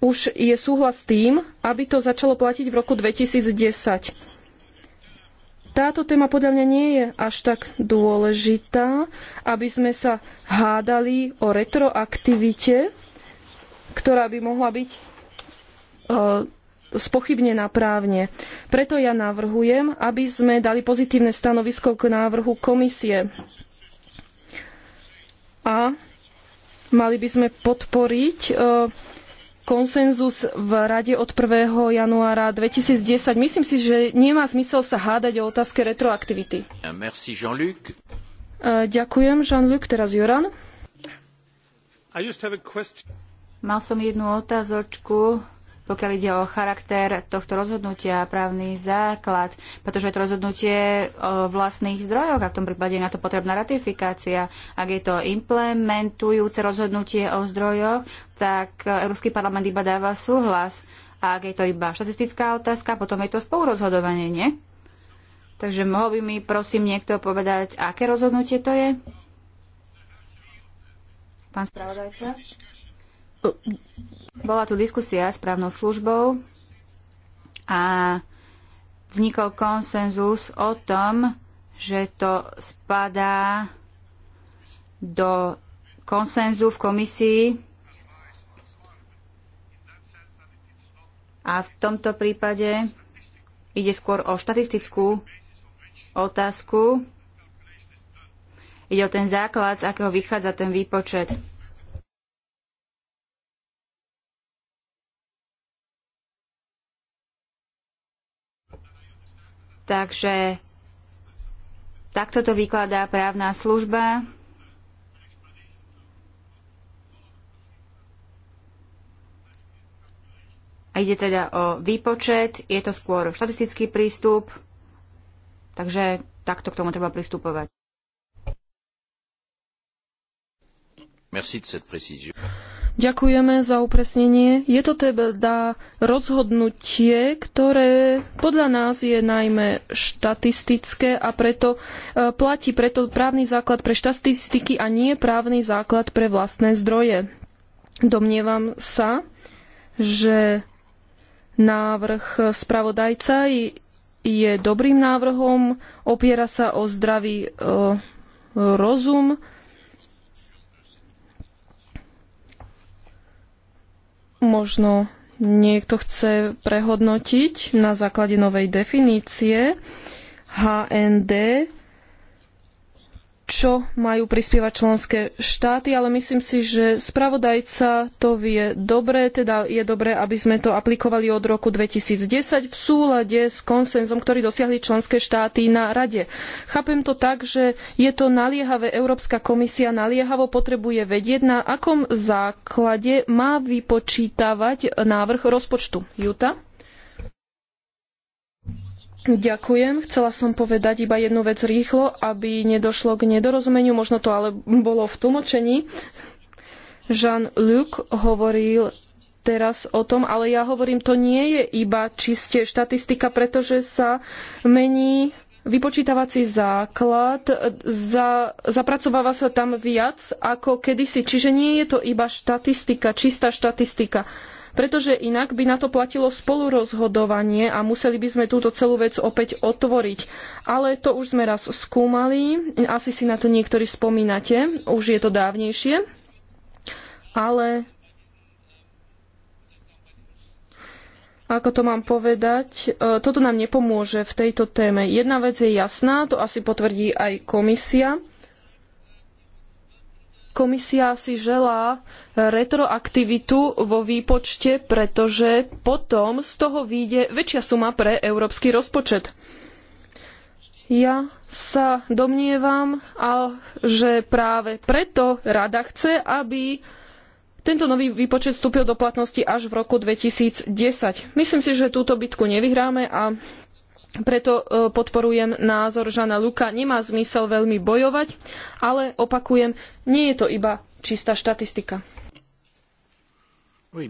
už je súhlas s tým, aby to začalo platiť v roku 2010. Táto téma podľa mňa nie je až tak dôležitá, aby sme sa hádali o retroaktivite, ktorá by mohla byť E, spochybnená právne. Preto ja navrhujem, aby sme dali pozitívne stanovisko k návrhu komisie. A mali by sme podporiť e, konsenzus v Rade od 1. januára 2010. Myslím si, že nemá zmysel sa hádať o otázke retroaktivity. Merci Jean-Luc. E, ďakujem Jean-Luc, teraz Joran. Mal som jednu otázočku pokiaľ ide o charakter tohto rozhodnutia, právny základ, pretože je to rozhodnutie o vlastných zdrojoch a v tom prípade je na to potrebná ratifikácia. Ak je to implementujúce rozhodnutie o zdrojoch, tak Európsky parlament iba dáva súhlas. A ak je to iba štatistická otázka, potom je to spolurozhodovanie, nie? Takže mohol by mi prosím niekto povedať, aké rozhodnutie to je? Pán spravodajca? Bola tu diskusia s právnou službou a vznikol konsenzus o tom, že to spadá do konsenzu v komisii a v tomto prípade ide skôr o štatistickú otázku. Ide o ten základ, z akého vychádza ten výpočet. Takže takto to vykladá právna služba. A ide teda o výpočet, je to skôr štatistický prístup, takže takto k tomu treba pristupovať. Merci de cette précision. Ďakujeme za upresnenie. Je to teda rozhodnutie, ktoré podľa nás je najmä štatistické a preto e, platí preto právny základ pre štatistiky a nie právny základ pre vlastné zdroje. Domnievam sa, že návrh spravodajca je dobrým návrhom, opiera sa o zdravý e, rozum, možno niekto chce prehodnotiť na základe novej definície HND čo majú prispievať členské štáty, ale myslím si, že spravodajca to vie dobre, teda je dobré, aby sme to aplikovali od roku 2010 v súlade s konsenzom, ktorý dosiahli členské štáty na rade. Chápem to tak, že je to naliehavé, Európska komisia naliehavo potrebuje vedieť, na akom základe má vypočítavať návrh rozpočtu. Juta? Ďakujem. Chcela som povedať iba jednu vec rýchlo, aby nedošlo k nedorozumeniu. Možno to ale bolo v tlmočení. Jean-Luc hovoril teraz o tom, ale ja hovorím, to nie je iba čiste štatistika, pretože sa mení vypočítavací základ, za, zapracováva sa tam viac ako kedysi. Čiže nie je to iba štatistika, čistá štatistika pretože inak by na to platilo spolurozhodovanie a museli by sme túto celú vec opäť otvoriť. Ale to už sme raz skúmali, asi si na to niektorí spomínate, už je to dávnejšie, ale ako to mám povedať, e, toto nám nepomôže v tejto téme. Jedna vec je jasná, to asi potvrdí aj komisia. Komisia si želá retroaktivitu vo výpočte, pretože potom z toho vyjde väčšia suma pre európsky rozpočet. Ja sa domnievam, že práve preto rada chce, aby tento nový výpočet vstúpil do platnosti až v roku 2010. Myslím si, že túto bitku nevyhráme a preto e, podporujem názor Žana Luka. Nemá zmysel veľmi bojovať, ale opakujem, nie je to iba čistá štatistika. Oui,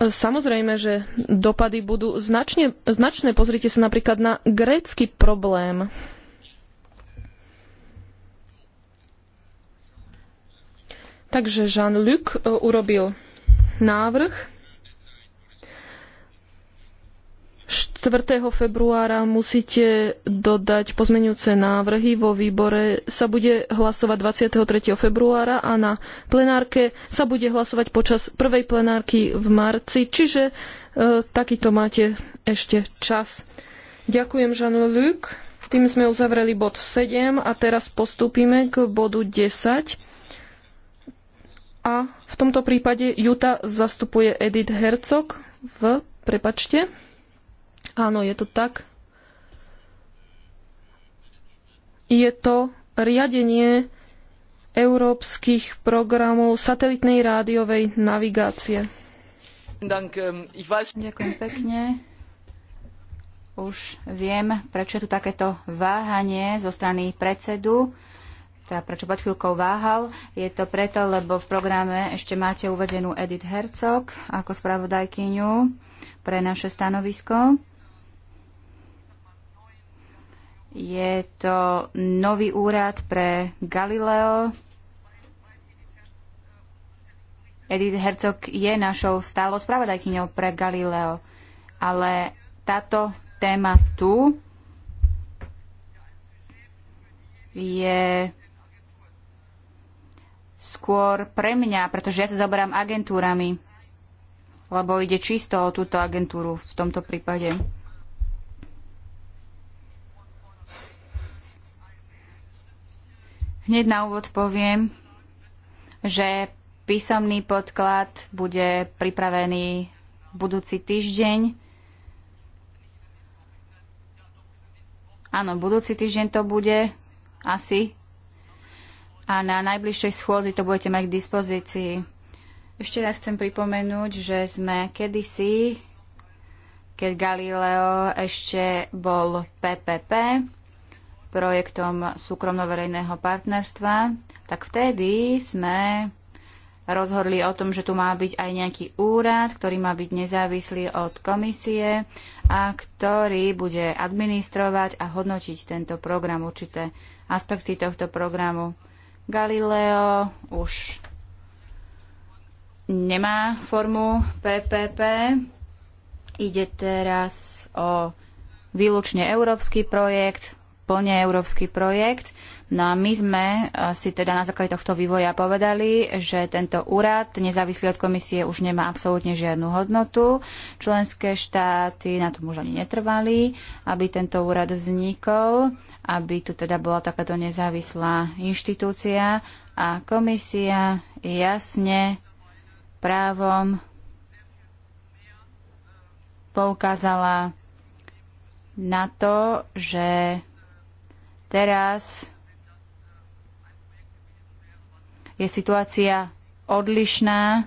Samozrejme, že dopady budú značne, značné. Pozrite sa napríklad na grécky problém. Takže Jean-Luc e, urobil návrh 4. februára musíte dodať pozmeňujúce návrhy. Vo výbore sa bude hlasovať 23. februára a na plenárke sa bude hlasovať počas prvej plenárky v marci. Čiže e, takýto máte ešte čas. Ďakujem, Jean-Luc. Tým sme uzavreli bod 7 a teraz postúpime k bodu 10. A v tomto prípade Juta zastupuje Edith Hercog v, prepačte, Áno, je to tak. Je to riadenie európskych programov satelitnej rádiovej navigácie. Ehm, Ďakujem pekne. Už viem, prečo je tu takéto váhanie zo strany predsedu. Teda prečo pod chvíľkou váhal. Je to preto, lebo v programe ešte máte uvedenú Edith Hercog ako spravodajkyňu pre naše stanovisko. Je to nový úrad pre Galileo. Edith Herzog je našou stálou spravodajkyňou pre Galileo, ale táto téma tu je skôr pre mňa, pretože ja sa zaoberám agentúrami, lebo ide čisto o túto agentúru v tomto prípade. Hneď na úvod poviem, že písomný podklad bude pripravený budúci týždeň. Áno, budúci týždeň to bude asi. A na najbližšej schôdzi to budete mať k dispozícii. Ešte raz chcem pripomenúť, že sme kedysi, keď Galileo ešte bol PPP, projektom súkromno-verejného partnerstva, tak vtedy sme rozhodli o tom, že tu má byť aj nejaký úrad, ktorý má byť nezávislý od komisie a ktorý bude administrovať a hodnotiť tento program, určité aspekty tohto programu. Galileo už nemá formu PPP. Ide teraz o výlučne európsky projekt, plne európsky projekt. No a my sme si teda na základe tohto vývoja povedali, že tento úrad nezávislý od komisie už nemá absolútne žiadnu hodnotu. Členské štáty na tom už ani netrvali, aby tento úrad vznikol, aby tu teda bola takáto nezávislá inštitúcia a komisia jasne právom poukázala na to, že Teraz je situácia odlišná,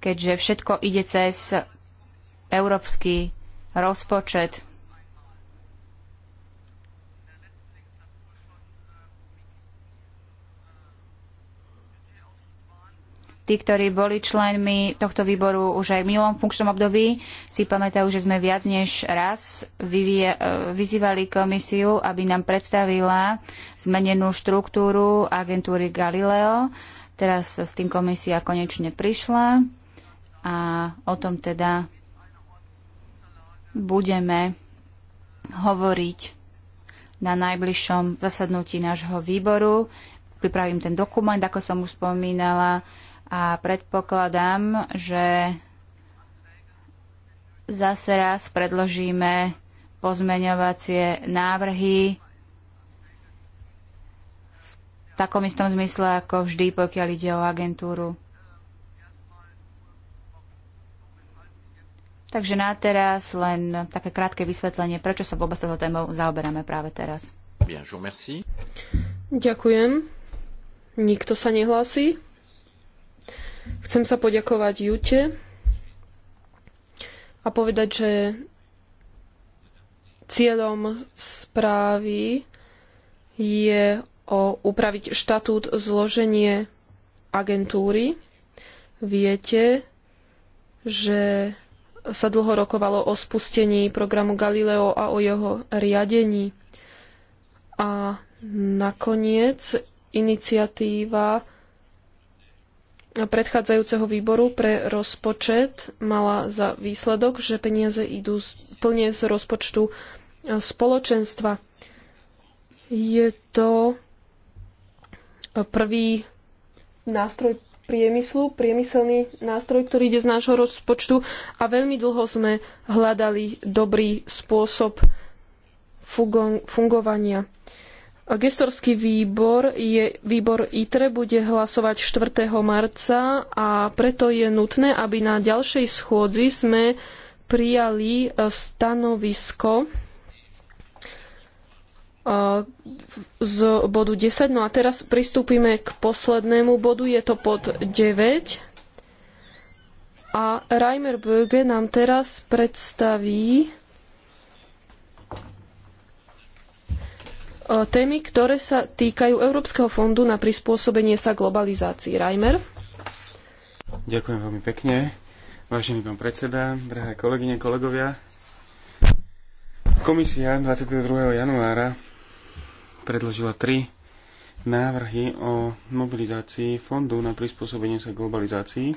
keďže všetko ide cez európsky rozpočet. Tí, ktorí boli členmi tohto výboru už aj v minulom funkčnom období, si pamätajú, že sme viac než raz e, vyzývali komisiu, aby nám predstavila zmenenú štruktúru agentúry Galileo. Teraz s tým komisia konečne prišla a o tom teda budeme hovoriť na najbližšom zasadnutí nášho výboru. Pripravím ten dokument, ako som už spomínala, a predpokladám, že zase raz predložíme pozmeňovacie návrhy v takom istom zmysle ako vždy, pokiaľ ide o agentúru. Takže na teraz len také krátke vysvetlenie, prečo sa vôbec toho témou zaoberáme práve teraz. Bien, Ďakujem. Nikto sa nehlási? Chcem sa poďakovať Jute a povedať, že cieľom správy je o upraviť štatút zloženie agentúry. Viete, že sa dlho rokovalo o spustení programu Galileo a o jeho riadení. A nakoniec iniciatíva predchádzajúceho výboru pre rozpočet mala za výsledok, že peniaze idú plne z rozpočtu e, spoločenstva. Je to e, prvý nástroj priemyslu, priemyselný nástroj, ktorý ide z nášho rozpočtu a veľmi dlho sme hľadali dobrý spôsob fungovania. Gestorský výbor, je, výbor ITRE bude hlasovať 4. marca a preto je nutné, aby na ďalšej schôdzi sme prijali e, stanovisko e, z bodu 10. No a teraz pristúpime k poslednému bodu, je to pod 9. A Reimer Böge nám teraz predstaví E, témy, ktoré sa týkajú Európskeho fondu na prispôsobenie sa globalizácii. Reimer? Ďakujem veľmi pekne. Vážený pán predseda, drahé kolegyne, kolegovia. Komisia 22. januára predložila tri návrhy o mobilizácii fondu na prispôsobenie sa globalizácii,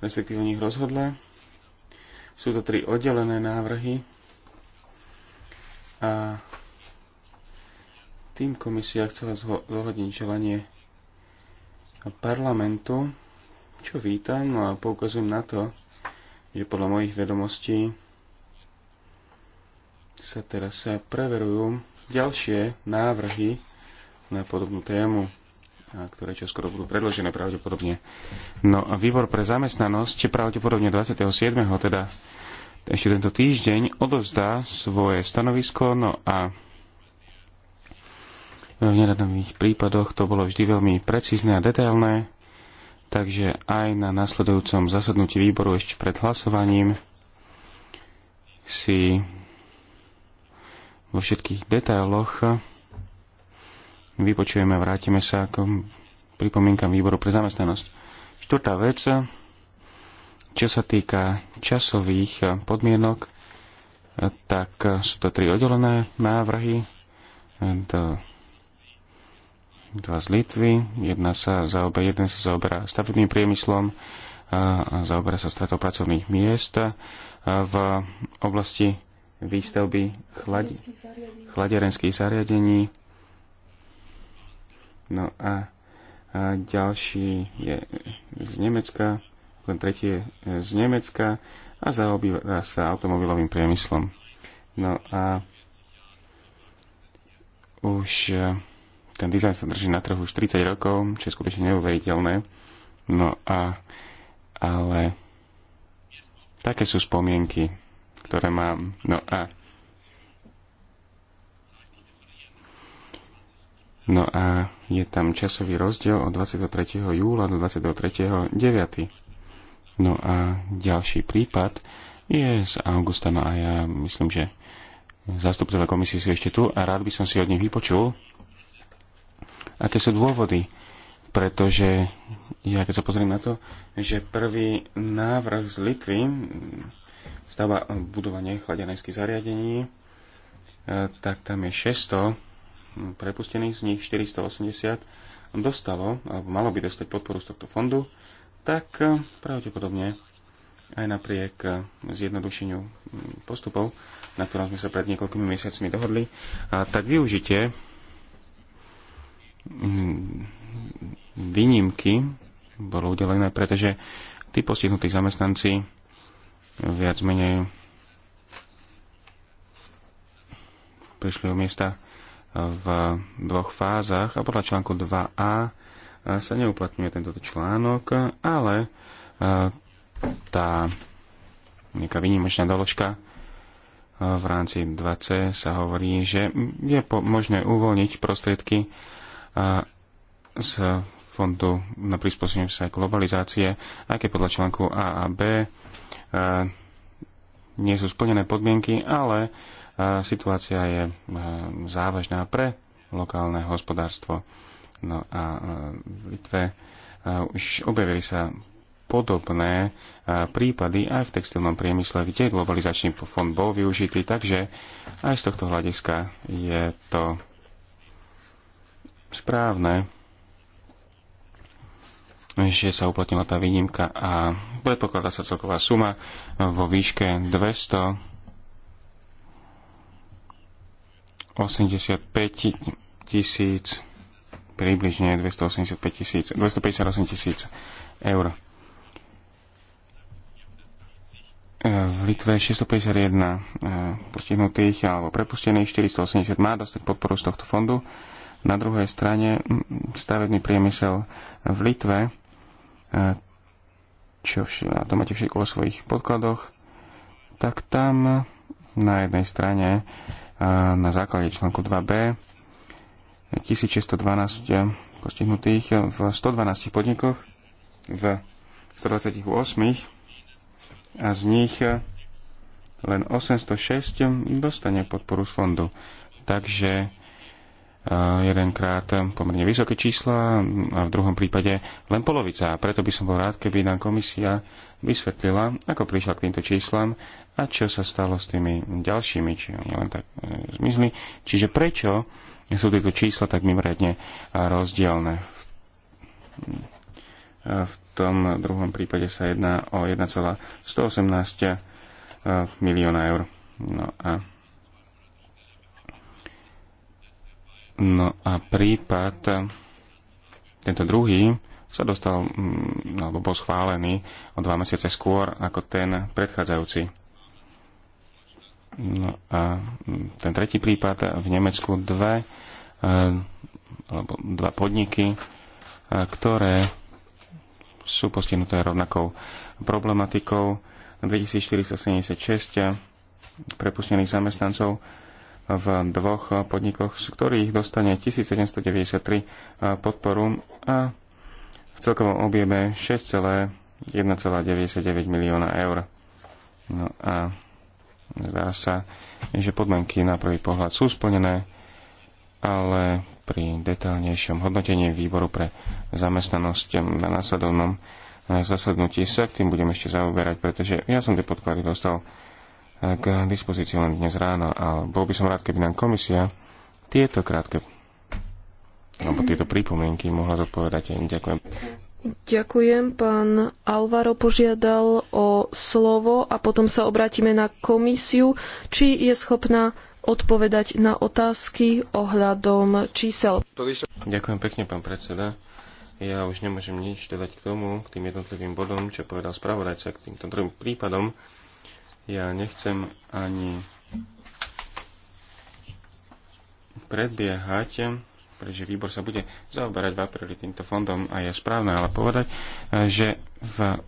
respektíve o nich rozhodla. Sú to tri oddelené návrhy a tým komisia chcela zohľadniť želanie parlamentu, čo vítam a poukazujem na to, že podľa mojich vedomostí sa teraz sa preverujú ďalšie návrhy na podobnú tému, ktoré čoskoro budú predložené pravdepodobne. No a výbor pre zamestnanosť pravdepodobne 27. teda ešte tento týždeň odovzdá svoje stanovisko, no a v neradových prípadoch to bolo vždy veľmi precízne a detailné, takže aj na nasledujúcom zasadnutí výboru ešte pred hlasovaním si vo všetkých detailoch vypočujeme, a vrátime sa k pripomienkam výboru pre zamestnanosť. Štvrtá vec, čo sa týka časových podmienok, tak sú to tri oddelené návrhy do dva z Litvy, jedna sa zaoberá, jeden sa zaoberá stavebným priemyslom, a zaoberá sa stratou pracovných miest v oblasti výstavby chladi- chladiarenských zariadení. No a, a ďalší je z Nemecka, len tretí je z Nemecka a zaoberá sa automobilovým priemyslom. No a už ten dizajn sa drží na trhu už 30 rokov, čo je skutočne neuveriteľné. No a, ale také sú spomienky, ktoré mám. No a No a je tam časový rozdiel od 23. júla do 23.9. No a ďalší prípad je z Augustana no a ja myslím, že zástupcové komisie sú ešte tu a rád by som si od nich vypočul, aké sú dôvody. Pretože ja keď sa pozriem na to, že prvý návrh z Litvy stáva budovanie chladenejských zariadení, e, tak tam je 600 prepustených, z nich 480 dostalo, alebo malo by dostať podporu z tohto fondu, tak e, pravdepodobne aj napriek e, zjednodušeniu postupov, na ktorom sme sa pred niekoľkými mesiacmi dohodli, tak využitie výnimky bolo udelené, pretože tí postihnutí zamestnanci viac menej prišli o miesta v dvoch fázach a podľa článku 2a sa neuplatňuje tento článok, ale e, tá nejaká výnimočná doložka e, v rámci 2c sa hovorí, že je možné uvoľniť prostriedky z Fondu na prispôsobenie sa globalizácie, keď podľa článku A a B e, nie sú splnené podmienky, ale e, situácia je e, závažná pre lokálne hospodárstvo. No a v Litve už objavili sa podobné prípady aj v textilnom priemysle, kde globalizačný fond bol využitý, takže aj z tohto hľadiska je to správne, že sa uplatnila tá výnimka a predpokladá sa celková suma vo výške 285 tisíc približne 285 tisíc, 258 tisíc eur. V Litve 651 eh, postihnutých alebo prepustených, 480 má dostať podporu z tohto fondu na druhej strane stavebný priemysel v Litve, e, čo a to máte všetko vo svojich podkladoch, tak tam na jednej strane e, na základe článku 2b 1612 e, postihnutých v 112 podnikoch v 128 a z nich len 806 dostane podporu z fondu. Takže jedenkrát pomerne vysoké čísla a v druhom prípade len polovica. A preto by som bol rád, keby nám komisia vysvetlila, ako prišla k týmto číslam a čo sa stalo s tými ďalšími, či oni len tak e, zmizli. Čiže prečo sú tieto čísla tak mimoriadne rozdielne. V e, tom druhom prípade sa jedná o 1,118 e, milióna eur. No a No a prípad, tento druhý, sa dostal, mm, alebo bol schválený o dva mesiace skôr ako ten predchádzajúci. No a mm, ten tretí prípad v Nemecku dve, e, alebo dva podniky, e, ktoré sú postihnuté rovnakou problematikou. 2476 e, prepustených zamestnancov v dvoch podnikoch, z ktorých dostane 1793 podporu a v celkovom objeme 6,1,99 milióna eur. No a zdá sa, že podmienky na prvý pohľad sú splnené, ale pri detailnejšom hodnotení výboru pre zamestnanosť na následovnom zasadnutí sa k tým budem ešte zaoberať, pretože ja som tie podklady dostal k dispozícii len dnes ráno, ale bol by som rád, keby nám komisia tieto krátke alebo tieto pripomienky mohla zodpovedať. Ďakujem. Ďakujem. Pán Alvaro požiadal o slovo a potom sa obrátime na komisiu, či je schopná odpovedať na otázky ohľadom čísel. Ďakujem pekne, pán predseda. Ja už nemôžem nič dodať k tomu, k tým jednotlivým bodom, čo povedal spravodajca k týmto druhým prípadom. Ja nechcem ani predbiehať, pretože výbor sa bude zaoberať v apríli týmto fondom a je správne ale povedať, že v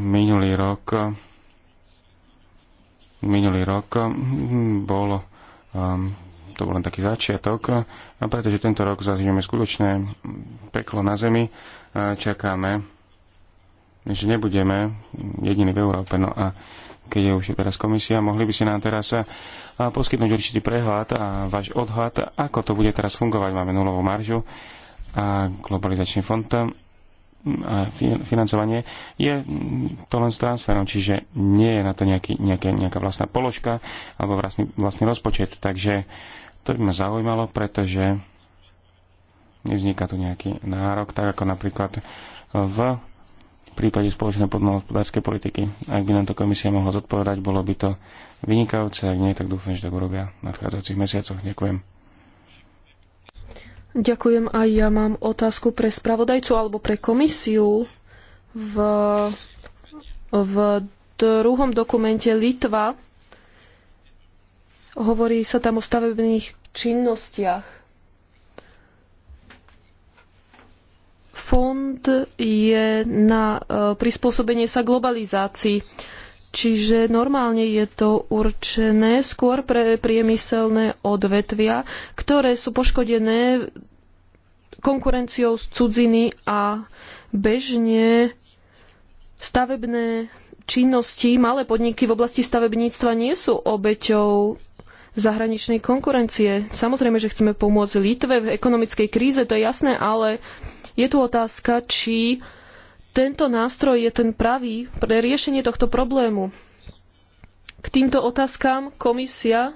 minulý rok minulý rok bol um, to bol len taký začiatok, a pretože tento rok zažijeme skutočné peklo na zemi, čakáme že nebudeme jediní v Európe. No a keď je už teraz komisia, mohli by si nám teraz eh, poskytnúť určitý prehľad a váš odhad, ako to bude teraz fungovať. Máme nulovú maržu a globalizačný fond eh, a financovanie je mm, to len s transferom, čiže nie je na to nejaký, nejaké, nejaká vlastná položka alebo vlastný, vlastný rozpočet. Takže to by ma zaujímalo, pretože nevzniká tu nejaký nárok, tak ako napríklad v v prípade spoločnej podnohospodárskej politiky. Ak by nám to komisia mohla zodpovedať, bolo by to vynikajúce. Ak nie, tak dúfam, že to urobia v nadchádzajúcich mesiacoch. Ďakujem. Ďakujem aj ja mám otázku pre spravodajcu alebo pre komisiu. V, v druhom dokumente Litva hovorí sa tam o stavebných činnostiach fond je na e, prispôsobenie sa globalizácii. Čiže normálne je to určené skôr pre priemyselné odvetvia, ktoré sú poškodené konkurenciou z cudziny a bežne stavebné činnosti, malé podniky v oblasti stavebníctva nie sú obeťou zahraničnej konkurencie. Samozrejme, že chceme pomôcť Litve v ekonomickej kríze, to je jasné, ale je tu otázka, či tento nástroj je ten pravý pre riešenie tohto problému. K týmto otázkám komisia,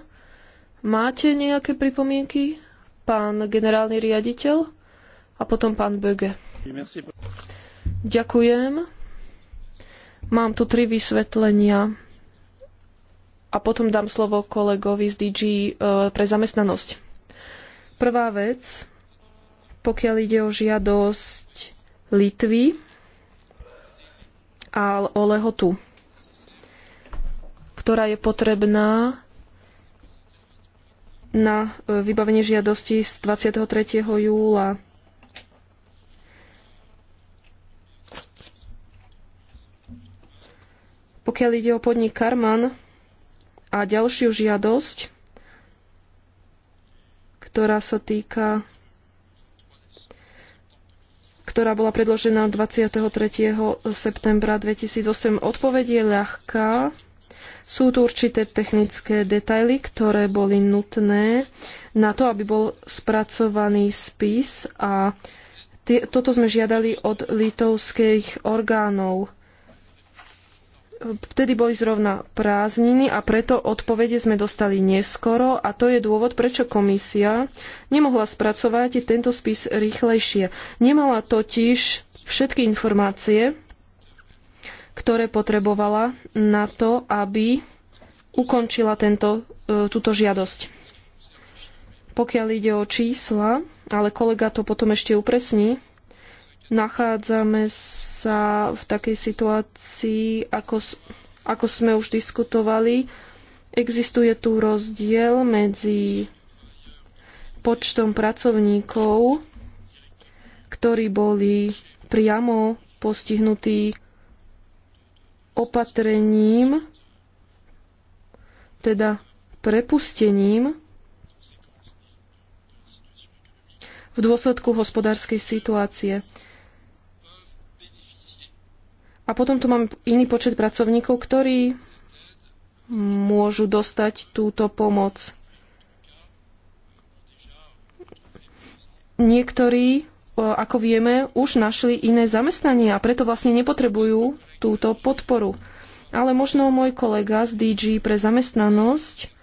máte nejaké pripomienky? Pán generálny riaditeľ a potom pán Böge. Ďakujem. Mám tu tri vysvetlenia a potom dám slovo kolegovi z DG eh, pre zamestnanosť. Prvá vec, pokiaľ ide o žiadosť Litvy a o lehotu, ktorá je potrebná na vybavenie žiadosti z 23. júla. Pokiaľ ide o podnik Karman a ďalšiu žiadosť, ktorá sa týka ktorá bola predložená 23. septembra 2008. Odpoveď je ľahká. Sú tu určité technické detaily, ktoré boli nutné na to, aby bol spracovaný spis a toto sme žiadali od litovských orgánov. Vtedy boli zrovna prázdniny a preto odpovede sme dostali neskoro a to je dôvod, prečo komisia nemohla spracovať tento spis rýchlejšie. Nemala totiž všetky informácie, ktoré potrebovala na to, aby ukončila tento, e, túto žiadosť. Pokiaľ ide o čísla, ale kolega to potom ešte upresní, Nachádzame sa v takej situácii, ako, ako sme už diskutovali. Existuje tu rozdiel medzi počtom pracovníkov, ktorí boli priamo postihnutí opatrením, teda prepustením v dôsledku hospodárskej situácie. A potom tu máme iný počet pracovníkov, ktorí môžu dostať túto pomoc. Niektorí, ako vieme, už našli iné zamestnanie a preto vlastne nepotrebujú túto podporu. Ale možno môj kolega z DG pre zamestnanosť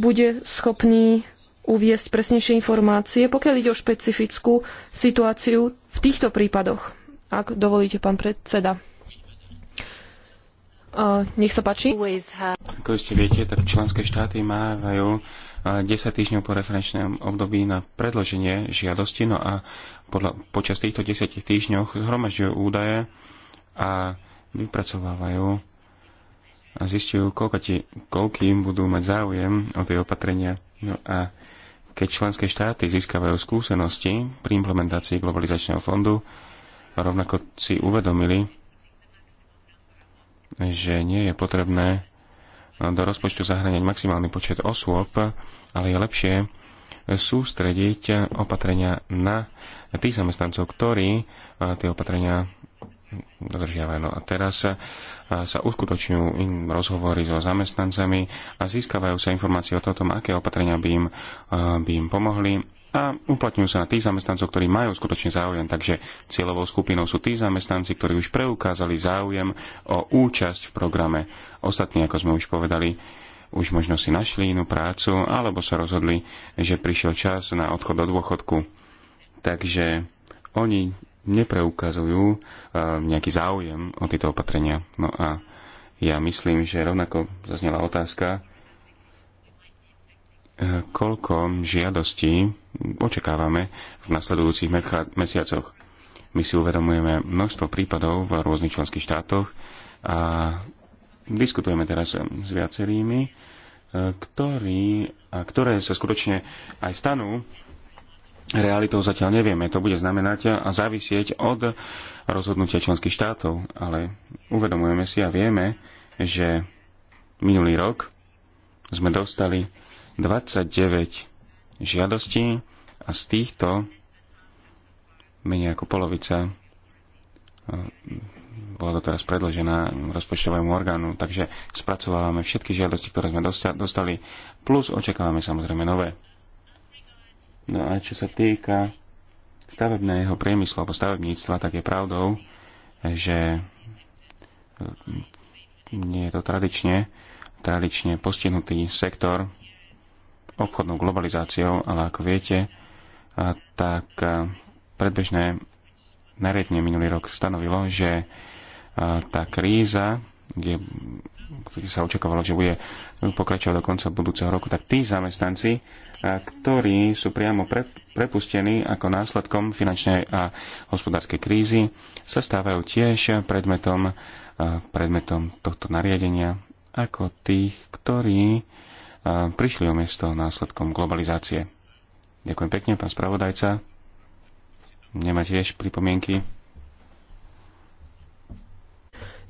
bude schopný uviesť presnejšie informácie, pokiaľ ide o špecifickú situáciu v týchto prípadoch ak dovolíte, pán predseda. Uh, nech sa páči. Ako ste viete, tak členské štáty majú 10 týždňov po referenčnom období na predloženie žiadosti, no a podľa, počas týchto 10 týždňov zhromažďujú údaje a vypracovávajú a zistujú, koľko ti, koľkým budú mať záujem o tie opatrenia. No a keď členské štáty získavajú skúsenosti pri implementácii globalizačného fondu, rovnako si uvedomili, že nie je potrebné do rozpočtu zahraniať maximálny počet osôb, ale je lepšie sústrediť opatrenia na tých zamestnancov, ktorí tie opatrenia dodržiavajú. No a teraz sa, sa uskutočňujú im rozhovory so zamestnancami a získavajú sa informácie o tom, aké opatrenia by im, by im pomohli a uplatňujú sa na tých zamestnancov, ktorí majú skutočne záujem. Takže cieľovou skupinou sú tí zamestnanci, ktorí už preukázali záujem o účasť v programe. Ostatní, ako sme už povedali, už možno si našli inú prácu alebo sa rozhodli, že prišiel čas na odchod do dôchodku. Takže oni nepreukazujú e, nejaký záujem o tieto opatrenia. No a ja myslím, že rovnako zaznela otázka, e, koľko žiadostí očakávame v nasledujúcich mesiacoch. My si uvedomujeme množstvo prípadov v rôznych členských štátoch a diskutujeme teraz s viacerými, e, ktorí, a ktoré sa skutočne aj stanú realitou zatiaľ nevieme. To bude znamenať a závisieť od rozhodnutia členských štátov. Ale uvedomujeme si a vieme, že minulý rok sme dostali 29 žiadosti a z týchto menej ako polovica e, bola doteraz predložená rozpočtovému orgánu, takže spracovávame všetky žiadosti, ktoré sme dostali, plus očakávame samozrejme nové. No a čo sa týka stavebného priemyslu alebo stavebníctva, tak je pravdou, že e, nie je to tradične, tradične postihnutý sektor obchodnou globalizáciou, ale ako viete, tak predbežné nariadenie minulý rok stanovilo, že tá kríza, kde, kde sa očakávalo, že bude pokračovať do konca budúceho roku, tak tí zamestnanci, ktorí sú priamo pre, prepustení ako následkom finančnej a hospodárskej krízy, sa stávajú tiež predmetom, predmetom tohto nariadenia ako tých, ktorí prišli o miesto následkom globalizácie. Ďakujem pekne, pán spravodajca. Nemá tiež pripomienky?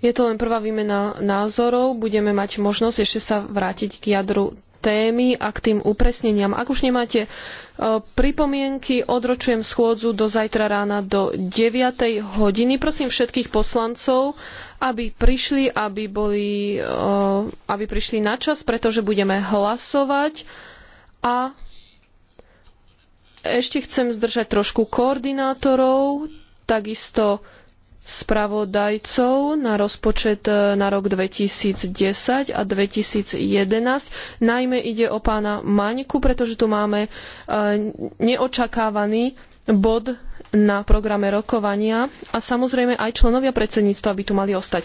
Je to len prvá výmena názorov. Budeme mať možnosť ešte sa vrátiť k jadru témy a k tým upresneniam. Ak už nemáte e, pripomienky, odročujem schôdzu do zajtra rána do 9. hodiny. Prosím všetkých poslancov, aby prišli, aby, boli, e, aby prišli na čas, pretože budeme hlasovať a ešte chcem zdržať trošku koordinátorov, takisto spravodajcov na rozpočet e, na rok 2010 a 2011. Najmä ide o pána Maňku, pretože tu máme e, neočakávaný bod na programe rokovania a samozrejme aj členovia predsedníctva by tu mali ostať.